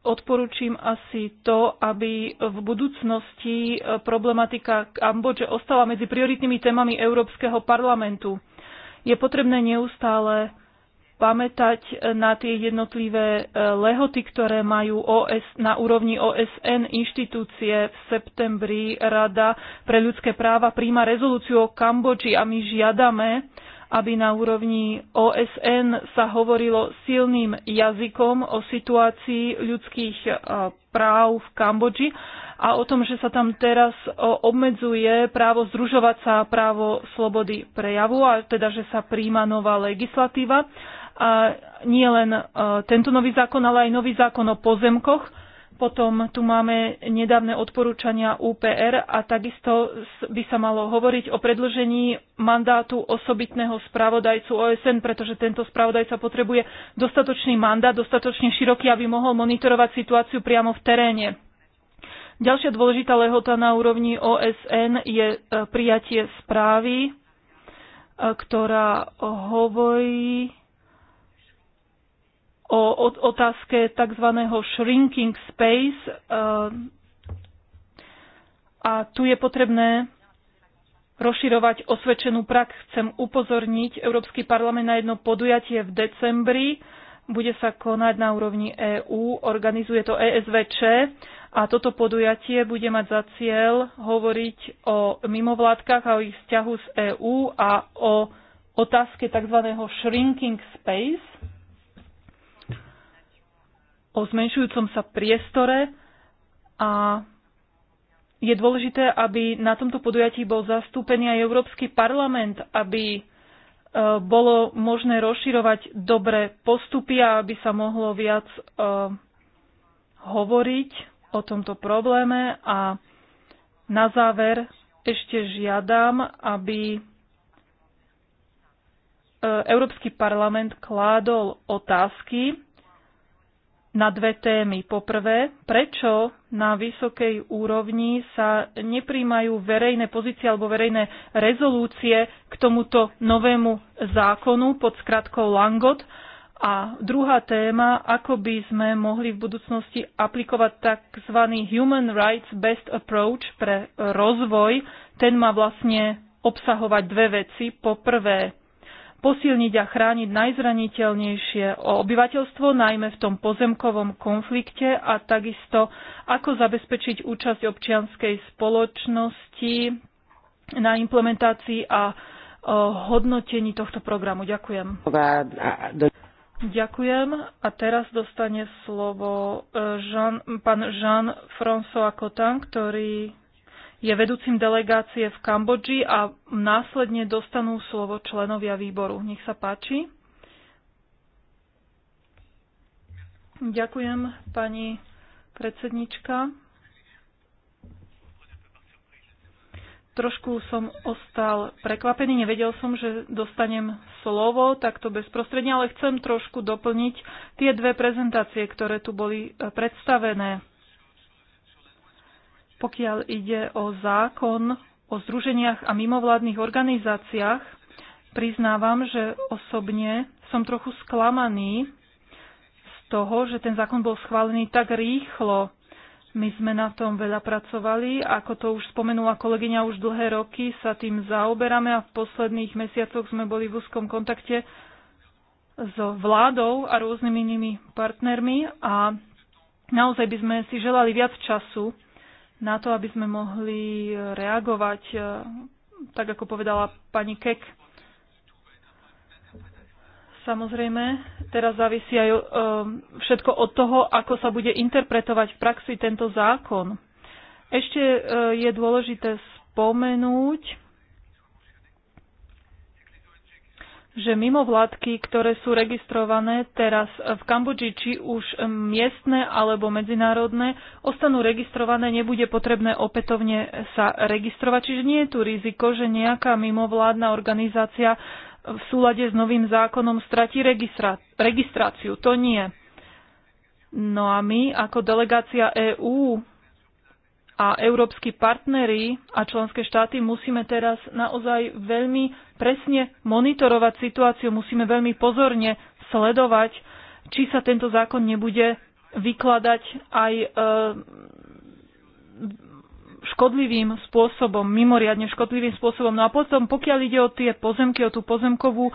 odporúčim asi to, aby v budúcnosti e, problematika Kambodže ostala medzi prioritnými témami Európskeho parlamentu. Je potrebné neustále pamätať e, na tie jednotlivé e, lehoty, ktoré majú OS, na úrovni OSN inštitúcie. V septembri Rada pre ľudské práva príjma rezolúciu o Kambodži a my žiadame, aby na úrovni OSN sa hovorilo silným jazykom o situácii ľudských e, práv v Kambodži a o tom, že sa tam teraz e, obmedzuje právo združovať sa, právo slobody prejavu a teda, že sa príjma nová legislatíva. A nie len e, tento nový zákon, ale aj nový zákon o pozemkoch, potom tu máme nedávne odporúčania UPR a takisto by sa malo hovoriť o predlžení mandátu osobitného spravodajcu OSN, pretože tento spravodajca potrebuje dostatočný mandát, dostatočne široký, aby mohol monitorovať situáciu priamo v teréne. Ďalšia dôležitá lehota na úrovni OSN je e, prijatie správy, e, ktorá hovorí o otázke tzv. shrinking space. Eh, a tu je potrebné rozširovať osvedčenú prax. Chcem upozorniť Európsky parlament na jedno podujatie v decembri. Bude sa konať na úrovni EÚ, organizuje to ESVČ a toto podujatie bude mať za cieľ hovoriť o mimovládkach a o ich vzťahu s EÚ a o otázke tzv. shrinking space o zmenšujúcom sa priestore a je dôležité, aby na tomto podujatí bol zastúpený aj Európsky parlament, aby e, bolo možné rozširovať dobré postupy a aby sa mohlo viac e, hovoriť o tomto probléme a na záver ešte žiadam, aby e, Európsky parlament kládol otázky na dve témy. Poprvé, prečo na vysokej úrovni sa nepríjmajú verejné pozície alebo verejné rezolúcie k tomuto novému zákonu pod skratkou Langot. A druhá téma, ako by sme mohli v budúcnosti aplikovať tzv. Human Rights Best Approach pre rozvoj. Ten má vlastne obsahovať dve veci. Po prvé, posilniť a chrániť najzraniteľnejšie obyvateľstvo, najmä v tom pozemkovom konflikte a takisto ako zabezpečiť účasť občianskej spoločnosti na implementácii a hodnotení tohto programu. Ďakujem. Ďakujem. A teraz dostane slovo e, Jean, pán Jean-François Cotin, ktorý je vedúcim delegácie v Kambodži a následne dostanú slovo členovia výboru. Nech sa páči. Ďakujem, pani predsednička. Trošku som ostal prekvapený, nevedel som, že dostanem slovo takto bezprostredne, ale chcem trošku doplniť tie dve prezentácie, ktoré tu boli predstavené. Pokiaľ ide o zákon o združeniach a mimovládnych organizáciách, priznávam, že osobne som trochu sklamaný z toho, že ten zákon bol schválený tak rýchlo. My sme na tom veľa pracovali, ako to už spomenula kolegyňa, už dlhé roky sa tým zaoberáme a v posledných mesiacoch sme boli v úzkom kontakte s vládou a rôznymi inými partnermi a naozaj by sme si želali viac času na to, aby sme mohli e, reagovať, e, tak ako povedala pani Kek. Samozrejme, teraz závisí aj e, všetko od toho, ako sa bude interpretovať v praxi tento zákon. Ešte je dôležité spomenúť, že mimovládky, ktoré sú registrované teraz v Kambodži, či už miestne alebo medzinárodné, ostanú registrované, nebude potrebné opätovne sa registrovať. Čiže nie je tu riziko, že nejaká mimovládna organizácia v súlade s novým zákonom stratí registra- registráciu. To nie. No a my ako delegácia EÚ a európsky partneri a členské štáty musíme teraz naozaj veľmi presne monitorovať situáciu, musíme veľmi pozorne sledovať, či sa tento zákon nebude vykladať aj e, škodlivým spôsobom, mimoriadne škodlivým spôsobom. No a potom, pokiaľ ide o tie pozemky, o tú pozemkovú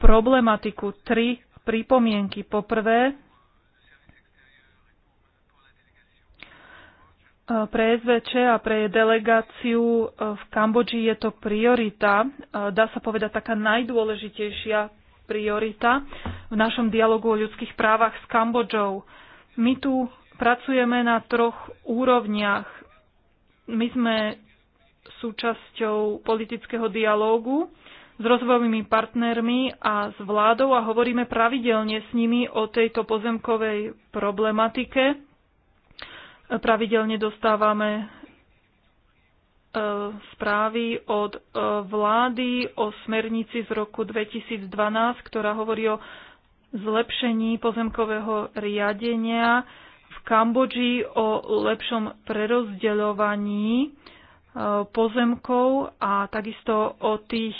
problematiku, tri pripomienky. Poprvé, E, pre SVČ a pre delegáciu e, v Kambodži je to priorita, e, dá sa povedať taká najdôležitejšia priorita v našom dialogu o ľudských právach s Kambodžou. My tu pracujeme na troch úrovniach. My sme súčasťou politického dialógu s rozvojovými partnermi a s vládou a hovoríme pravidelne s nimi o tejto pozemkovej problematike Pravidelne dostávame e, správy od e, vlády o smernici z roku 2012, ktorá hovorí o zlepšení pozemkového riadenia v Kambodži, o lepšom prerozdeľovaní e, pozemkov a takisto o tých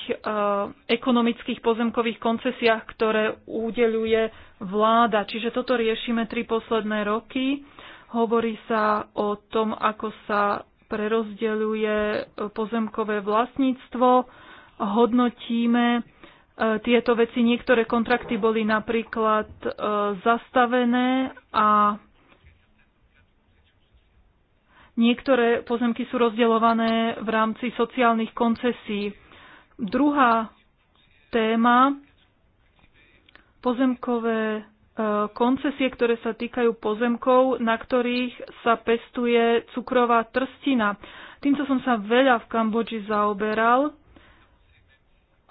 ekonomických pozemkových koncesiách, ktoré udeľuje vláda. Čiže toto riešime tri posledné roky Hovorí sa o tom, ako sa prerozdeľuje pozemkové vlastníctvo, hodnotíme e, tieto veci. Niektoré kontrakty boli napríklad e, zastavené a niektoré pozemky sú rozdeľované v rámci sociálnych koncesí. Druhá téma pozemkové E, koncesie, ktoré sa týkajú pozemkov, na ktorých sa pestuje cukrová trstina. Týmto som sa veľa v Kambodži zaoberal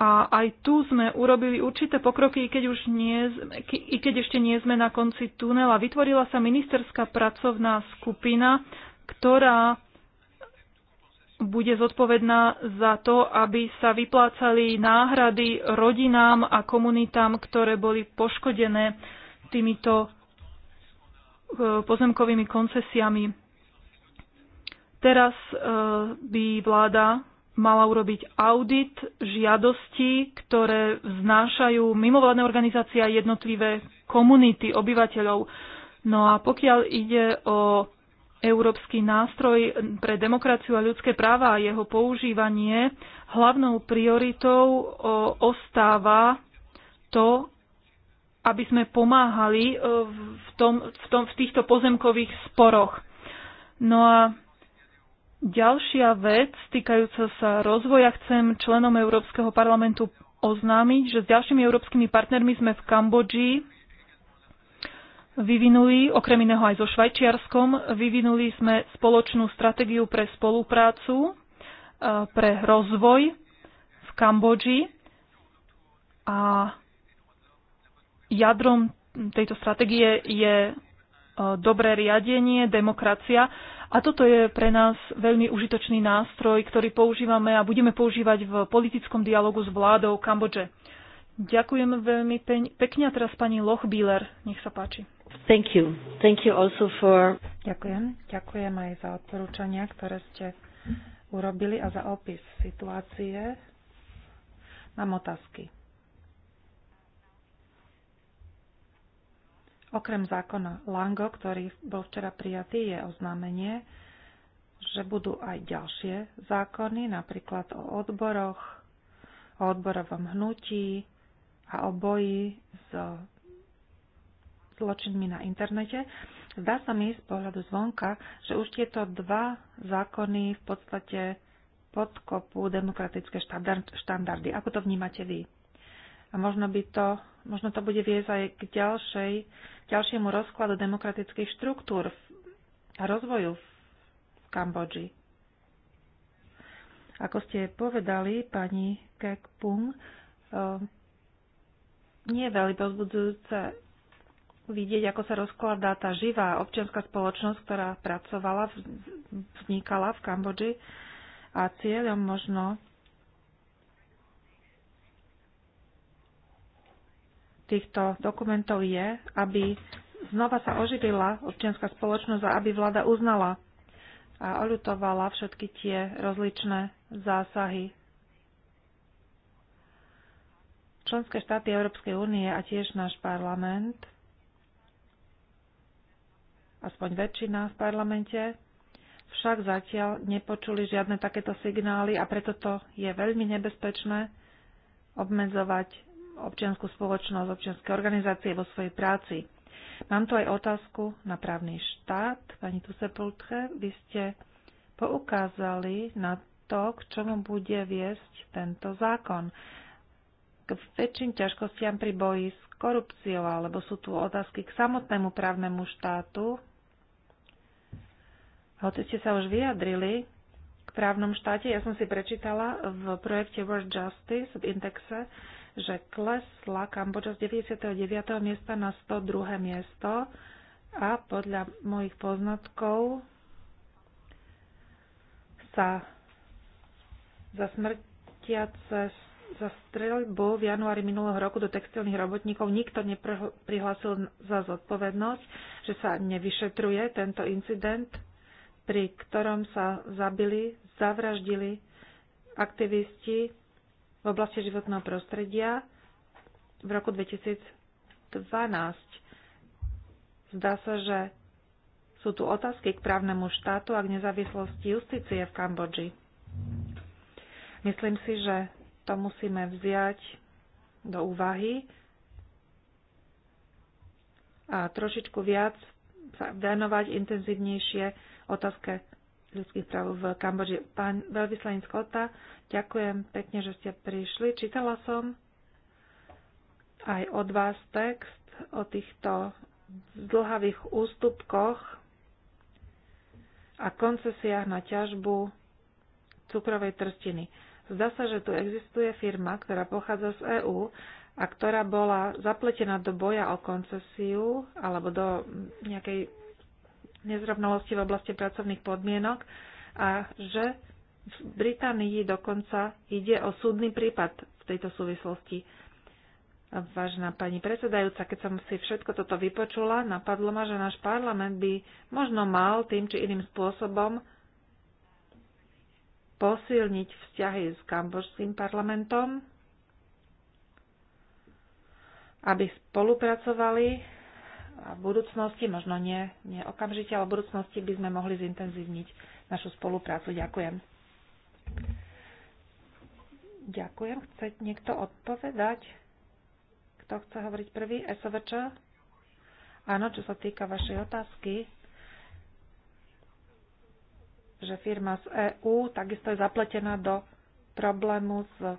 a aj tu sme urobili určité pokroky, i keď, už nie, i keď ešte nie sme na konci tunela. Vytvorila sa ministerská pracovná skupina, ktorá bude zodpovedná za to, aby sa vyplácali náhrady rodinám a komunitám, ktoré boli poškodené týmito e, pozemkovými koncesiami. Teraz e, by vláda mala urobiť audit žiadosti, ktoré vznášajú mimovládne organizácie a jednotlivé komunity obyvateľov. No a pokiaľ ide o Európsky nástroj pre demokraciu a ľudské práva a jeho používanie, hlavnou prioritou ostáva to, aby sme pomáhali e, v, tom, v, tom, v týchto pozemkových sporoch. No a ďalšia vec týkajúca sa rozvoja chcem členom Európskeho parlamentu oznámiť, že s ďalšími európskymi partnermi sme v Kambodži vyvinuli, okrem iného aj so Švajčiarskom, vyvinuli sme spoločnú stratégiu pre spoluprácu, e, pre rozvoj v Kambodži a jadrom tejto stratégie je e, dobré riadenie, demokracia. A toto je pre nás veľmi užitočný nástroj, ktorý používame a budeme používať v politickom dialogu s vládou Kambodže. Ďakujem veľmi pekne a teraz pani Bieler, nech sa páči. Thank you. Thank you also for... Ďakujem. Ďakujem aj za odporúčania, ktoré ste urobili a za opis situácie. Mám otázky. Okrem zákona Lango, ktorý bol včera prijatý, je oznámenie, že budú aj ďalšie zákony, napríklad o odboroch, o odborovom hnutí a o boji s zločinmi na internete. Zdá sa mi z pohľadu zvonka, že už tieto dva zákony v podstate podkopú demokratické štandardy. Ako to vnímate vy? A možno by to Možno to bude viesť aj k ďalšej, ďalšiemu rozkladu demokratických štruktúr a rozvoju v Kambodži. Ako ste povedali, pani Ge-Pung, eh, nie je veľmi pozbudzujúce vidieť, ako sa rozkladá tá živá občianská spoločnosť, ktorá pracovala, vznikala v Kambodži a cieľom možno týchto dokumentov je, aby znova sa oživila občianská spoločnosť a aby vláda uznala a oľutovala všetky tie rozličné zásahy. Členské štáty Európskej únie a tiež náš parlament, aspoň väčšina v parlamente, však zatiaľ nepočuli žiadne takéto signály a preto to je veľmi nebezpečné obmedzovať občianskú spoločnosť, občianské organizácie vo svojej práci. Mám tu aj otázku na právny štát. Pani Tusepultre, vy ste poukázali na to, k čomu bude viesť tento zákon. K väčším ťažkostiam pri boji s korupciou, alebo sú tu otázky k samotnému právnemu štátu. Hoci ste sa už vyjadrili k právnom štáte, ja som si prečítala v projekte World Justice v indexe, že klesla Kambodža z 99. miesta na 102. miesto a podľa mojich poznatkov sa za smrtiace za streľbu v januári minulého roku do textilných robotníkov nikto neprihlásil za zodpovednosť, že sa nevyšetruje tento incident, pri ktorom sa zabili, zavraždili aktivisti v oblasti životného prostredia v roku 2012. Zdá sa, že sú tu otázky k právnemu štátu a k nezávislosti justície v Kambodži. Myslím si, že to musíme vziať do úvahy a trošičku viac sa venovať intenzívnejšie otázke ľudských práv v Kambodži. Pán veľvyslanec Kota, ďakujem pekne, že ste prišli. Čítala som aj od vás text o týchto zdlhavých ústupkoch a koncesiách na ťažbu cukrovej trstiny. Zdá sa, že tu existuje firma, ktorá pochádza z EÚ a ktorá bola zapletená do boja o koncesiu alebo do nejakej nezrovnalosti v oblasti pracovných podmienok a že v Británii dokonca ide o súdny prípad v tejto súvislosti. Vážená pani predsedajúca, keď som si všetko toto vypočula, napadlo ma, že náš parlament by možno mal tým či iným spôsobom posilniť vzťahy s kambožským parlamentom, aby spolupracovali a v budúcnosti, možno nie, nie okamžite, ale v budúcnosti by sme mohli zintenzívniť našu spoluprácu. Ďakujem. Ďakujem. Chce niekto odpovedať? Kto chce hovoriť prvý? SOVČ? Áno, čo sa týka vašej otázky, že firma z EÚ takisto je zapletená do problému s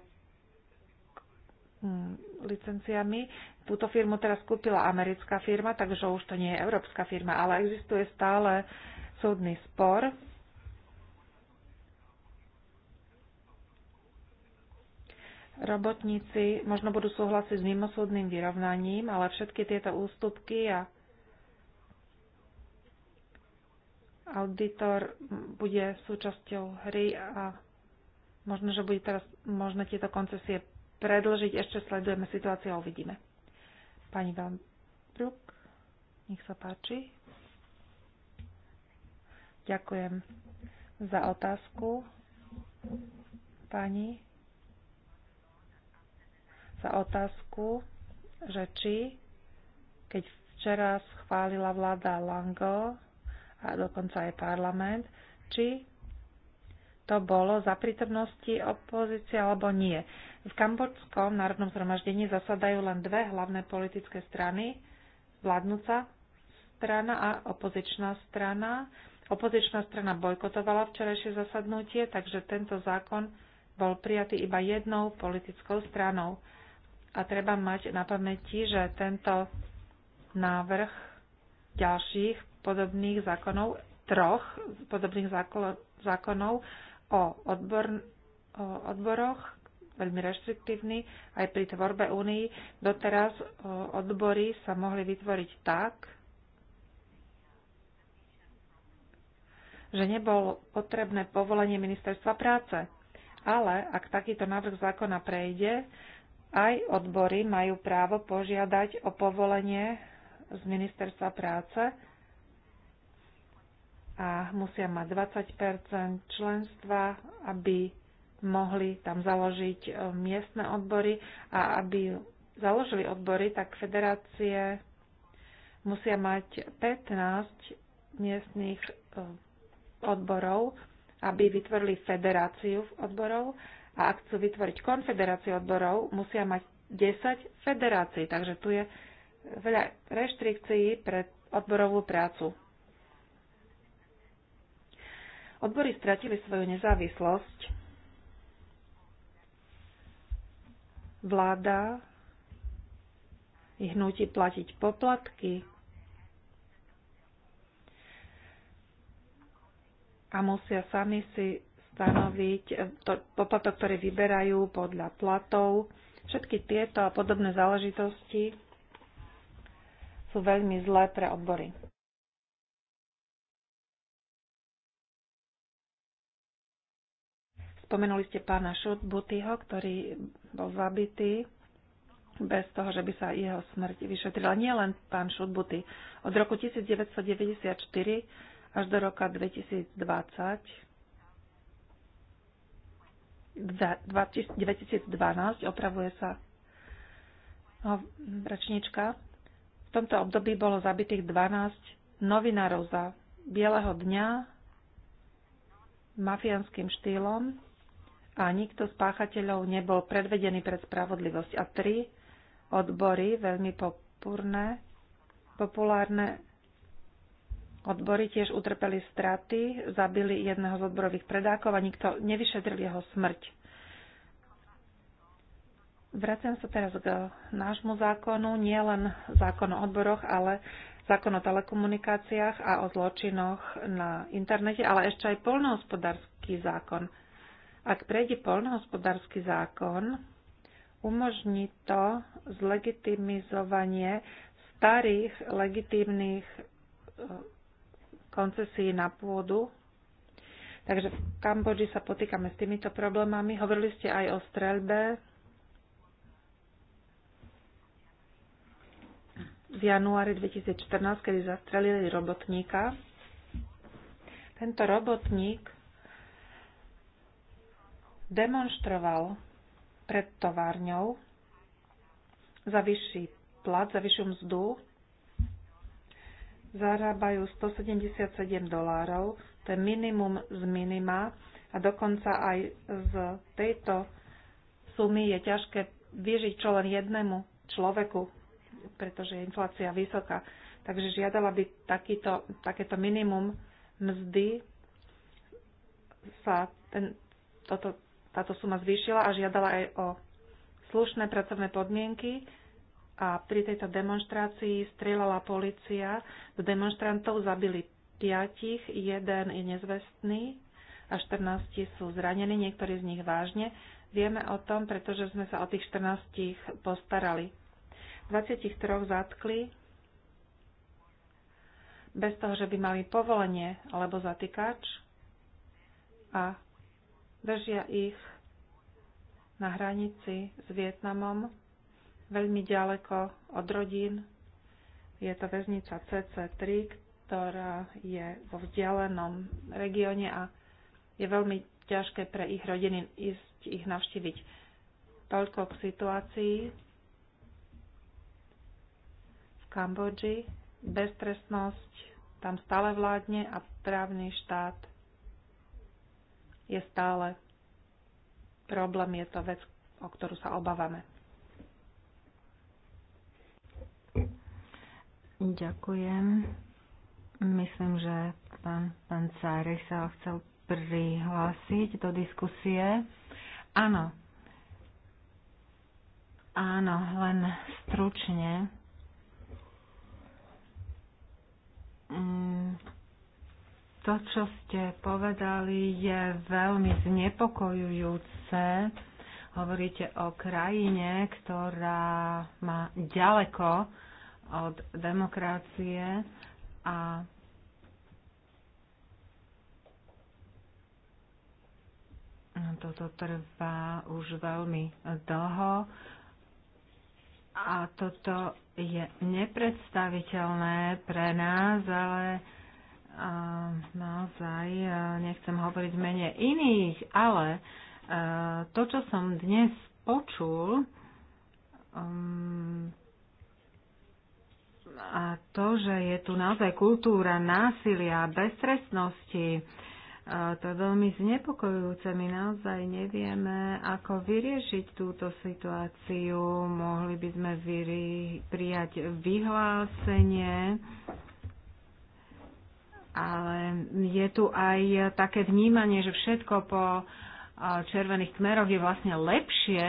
Hm, licenciami. Túto firmu teraz kúpila americká firma, takže už to nie je európska firma, ale existuje stále súdny spor. Robotníci možno budú súhlasiť s mimosúdnym vyrovnaním, ale všetky tieto ústupky a auditor bude súčasťou hry a možno, že bude teraz možné tieto koncesie predlžiť. Ešte sledujeme situáciu a uvidíme. Pani Van Bruk, nech sa páči. Ďakujem za otázku. Pani, za otázku, že či, keď včera schválila vláda Lango a dokonca aj parlament, či to bolo za prítomnosti opozície alebo nie. V kambodskom národnom zhromaždení zasadajú len dve hlavné politické strany, vládnúca strana a opozičná strana. Opozičná strana bojkotovala včerajšie zasadnutie, takže tento zákon bol prijatý iba jednou politickou stranou. A treba mať na pamäti, že tento návrh ďalších podobných zákonov, troch podobných zákonov o, odbor, o odboroch veľmi reštriktívny aj pri tvorbe únii. Doteraz e, odbory sa mohli vytvoriť tak, že nebolo potrebné povolenie ministerstva práce. Ale ak takýto návrh zákona prejde, aj odbory majú právo požiadať o povolenie z ministerstva práce a musia mať 20 členstva, aby mohli tam založiť e, miestne odbory a aby založili odbory, tak federácie musia mať 15 miestných e, odborov, aby vytvorili federáciu odborov a ak chcú vytvoriť konfederáciu odborov, musia mať 10 federácií. Takže tu je veľa reštrikcií pre odborovú prácu. Odbory stratili svoju nezávislosť vláda ich nutí platiť poplatky a musia sami si stanoviť to, poplatok, ktorý vyberajú podľa platov. Všetky tieto a podobné záležitosti sú veľmi zlé pre odbory. Spomenuli ste pána Šutbutyho, ktorý bol zabitý bez toho, že by sa jeho smrť vyšetrila. Nie len pán Šutbuty. Od roku 1994 až do roka 2020 2012, opravuje sa rečnička. V tomto období bolo zabitých 12 novinárov za Bieleho dňa mafiánským štýlom a nikto z páchateľov nebol predvedený pred spravodlivosť. A tri odbory, veľmi popúrne, populárne odbory, tiež utrpeli straty, zabili jedného z odborových predákov a nikto nevyšetril jeho smrť. Vraciam sa teraz k nášmu zákonu, nie len zákon o odboroch, ale zákon o telekomunikáciách a o zločinoch na internete, ale ešte aj polnohospodársky zákon. Ak prejde polnohospodársky zákon, umožní to zlegitimizovanie starých legitímnych eh, koncesí na pôdu. Takže v Kambodži sa potýkame s týmito problémami. Hovorili ste aj o streľbe v januári 2014, kedy zastrelili robotníka. Tento robotník demonstroval pred továrňou za vyšší plat, za vyššiu mzdu. Zarábajú 177 dolárov, to je minimum z minima a dokonca aj z tejto sumy je ťažké vyžiť čo len jednému človeku, pretože je inflácia vysoká. Takže žiadala by takýto, takéto minimum mzdy sa ten, toto táto suma zvýšila a žiadala aj o slušné pracovné podmienky a pri tejto demonstrácii strieľala policia. Do demonstrantov zabili piatich, jeden je nezvestný a 14 sú zranení, niektorí z nich vážne. Vieme o tom, pretože sme sa o tých 14 postarali. 23 zatkli bez toho, že by mali povolenie alebo zatýkač a Držia ich na hranici s Vietnamom, veľmi ďaleko od rodín. Je to väznica CC3, ktorá je vo vzdialenom regióne a je veľmi ťažké pre ich rodiny ísť ich navštíviť. Toľko k situácii v Kambodži. Beztrestnosť tam stále vládne a právny štát je stále problém, je to vec, o ktorú sa obávame. Ďakujem. Myslím, že pán, pán Cárej sa chcel prihlásiť do diskusie. Áno. Áno, len stručne mm, to, čo ste povedali, je veľmi znepokojujúce. Hovoríte o krajine, ktorá má ďaleko od demokracie a toto trvá už veľmi dlho a toto je nepredstaviteľné pre nás, ale a naozaj e, nechcem hovoriť mene iných, ale e, to, čo som dnes počul, um, a to, že je tu naozaj kultúra násilia, beztrestnosti, e, to je veľmi znepokojujúce. My naozaj nevieme, ako vyriešiť túto situáciu. Mohli by sme vyri- prijať vyhlásenie ale je tu aj také vnímanie, že všetko po červených kmeroch je vlastne lepšie,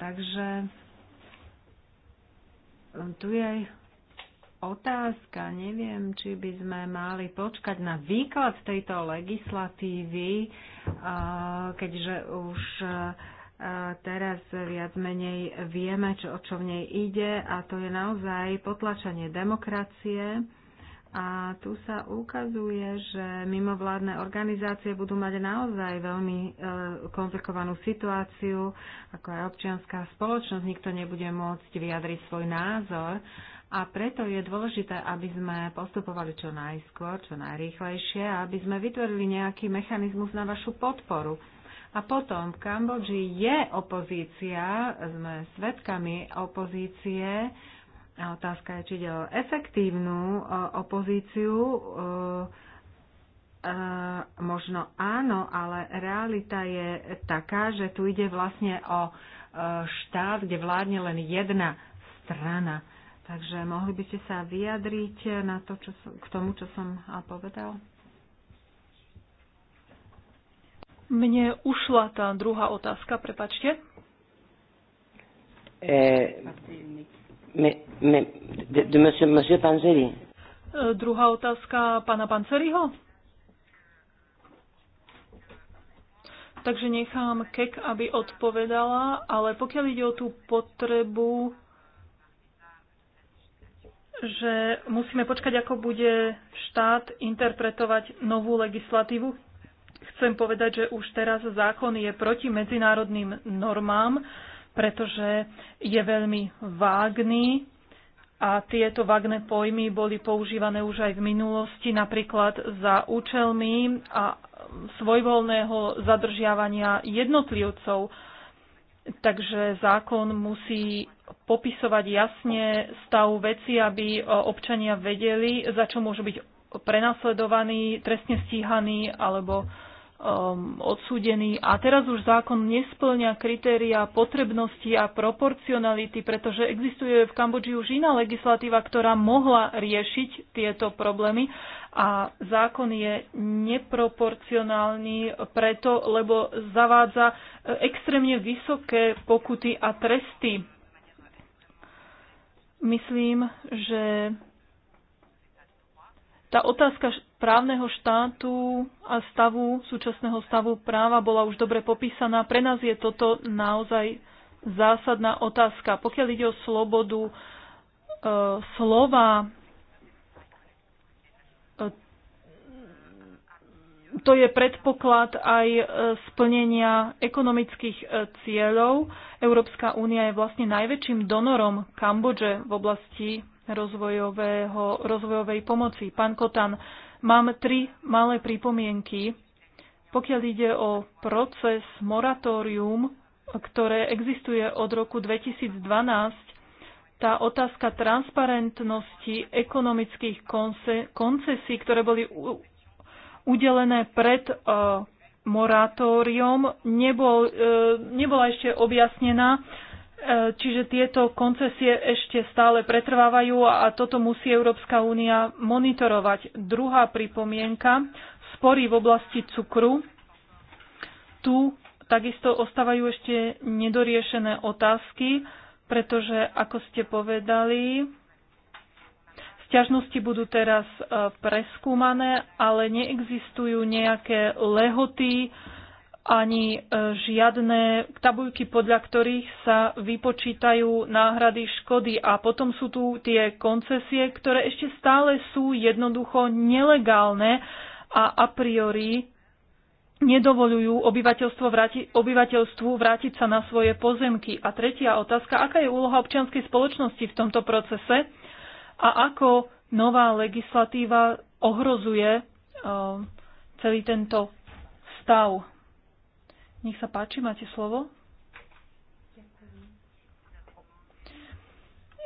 takže tu je aj otázka, neviem, či by sme mali počkať na výklad tejto legislatívy, keďže už teraz viac menej vieme, čo, o čo v nej ide a to je naozaj potlačanie demokracie a tu sa ukazuje, že mimovládne organizácie budú mať naozaj veľmi e, komplikovanú situáciu, ako aj občianská spoločnosť. Nikto nebude môcť vyjadriť svoj názor. A preto je dôležité, aby sme postupovali čo najskôr, čo najrýchlejšie, aby sme vytvorili nejaký mechanizmus na vašu podporu. A potom v Kambodži je opozícia, sme svedkami opozície, a otázka je, či ide o efektívnu e, opozíciu. E, e, možno áno, ale realita je taká, že tu ide vlastne o štát, kde vládne len jedna strana. Takže mohli by ste sa vyjadriť na to, čo som, k tomu, čo som povedal? Mne ušla tá druhá otázka, prepačte. E, Me, me, de, de monsieur, monsieur Panzeri. E, druhá otázka pána Panceriho. Takže nechám Kek, aby odpovedala, ale pokiaľ ide o tú potrebu, že musíme počkať, ako bude štát interpretovať novú legislatívu, chcem povedať, že už teraz zákon je proti medzinárodným normám pretože je veľmi vágný a tieto vágne pojmy boli používané už aj v minulosti, napríklad za účelmi a svojvoľného zadržiavania jednotlivcov. Takže zákon musí popisovať jasne stav veci, aby občania vedeli, za čo môžu byť prenasledovaní, trestne stíhaní alebo um, odsúdený. A teraz už zákon nesplňa kritéria potrebnosti a proporcionality, pretože existuje v Kambodži už iná legislatíva, ktorá mohla riešiť tieto problémy. A zákon je neproporcionálny preto, lebo zavádza e, extrémne vysoké pokuty a tresty. Myslím, že tá otázka právneho štátu a stavu, súčasného stavu práva bola už dobre popísaná. Pre nás je toto naozaj zásadná otázka. Pokiaľ ide o slobodu e, slova, e, to je predpoklad aj e, splnenia ekonomických e, cieľov. Európska únia je vlastne najväčším donorom Kambodže v oblasti rozvojovej pomoci. Pán Kotan, Mám tri malé pripomienky. Pokiaľ ide o proces moratórium, ktoré existuje od roku 2012, tá otázka transparentnosti ekonomických koncesí, ktoré boli udelené pred e, moratóriom, nebol, e, nebola ešte objasnená E, čiže tieto koncesie ešte stále pretrvávajú a toto musí Európska únia monitorovať. Druhá pripomienka, spory v oblasti cukru. Tu takisto ostávajú ešte nedoriešené otázky, pretože, ako ste povedali, Sťažnosti budú teraz e, preskúmané, ale neexistujú nejaké lehoty ani e, žiadne tabuľky, podľa ktorých sa vypočítajú náhrady škody. A potom sú tu tie koncesie, ktoré ešte stále sú jednoducho nelegálne a a priori nedovolujú obyvateľstvo vráti, obyvateľstvu vrátiť sa na svoje pozemky. A tretia otázka, aká je úloha občianskej spoločnosti v tomto procese a ako nová legislatíva ohrozuje e, celý tento stav. Nech sa páči, máte slovo.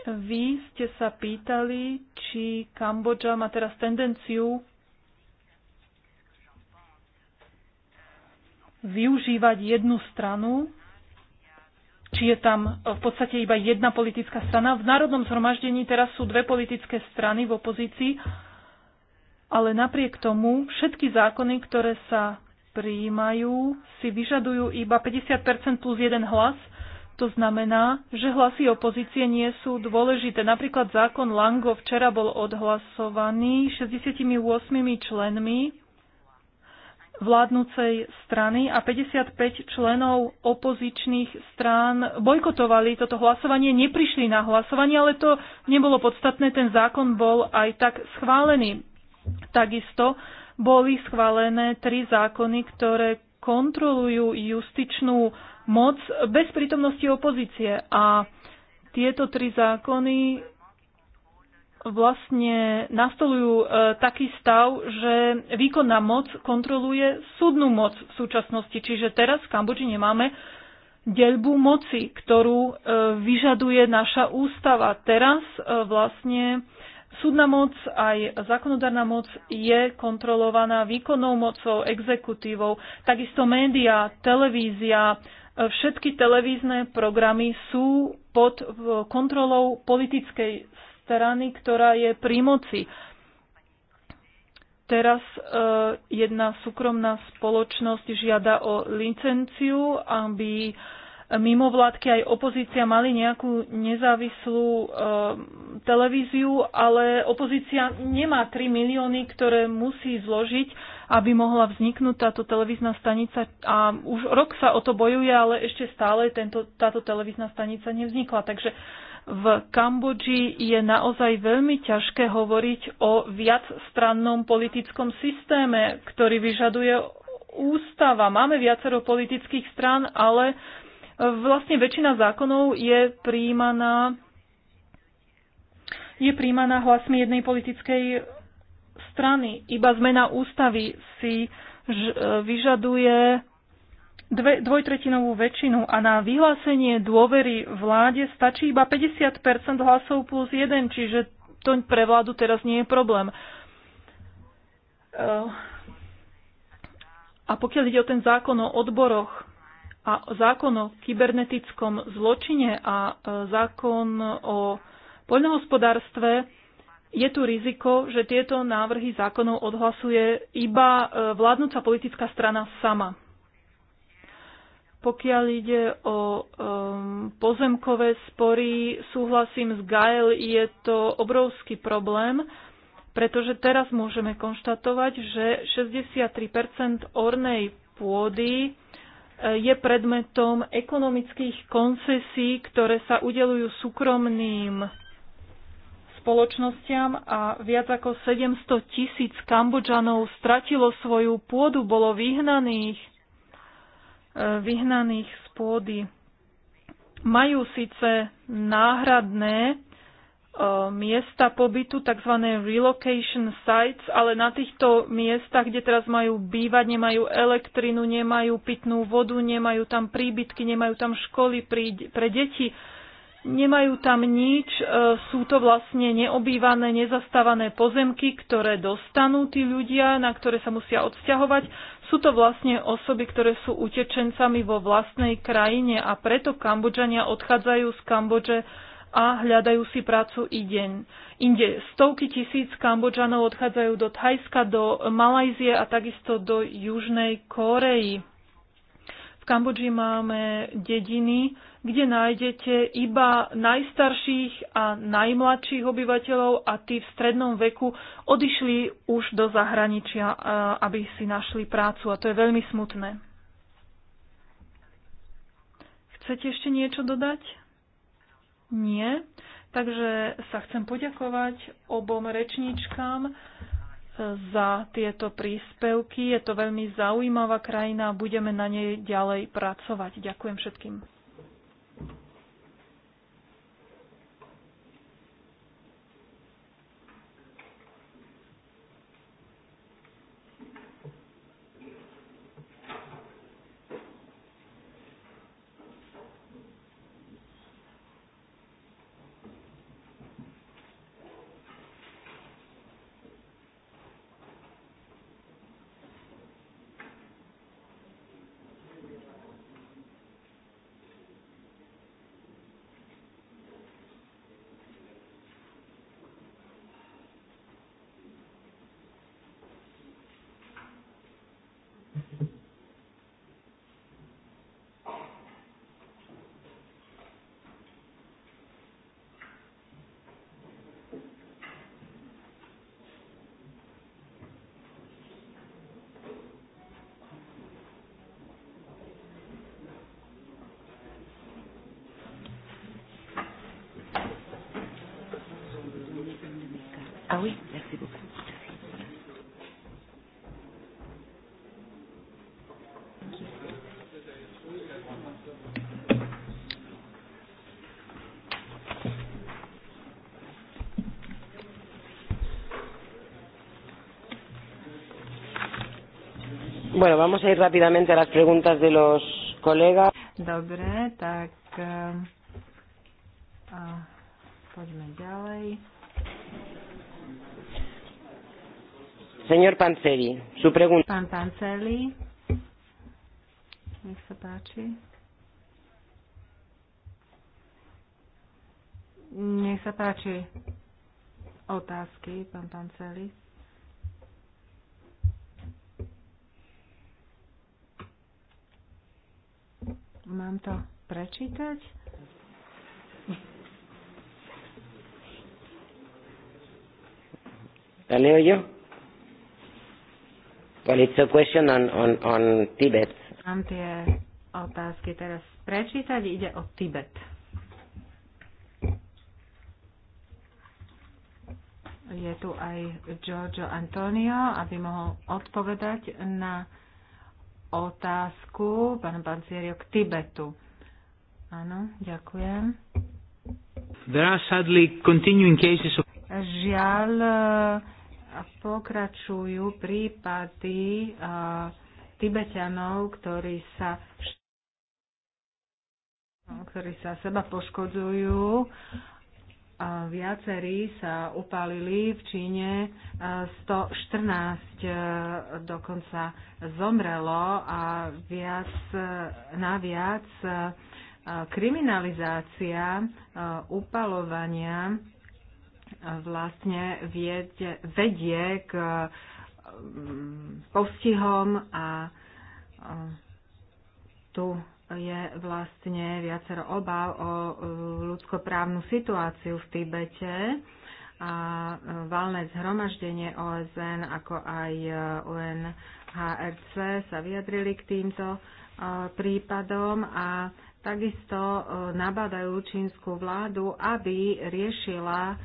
Vy ste sa pýtali, či Kambodža má teraz tendenciu využívať jednu stranu, či je tam v podstate iba jedna politická strana. V Národnom zhromaždení teraz sú dve politické strany v opozícii, ale napriek tomu všetky zákony, ktoré sa prijímajú, si vyžadujú iba 50% plus jeden hlas. To znamená, že hlasy opozície nie sú dôležité. Napríklad zákon Lango včera bol odhlasovaný 68 členmi vládnúcej strany a 55 členov opozičných strán bojkotovali toto hlasovanie, neprišli na hlasovanie, ale to nebolo podstatné, ten zákon bol aj tak schválený. Takisto boli schválené tri zákony, ktoré kontrolujú justičnú moc bez prítomnosti opozície. A tieto tri zákony vlastne nastolujú e, taký stav, že výkonná moc kontroluje súdnu moc v súčasnosti. Čiže teraz v Kambodži nemáme deľbu moci, ktorú e, vyžaduje naša ústava. Teraz e, vlastne Súdna moc aj zákonodárna moc je kontrolovaná výkonnou mocou, exekutívou, takisto médiá, televízia, všetky televízne programy sú pod kontrolou politickej strany, ktorá je pri moci. Teraz e, jedna súkromná spoločnosť žiada o licenciu, aby mimovládky aj opozícia mali nejakú nezávislú e, televíziu, ale opozícia nemá 3 milióny, ktoré musí zložiť, aby mohla vzniknúť táto televízna stanica. A už rok sa o to bojuje, ale ešte stále tento, táto televízna stanica nevznikla. Takže v Kambodži je naozaj veľmi ťažké hovoriť o viacstrannom politickom systéme, ktorý vyžaduje ústava. Máme viacero politických strán, ale vlastne väčšina zákonov je príjmaná je príjmaná hlasmi jednej politickej strany. Iba zmena ústavy si e, vyžaduje dve, dvojtretinovú väčšinu a na vyhlásenie dôvery vláde stačí iba 50 hlasov plus 1, čiže to pre vládu teraz nie je problém. E, a pokiaľ ide o ten zákon o odboroch, a zákon o kybernetickom zločine a e, zákon o poľnohospodárstve, je tu riziko, že tieto návrhy zákonov odhlasuje iba e, vládnúca politická strana sama. Pokiaľ ide o um, pozemkové spory, súhlasím s Gael, je to obrovský problém, pretože teraz môžeme konštatovať, že 63 ornej pôdy je predmetom ekonomických koncesí, ktoré sa udelujú súkromným spoločnostiam a viac ako 700 tisíc Kambodžanov stratilo svoju pôdu, bolo vyhnaných, e, vyhnaných z pôdy. Majú síce náhradné E, miesta pobytu, tzv. relocation sites, ale na týchto miestach, kde teraz majú bývať, nemajú elektrinu, nemajú pitnú vodu, nemajú tam príbytky, nemajú tam školy pre deti, nemajú tam nič, e, sú to vlastne neobývané, nezastávané pozemky, ktoré dostanú tí ľudia, na ktoré sa musia odsťahovať. Sú to vlastne osoby, ktoré sú utečencami vo vlastnej krajine a preto Kambodžania odchádzajú z Kambodže a hľadajú si prácu deň. Inde stovky tisíc Kambodžanov odchádzajú do Thajska, do Malajzie a takisto do Južnej Kóreji. V Kambodži máme dediny, kde nájdete iba najstarších a najmladších obyvateľov a tí v strednom veku odišli už do zahraničia, aby si našli prácu a to je veľmi smutné. Chcete ešte niečo dodať? Nie. Takže sa chcem poďakovať obom rečníčkám eh, za tieto príspevky. Je to veľmi zaujímavá krajina a budeme na nej ďalej pracovať. Ďakujem všetkým. Bueno, vamos a ir rápidamente a las preguntas de los colegas. Dobre, tak eh, a, poďme ďalej. Señor Panceli, su pregunta. Pan Panceli, nech sa páči. Nech sa páči otázky, pán Pancelis. Mám to prečítať? ¿La leo yo? Well, it's a question on, on, on Tibet. Mám tie otázky teraz prečítať. Ide o Tibet. Je tu aj Giorgio Antonio, aby mohol odpovedať na otázku pán Pancierio k Tibetu. Áno, ďakujem. There are sadly continuing cases of... Žiaľ, e, pokračujú prípady uh, Tibetanov, ktorí sa ktorí sa seba poškodzujú Viacerí sa upálili v Číne, 114 e, dokonca zomrelo a viac, e, naviac e, kriminalizácia upalovania vlastne vedie, vedie k postihom a tu je vlastne viacero obav o e, ľudskoprávnu situáciu v Tibete a e, valné zhromaždenie OSN ako aj e, UNHRC sa vyjadrili k týmto prípadom a takisto nabádajú čínsku vládu, aby riešila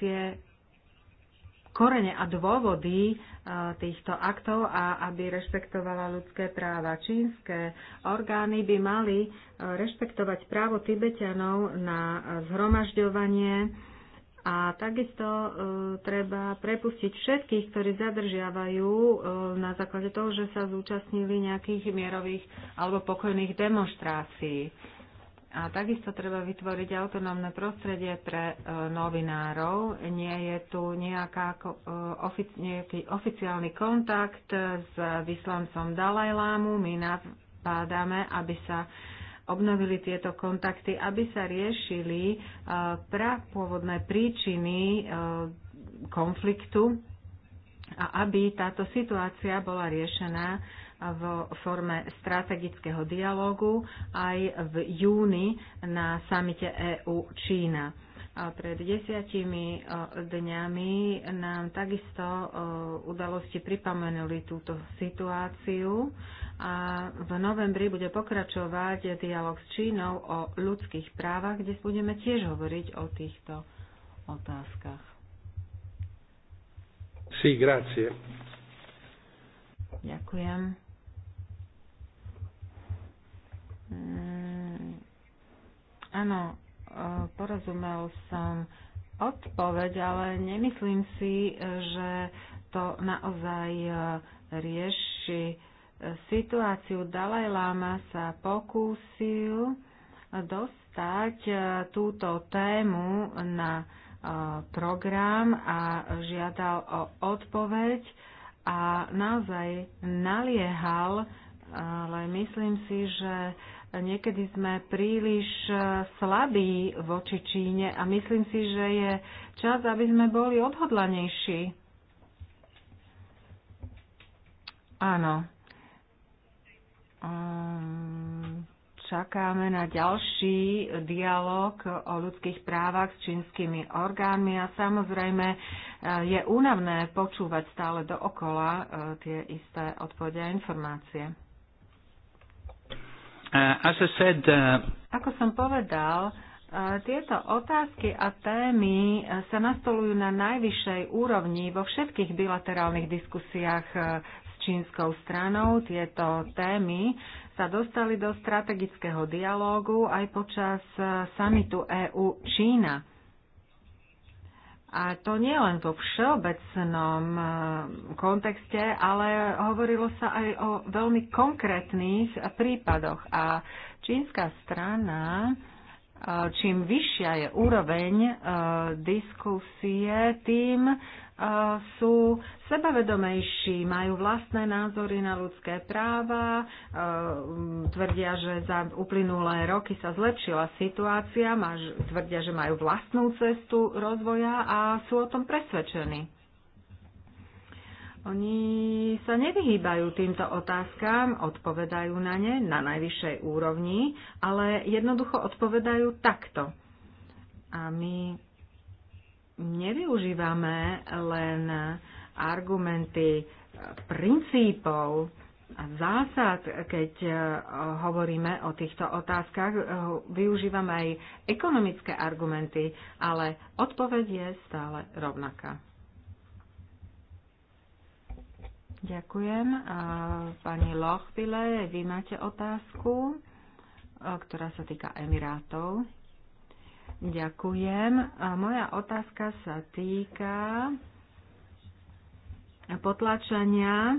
tie korene a dôvody e, týchto aktov a aby rešpektovala ľudské práva. Čínske orgány by mali e, rešpektovať právo Tibetanov na e, zhromažďovanie a takisto treba prepustiť všetkých, ktorí zadržiavajú na základe toho, že sa zúčastnili nejakých mierových alebo pokojných demonstrácií a takisto treba vytvoriť autonómne prostredie pre e, novinárov. Nie je tu nejaká, e, ofic, nejaký oficiálny kontakt s vyslancom Dalajlámu. My napádame, aby sa obnovili tieto kontakty, aby sa riešili e, prapôvodné príčiny konfliktu a aby táto situácia bola riešená vo forme strategického dialógu aj v júni na samite EU-Čína. Pred desiatimi e, dňami nám takisto e, udalosti pripomenuli túto situáciu a v novembri bude pokračovať dialog s Čínou o ľudských právach, kde budeme tiež hovoriť o týchto otázkach. Sí, grazie. Ďakujem. Mm, áno, e, porozumel som odpoveď, ale nemyslím si, e, že to naozaj e, rieši situáciu. Dalaj Lama sa pokúsil dostať túto tému na program a žiadal o odpoveď a naozaj naliehal ale myslím si, že niekedy sme príliš e, slabí voči Číne a myslím si, že je čas, aby sme boli odhodlanejší. Áno. Ehm, čakáme na ďalší dialog o ľudských právach s čínskymi orgánmi a samozrejme e, je únavné počúvať stále dookola e, tie isté odpovede a informácie. Uh, as I said, uh, Ako som povedal, uh, tieto otázky a témy sa nastolujú na najvyššej úrovni vo všetkých bilaterálnych diskusiách s čínskou stranou. Tieto témy sa dostali do strategického dialógu aj počas samitu EU-Čína. A to nie len vo všeobecnom eh, kontexte, ale hovorilo sa aj o veľmi konkrétnych prípadoch. A čínska strana, eh, čím vyššia je úroveň eh, diskusie, tým sú sebavedomejší, majú vlastné názory na ľudské práva, tvrdia, že za uplynulé roky sa zlepšila situácia, tvrdia, že majú vlastnú cestu rozvoja a sú o tom presvedčení. Oni sa nevyhýbajú týmto otázkam, odpovedajú na ne na najvyššej úrovni, ale jednoducho odpovedajú takto. A my nevyužívame len argumenty princípov a zásad, keď eh, hovoríme o týchto otázkach, eh, využívame aj ekonomické argumenty, ale odpoveď je stále rovnaká. Ďakujem. Eh, pani Lochvile, vy máte otázku, ktorá sa týka Emirátov. Ďakujem. A moja otázka sa týka potlačania e,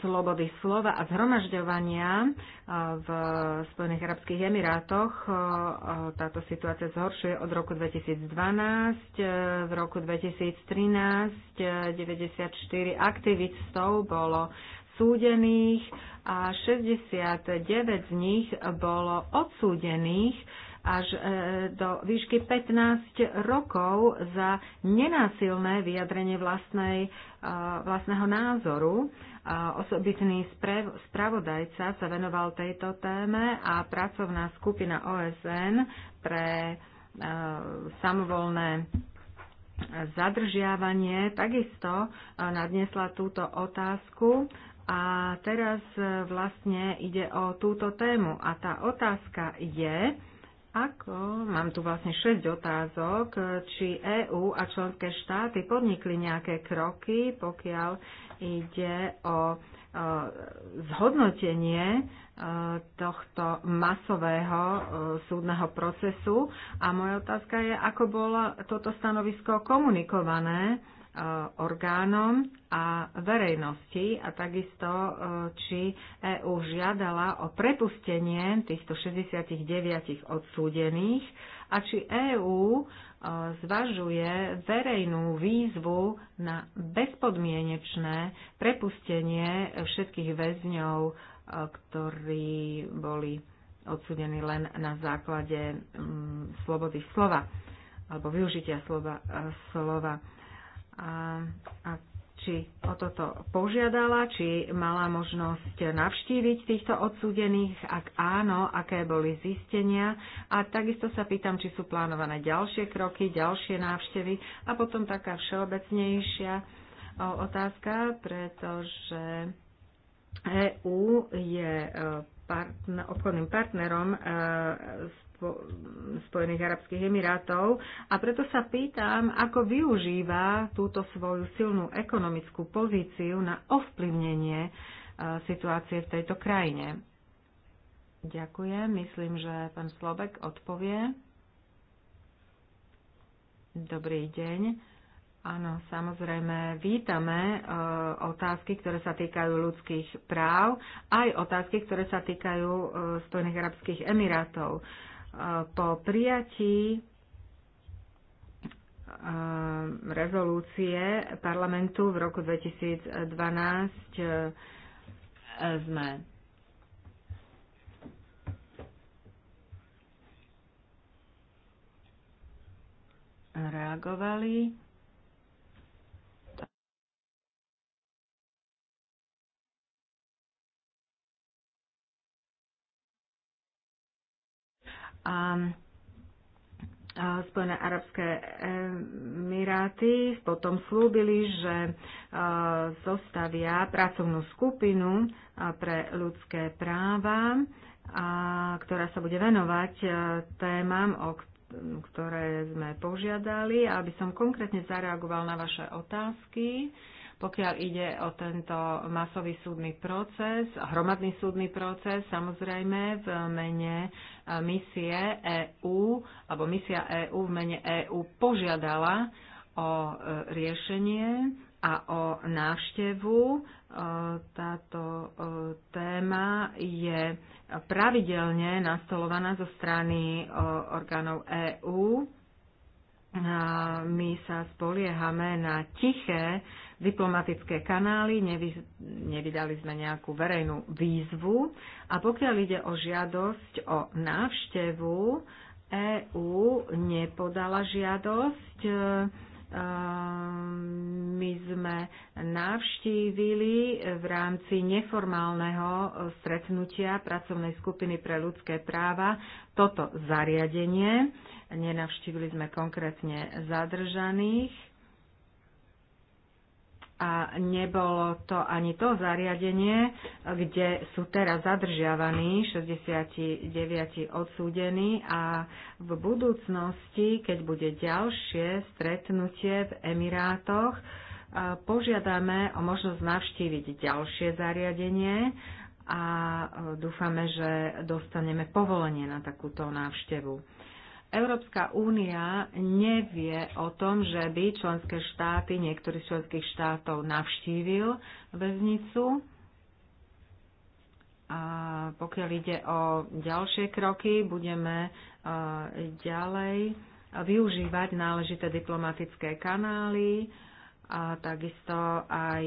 slobody slova a zhromažďovania e, v Spojených Arabských Emirátoch. E, táto situácia zhoršuje od roku 2012. V roku 2013 94 aktivistov bolo súdených a 69 z nich bolo odsúdených až e, do výšky 15 rokov za nenásilné vyjadrenie vlastnej, e, vlastného názoru. Osobitný spravodajca sa venoval tejto téme a pracovná skupina OSN pre e, samovolné zadržiavanie takisto nadnesla túto otázku a teraz e, vlastne ide o túto tému. A tá otázka je, ako, mám tu vlastne 6 otázok, e, či EÚ a členské štáty podnikli nejaké kroky, pokiaľ ide o e, zhodnotenie tohto masového súdneho procesu. A moja otázka je, ako bolo toto stanovisko komunikované E, orgánom a verejnosti a takisto, e, či EÚ žiadala o prepustenie týchto 69 odsúdených a či EÚ e, zvažuje verejnú výzvu na bezpodmienečné prepustenie všetkých väzňov, ktorí boli odsúdení len na základe mm, slobody slova alebo využitia slova. slova a, a či o toto požiadala, či mala možnosť navštíviť týchto odsúdených, ak áno, aké boli zistenia. A takisto sa pýtam, či sú plánované ďalšie kroky, ďalšie návštevy. A potom taká všeobecnejšia otázka, pretože EÚ je e, partner, obchodným partnerom eh, Spojených arabských emirátov a preto sa pýtam, ako využíva túto svoju silnú ekonomickú pozíciu na ovplyvnenie eh, situácie v tejto krajine. Ďakujem. Myslím, že pán Slobek odpovie. Dobrý deň. Áno, samozrejme, vítame e, otázky, ktoré sa týkajú ľudských práv, aj otázky, ktoré sa týkajú e, Spojených arabských emirátov. E, po prijatí rezolúcie parlamentu v roku 2012 sme reagovali a Spojené arabské emiráty potom slúbili, že e, zostavia pracovnú skupinu e, pre ľudské práva, ktorá sa bude venovať e, témam, o ktoré sme požiadali. Aby som konkrétne zareagoval na vaše otázky, pokiaľ ide o tento masový súdny proces, hromadný súdny proces, samozrejme v mene e, misie EÚ, alebo misia EÚ v mene EÚ požiadala o e, riešenie a o návštevu. E, táto téma je pravidelne nastolovaná zo strany orgánov EÚ. My sa spoliehame na tiché diplomatické kanály, nevy, nevydali sme nejakú verejnú výzvu a pokiaľ ide o žiadosť o návštevu, EÚ nepodala žiadosť. E, ehm, my sme navštívili v rámci neformálneho stretnutia pracovnej skupiny pre ľudské práva toto zariadenie. Nenavštívili sme konkrétne zadržaných a nebolo to ani to zariadenie, kde sú teraz zadržiavaní 69 odsúdení a v budúcnosti, keď bude ďalšie stretnutie v Emirátoch, požiadame o možnosť navštíviť ďalšie zariadenie a dúfame, že dostaneme povolenie na takúto návštevu. Európska únia nevie o tom, že by členské štáty, niektorý z členských štátov navštívil väznicu. A pokiaľ ide o ďalšie kroky, budeme e, ďalej využívať náležité diplomatické kanály a takisto aj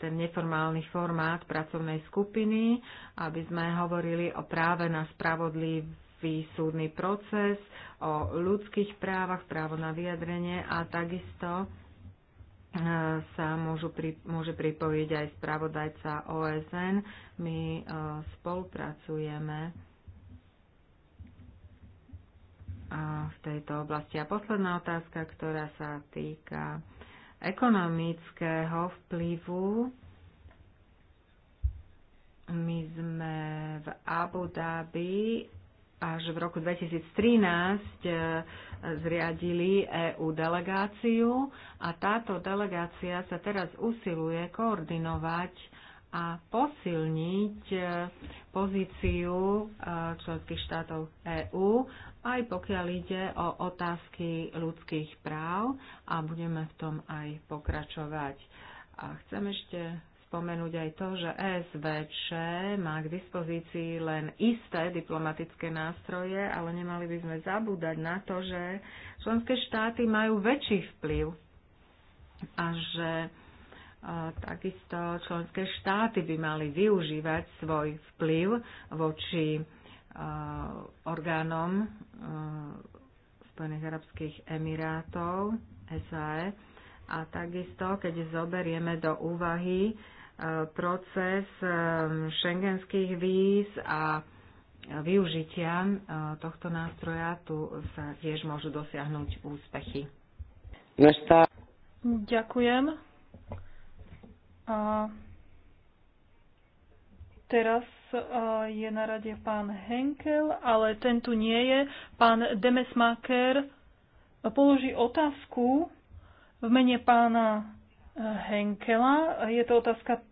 ten neformálny formát pracovnej skupiny, aby sme hovorili o práve na spravodlivý občanský súdny proces, o ľudských právach, právo na vyjadrenie a takisto e, sa môžu pri, môže pripojiť aj spravodajca OSN. My e, spolupracujeme v tejto oblasti. A posledná otázka, ktorá sa týka ekonomického vplyvu. My sme v Abu Dhabi až v roku 2013 e, zriadili EU delegáciu a táto delegácia sa teraz usiluje koordinovať a posilniť e, pozíciu e, členských štátov EÚ, aj pokiaľ ide o otázky ľudských práv a budeme v tom aj pokračovať. A chcem ešte spomenúť aj to, že SVČ má k dispozícii len isté diplomatické nástroje, ale nemali by sme zabúdať na to, že členské štáty majú väčší vplyv a že e, takisto členské štáty by mali využívať svoj vplyv voči e, orgánom e, Spojených arabských emirátov, SAE, a takisto, keď zoberieme do úvahy proces ehm, šengenských víz a využitia ehm, tohto nástroja, tu sa tiež môžu dosiahnuť úspechy. Ďakujem. A teraz e, je na rade pán Henkel, ale ten tu nie je. Pán Demesmaker položí otázku v mene pána e, Henkela. Je to otázka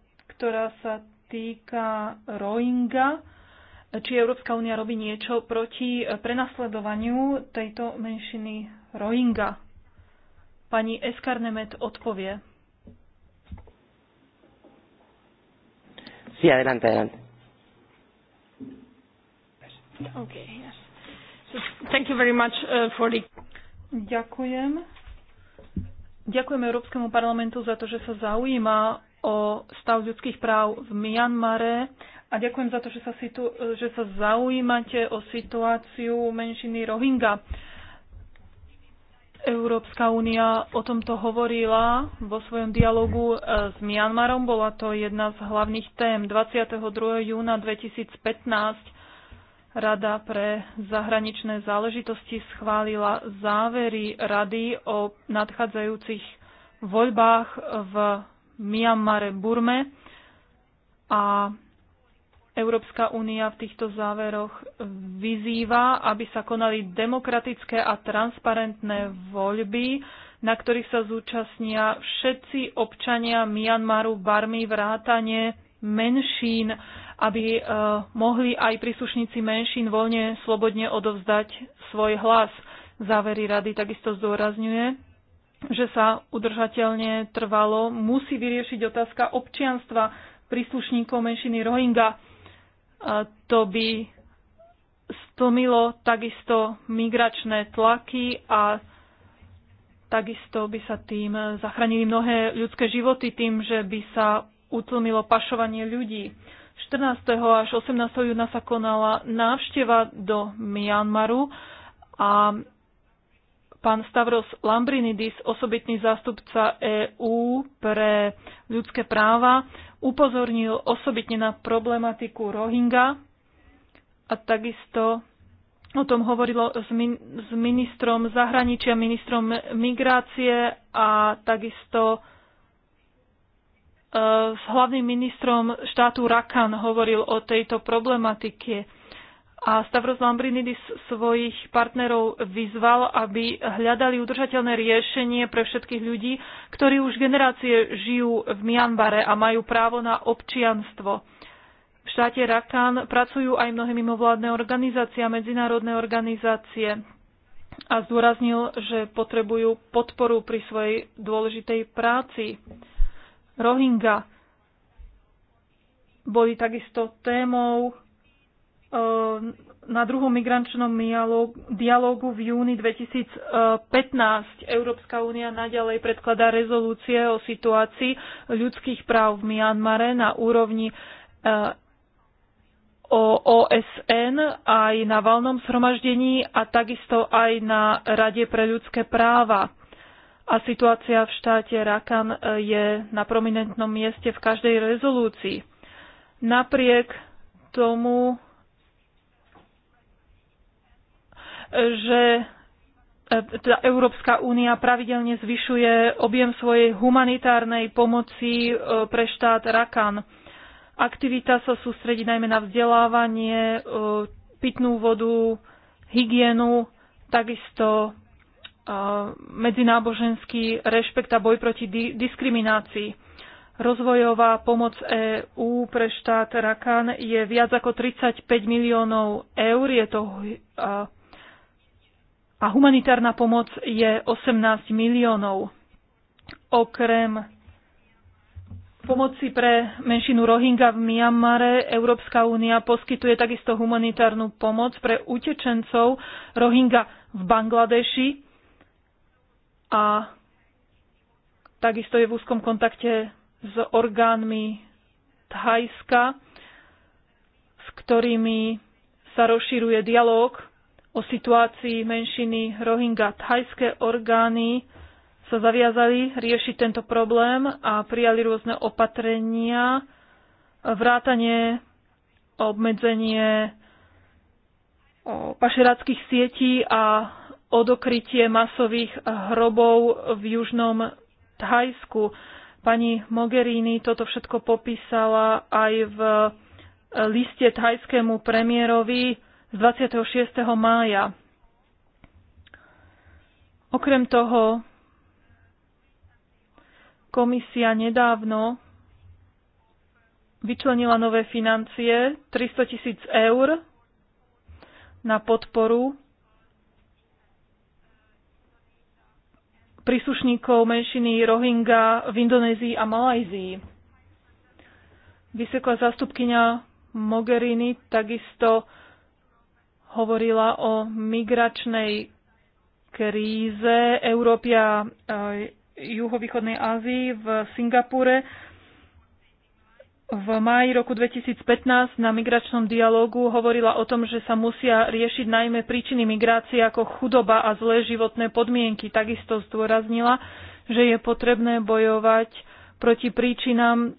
ktorá sa týka Rohingya. Či Európska únia robí niečo proti prenasledovaniu tejto menšiny Rohingya? Pani Eskarnemet odpovie. Sí, adelante, adelante. Okay, yes. So, thank you very much uh, for the... Ďakujem. Ďakujem Európskemu parlamentu za to, že sa zaujíma o stav ľudských práv v Mianmare a ďakujem za to, že sa, situ- že sa zaujímate o situáciu menšiny Rohingya. Európska únia o tomto hovorila vo svojom dialogu e, s Mianmarom. Bola to jedna z hlavných tém. 22. júna 2015 Rada pre zahraničné záležitosti schválila závery Rady o nadchádzajúcich voľbách v Myanmare, Burme. A Európska únia v týchto záveroch vyzýva, aby sa konali demokratické a transparentné voľby, na ktorých sa zúčastnia všetci občania Myanmaru, Barmy, vrátane menšín, aby uh, mohli aj príslušníci menšín voľne, slobodne odovzdať svoj hlas. Závery rady takisto zdôrazňuje, že sa udržateľne trvalo, musí vyriešiť otázka občianstva príslušníkov menšiny Rohingya. To by stlmilo takisto migračné tlaky a takisto by sa tým zachránili mnohé ľudské životy tým, že by sa utlmilo pašovanie ľudí. 14. až 18. júna sa konala návšteva do Mianmaru a pán Stavros Lambrinidis, osobitný zástupca EÚ pre ľudské práva, upozornil osobitne na problematiku Rohingya a takisto o tom hovorilo s, min- s ministrom zahraničia, ministrom migrácie a takisto e, s hlavným ministrom štátu Rakan hovoril o tejto problematike a Stavros Lambrinidis svojich partnerov vyzval, aby hľadali udržateľné riešenie pre všetkých ľudí, ktorí už generácie žijú v Mianbare a majú právo na občianstvo. V štáte Rakán pracujú aj mnohé mimovládne organizácie a medzinárodné organizácie a zdôraznil, že potrebujú podporu pri svojej dôležitej práci. Rohingya boli takisto témou na druhom migrančnom dialógu v júni 2015 Európska únia naďalej predkladá rezolúcie o situácii ľudských práv v Mianmare na úrovni eh, OSN aj na valnom zhromaždení a takisto aj na Rade pre ľudské práva. A situácia v štáte Rakan eh, je na prominentnom mieste v každej rezolúcii. Napriek tomu že e, teda Európska únia pravidelne zvyšuje objem svojej humanitárnej pomoci e, pre štát Rakan. Aktivita sa sústredí najmä na vzdelávanie, e, pitnú vodu, hygienu, takisto medzináboženský rešpekt a boj proti diskriminácii. Rozvojová pomoc EÚ pre štát Rakan je viac ako 35 miliónov eur. Je to a humanitárna pomoc je 18 miliónov. Okrem pomoci pre menšinu Rohingya v Mianmare Európska únia poskytuje takisto humanitárnu pomoc pre utečencov Rohingya v Bangladeši a takisto je v úzkom kontakte s orgánmi Thajska, s ktorými sa rozširuje dialog o situácii menšiny Rohingya. Thajské orgány sa zaviazali riešiť tento problém a prijali rôzne opatrenia, vrátanie, obmedzenie pašeráckých sietí a odokrytie masových hrobov v južnom Thajsku. Pani Mogherini toto všetko popísala aj v liste thajskému premiérovi z 26. mája. Okrem toho, komisia nedávno vyčlenila nové financie 300 tisíc eur na podporu príslušníkov menšiny Rohingya v Indonézii a Malajzii. Vysoká zástupkynia Mogherini takisto hovorila o migračnej kríze Európy a juhovýchodnej Ázii v Singapúre. V máji roku 2015 na migračnom dialogu hovorila o tom, že sa musia riešiť najmä príčiny migrácie ako chudoba a zlé životné podmienky. Takisto zdôraznila, že je potrebné bojovať proti príčinám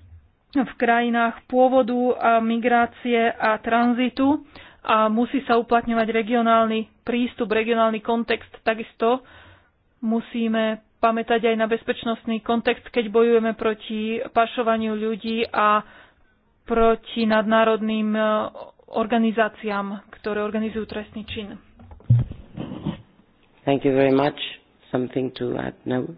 v krajinách pôvodu a migrácie a tranzitu a musí sa uplatňovať regionálny prístup, regionálny kontext. Takisto musíme pamätať aj na bezpečnostný kontext, keď bojujeme proti pašovaniu ľudí a proti nadnárodným e, organizáciám, ktoré organizujú trestný čin. Thank you very much. Something to add now?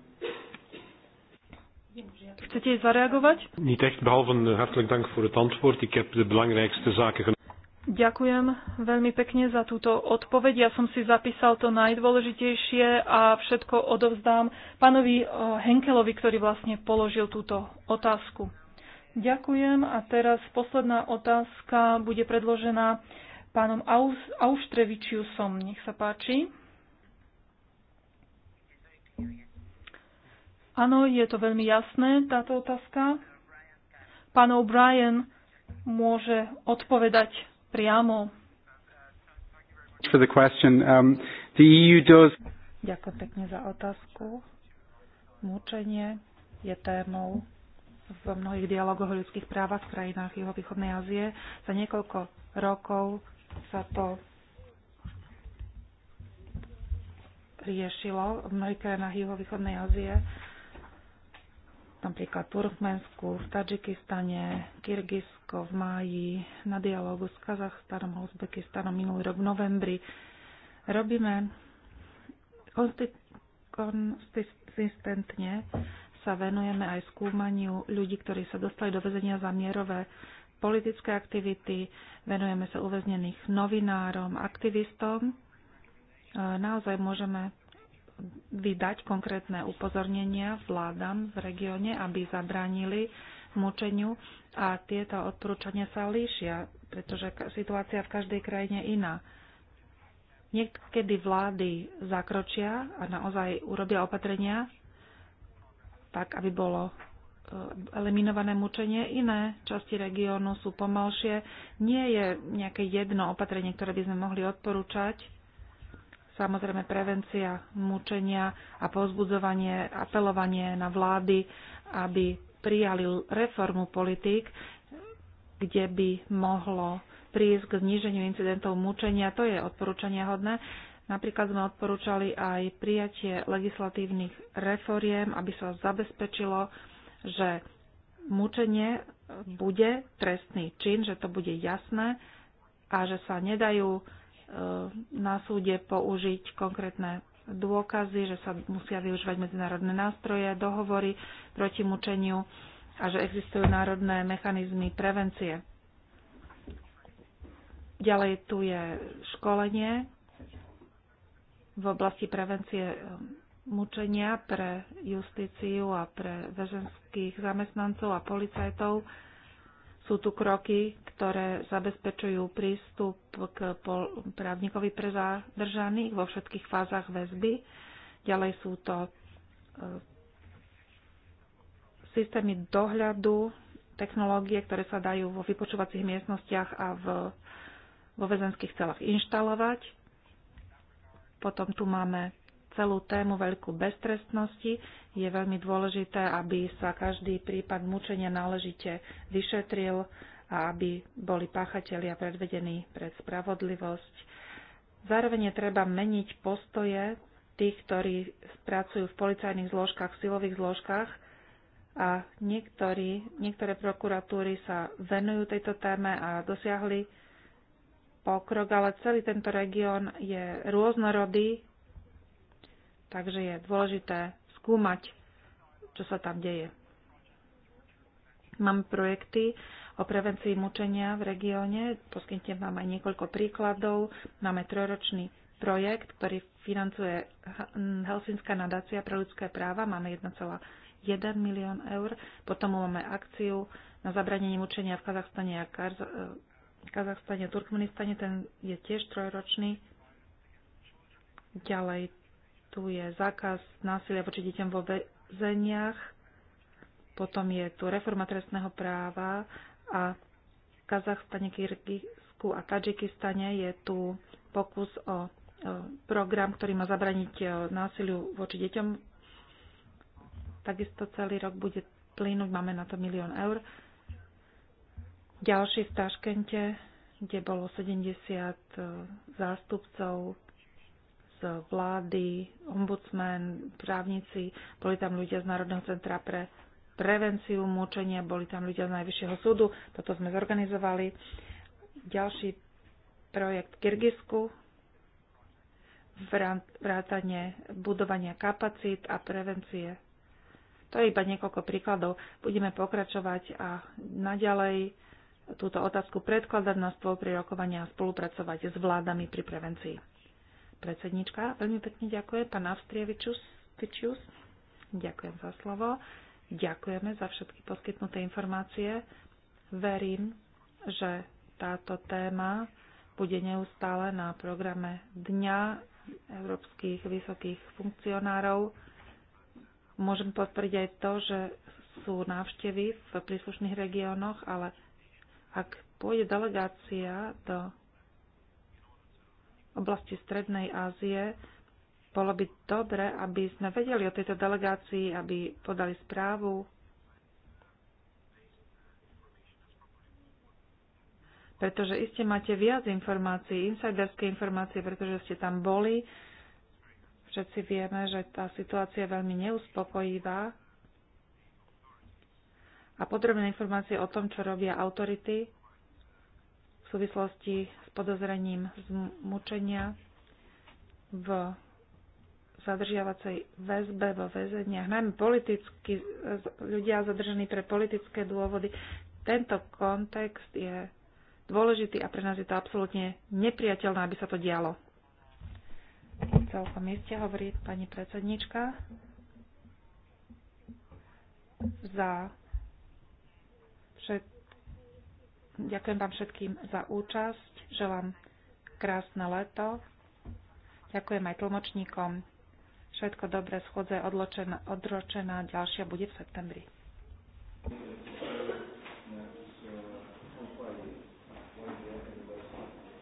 Chcete zareagovať? Niet echt, behalve eh, hartelijk dank voor het antwoord. Ik heb de belangrijkste zaken genomen. Ďakujem veľmi pekne za túto odpoveď. Ja som si zapísal to najdôležitejšie a všetko odovzdám pánovi eh, Henkelovi, ktorý vlastne položil túto otázku. Ďakujem a teraz posledná otázka bude predložená pánom Auštrevičiusom. Nech sa páči. Áno, je to veľmi jasné, táto otázka. Pán O'Brien môže odpovedať priamo. For the question. Um, the EU does... Ďakujem pekne za otázku. Mučenie je témou v mnohých dialogoch o ľudských právach v krajinách východnej Ázie. Za niekoľko rokov sa to riešilo v mnohých krajinách Juhovýchodnej Ázie napríklad Turkmensku, v Tadžikistane, Kyrgyzsko v máji, na dialogu s Kazachstanom a Uzbekistanom minulý rok v novembri. Robíme konsistentne sa venujeme aj skúmaniu ľudí, ktorí sa dostali do väzenia za mierové politické aktivity, venujeme sa uväznených novinárom, aktivistom. E, naozaj môžeme vydať konkrétne upozornenia vládam v regióne, aby zabránili mučeniu a tieto odporúčania sa líšia, pretože situácia v každej krajine iná. Niekedy vlády zakročia a naozaj urobia opatrenia tak, aby bolo e, eliminované mučenie. Iné časti regiónu sú pomalšie. Nie je nejaké jedno opatrenie, ktoré by sme mohli odporúčať Samozrejme prevencia mučenia a pozbudzovanie, apelovanie na vlády, aby prijali reformu politík, kde by mohlo prísť k zníženiu incidentov mučenia. To je odporúčanie hodné. Napríklad sme odporúčali aj prijatie legislatívnych reforiem, aby sa zabezpečilo, že mučenie bude trestný čin, že to bude jasné a že sa nedajú na súde použiť konkrétne dôkazy, že sa musia využívať medzinárodné nástroje, dohovory proti mučeniu a že existujú národné mechanizmy prevencie. Ďalej tu je školenie v oblasti prevencie eh, mučenia pre justíciu a pre väženských zamestnancov a policajtov sú tu kroky, ktoré zabezpečujú prístup k právnikovi pre zadržaných vo všetkých fázach väzby. Ďalej sú to e, systémy dohľadu, technológie, ktoré sa dajú vo vypočúvacích miestnostiach a v, vo väzenských celách inštalovať. Potom tu máme celú tému veľkú beztrestnosti. Je veľmi dôležité, aby sa každý prípad mučenia náležite vyšetril a aby boli páchatelia predvedení pred spravodlivosť. Zároveň je treba meniť postoje tých, ktorí pracujú v policajných zložkách, v silových zložkách a niektorí, niektoré prokuratúry sa venujú tejto téme a dosiahli pokrok, ale celý tento región je rôznorodý Takže je dôležité skúmať, čo sa tam deje. Mám projekty o prevencii mučenia v regióne. Poskytnem vám aj niekoľko príkladov. Máme trojročný projekt, ktorý financuje Helsinská nadácia pre ľudské práva. Máme 1,1 milión eur. Potom máme akciu na zabranenie mučenia v Kazachstane a Karz- e, Kazachstane, Turkmenistane. Ten je tiež trojročný. Ďalej tu je zákaz násilia voči deťom vo väzeniach, potom je tu reforma trestného práva a v Kazachstane, Kyrgyzsku a Tadžikistane je tu pokus o program, ktorý má zabraniť e, násiliu voči deťom. Takisto celý rok bude plínuť, máme na to milión eur. Ďalší v Taškente, kde bolo 70 e, zástupcov vlády, ombudsmen, právnici, boli tam ľudia z Národného centra pre prevenciu mučenia, boli tam ľudia z Najvyššieho súdu, toto sme zorganizovali. Ďalší projekt Kyrgyzsku, vrátanie budovania kapacít a prevencie. To je iba niekoľko príkladov. Budeme pokračovať a naďalej túto otázku predkladať na spolu pri rokovania a spolupracovať s vládami pri prevencii. Predsednička, veľmi pekne ďakujem. Pán Avstrievičus, ďakujem za slovo. Ďakujeme za všetky poskytnuté informácie. Verím, že táto téma bude neustále na programe Dňa európskych vysokých funkcionárov. Môžem potvrdiť aj to, že sú návštevy v príslušných regiónoch, ale ak pôjde delegácia do oblasti Strednej Ázie. Bolo by dobre, aby sme vedeli o tejto delegácii, aby podali správu. Pretože iste máte viac informácií, insiderské informácie, pretože ste tam boli. Všetci vieme, že tá situácia je veľmi neuspokojivá. A podrobné informácie o tom, čo robia autority, súvislosti s podozrením zmučenia v zadržiavacej väzbe vo väzeniach, najmä politicky, ľudia zadržaní pre politické dôvody. Tento kontext je dôležitý a pre nás je to absolútne nepriateľné, aby sa to dialo. Celkom iste hovorí pani predsednička za všet, Ďakujem vám všetkým za účasť. Želám krásne leto. Ďakujem aj tlmočníkom. Všetko dobré, schodze je odročená, ďalšia bude v septembri.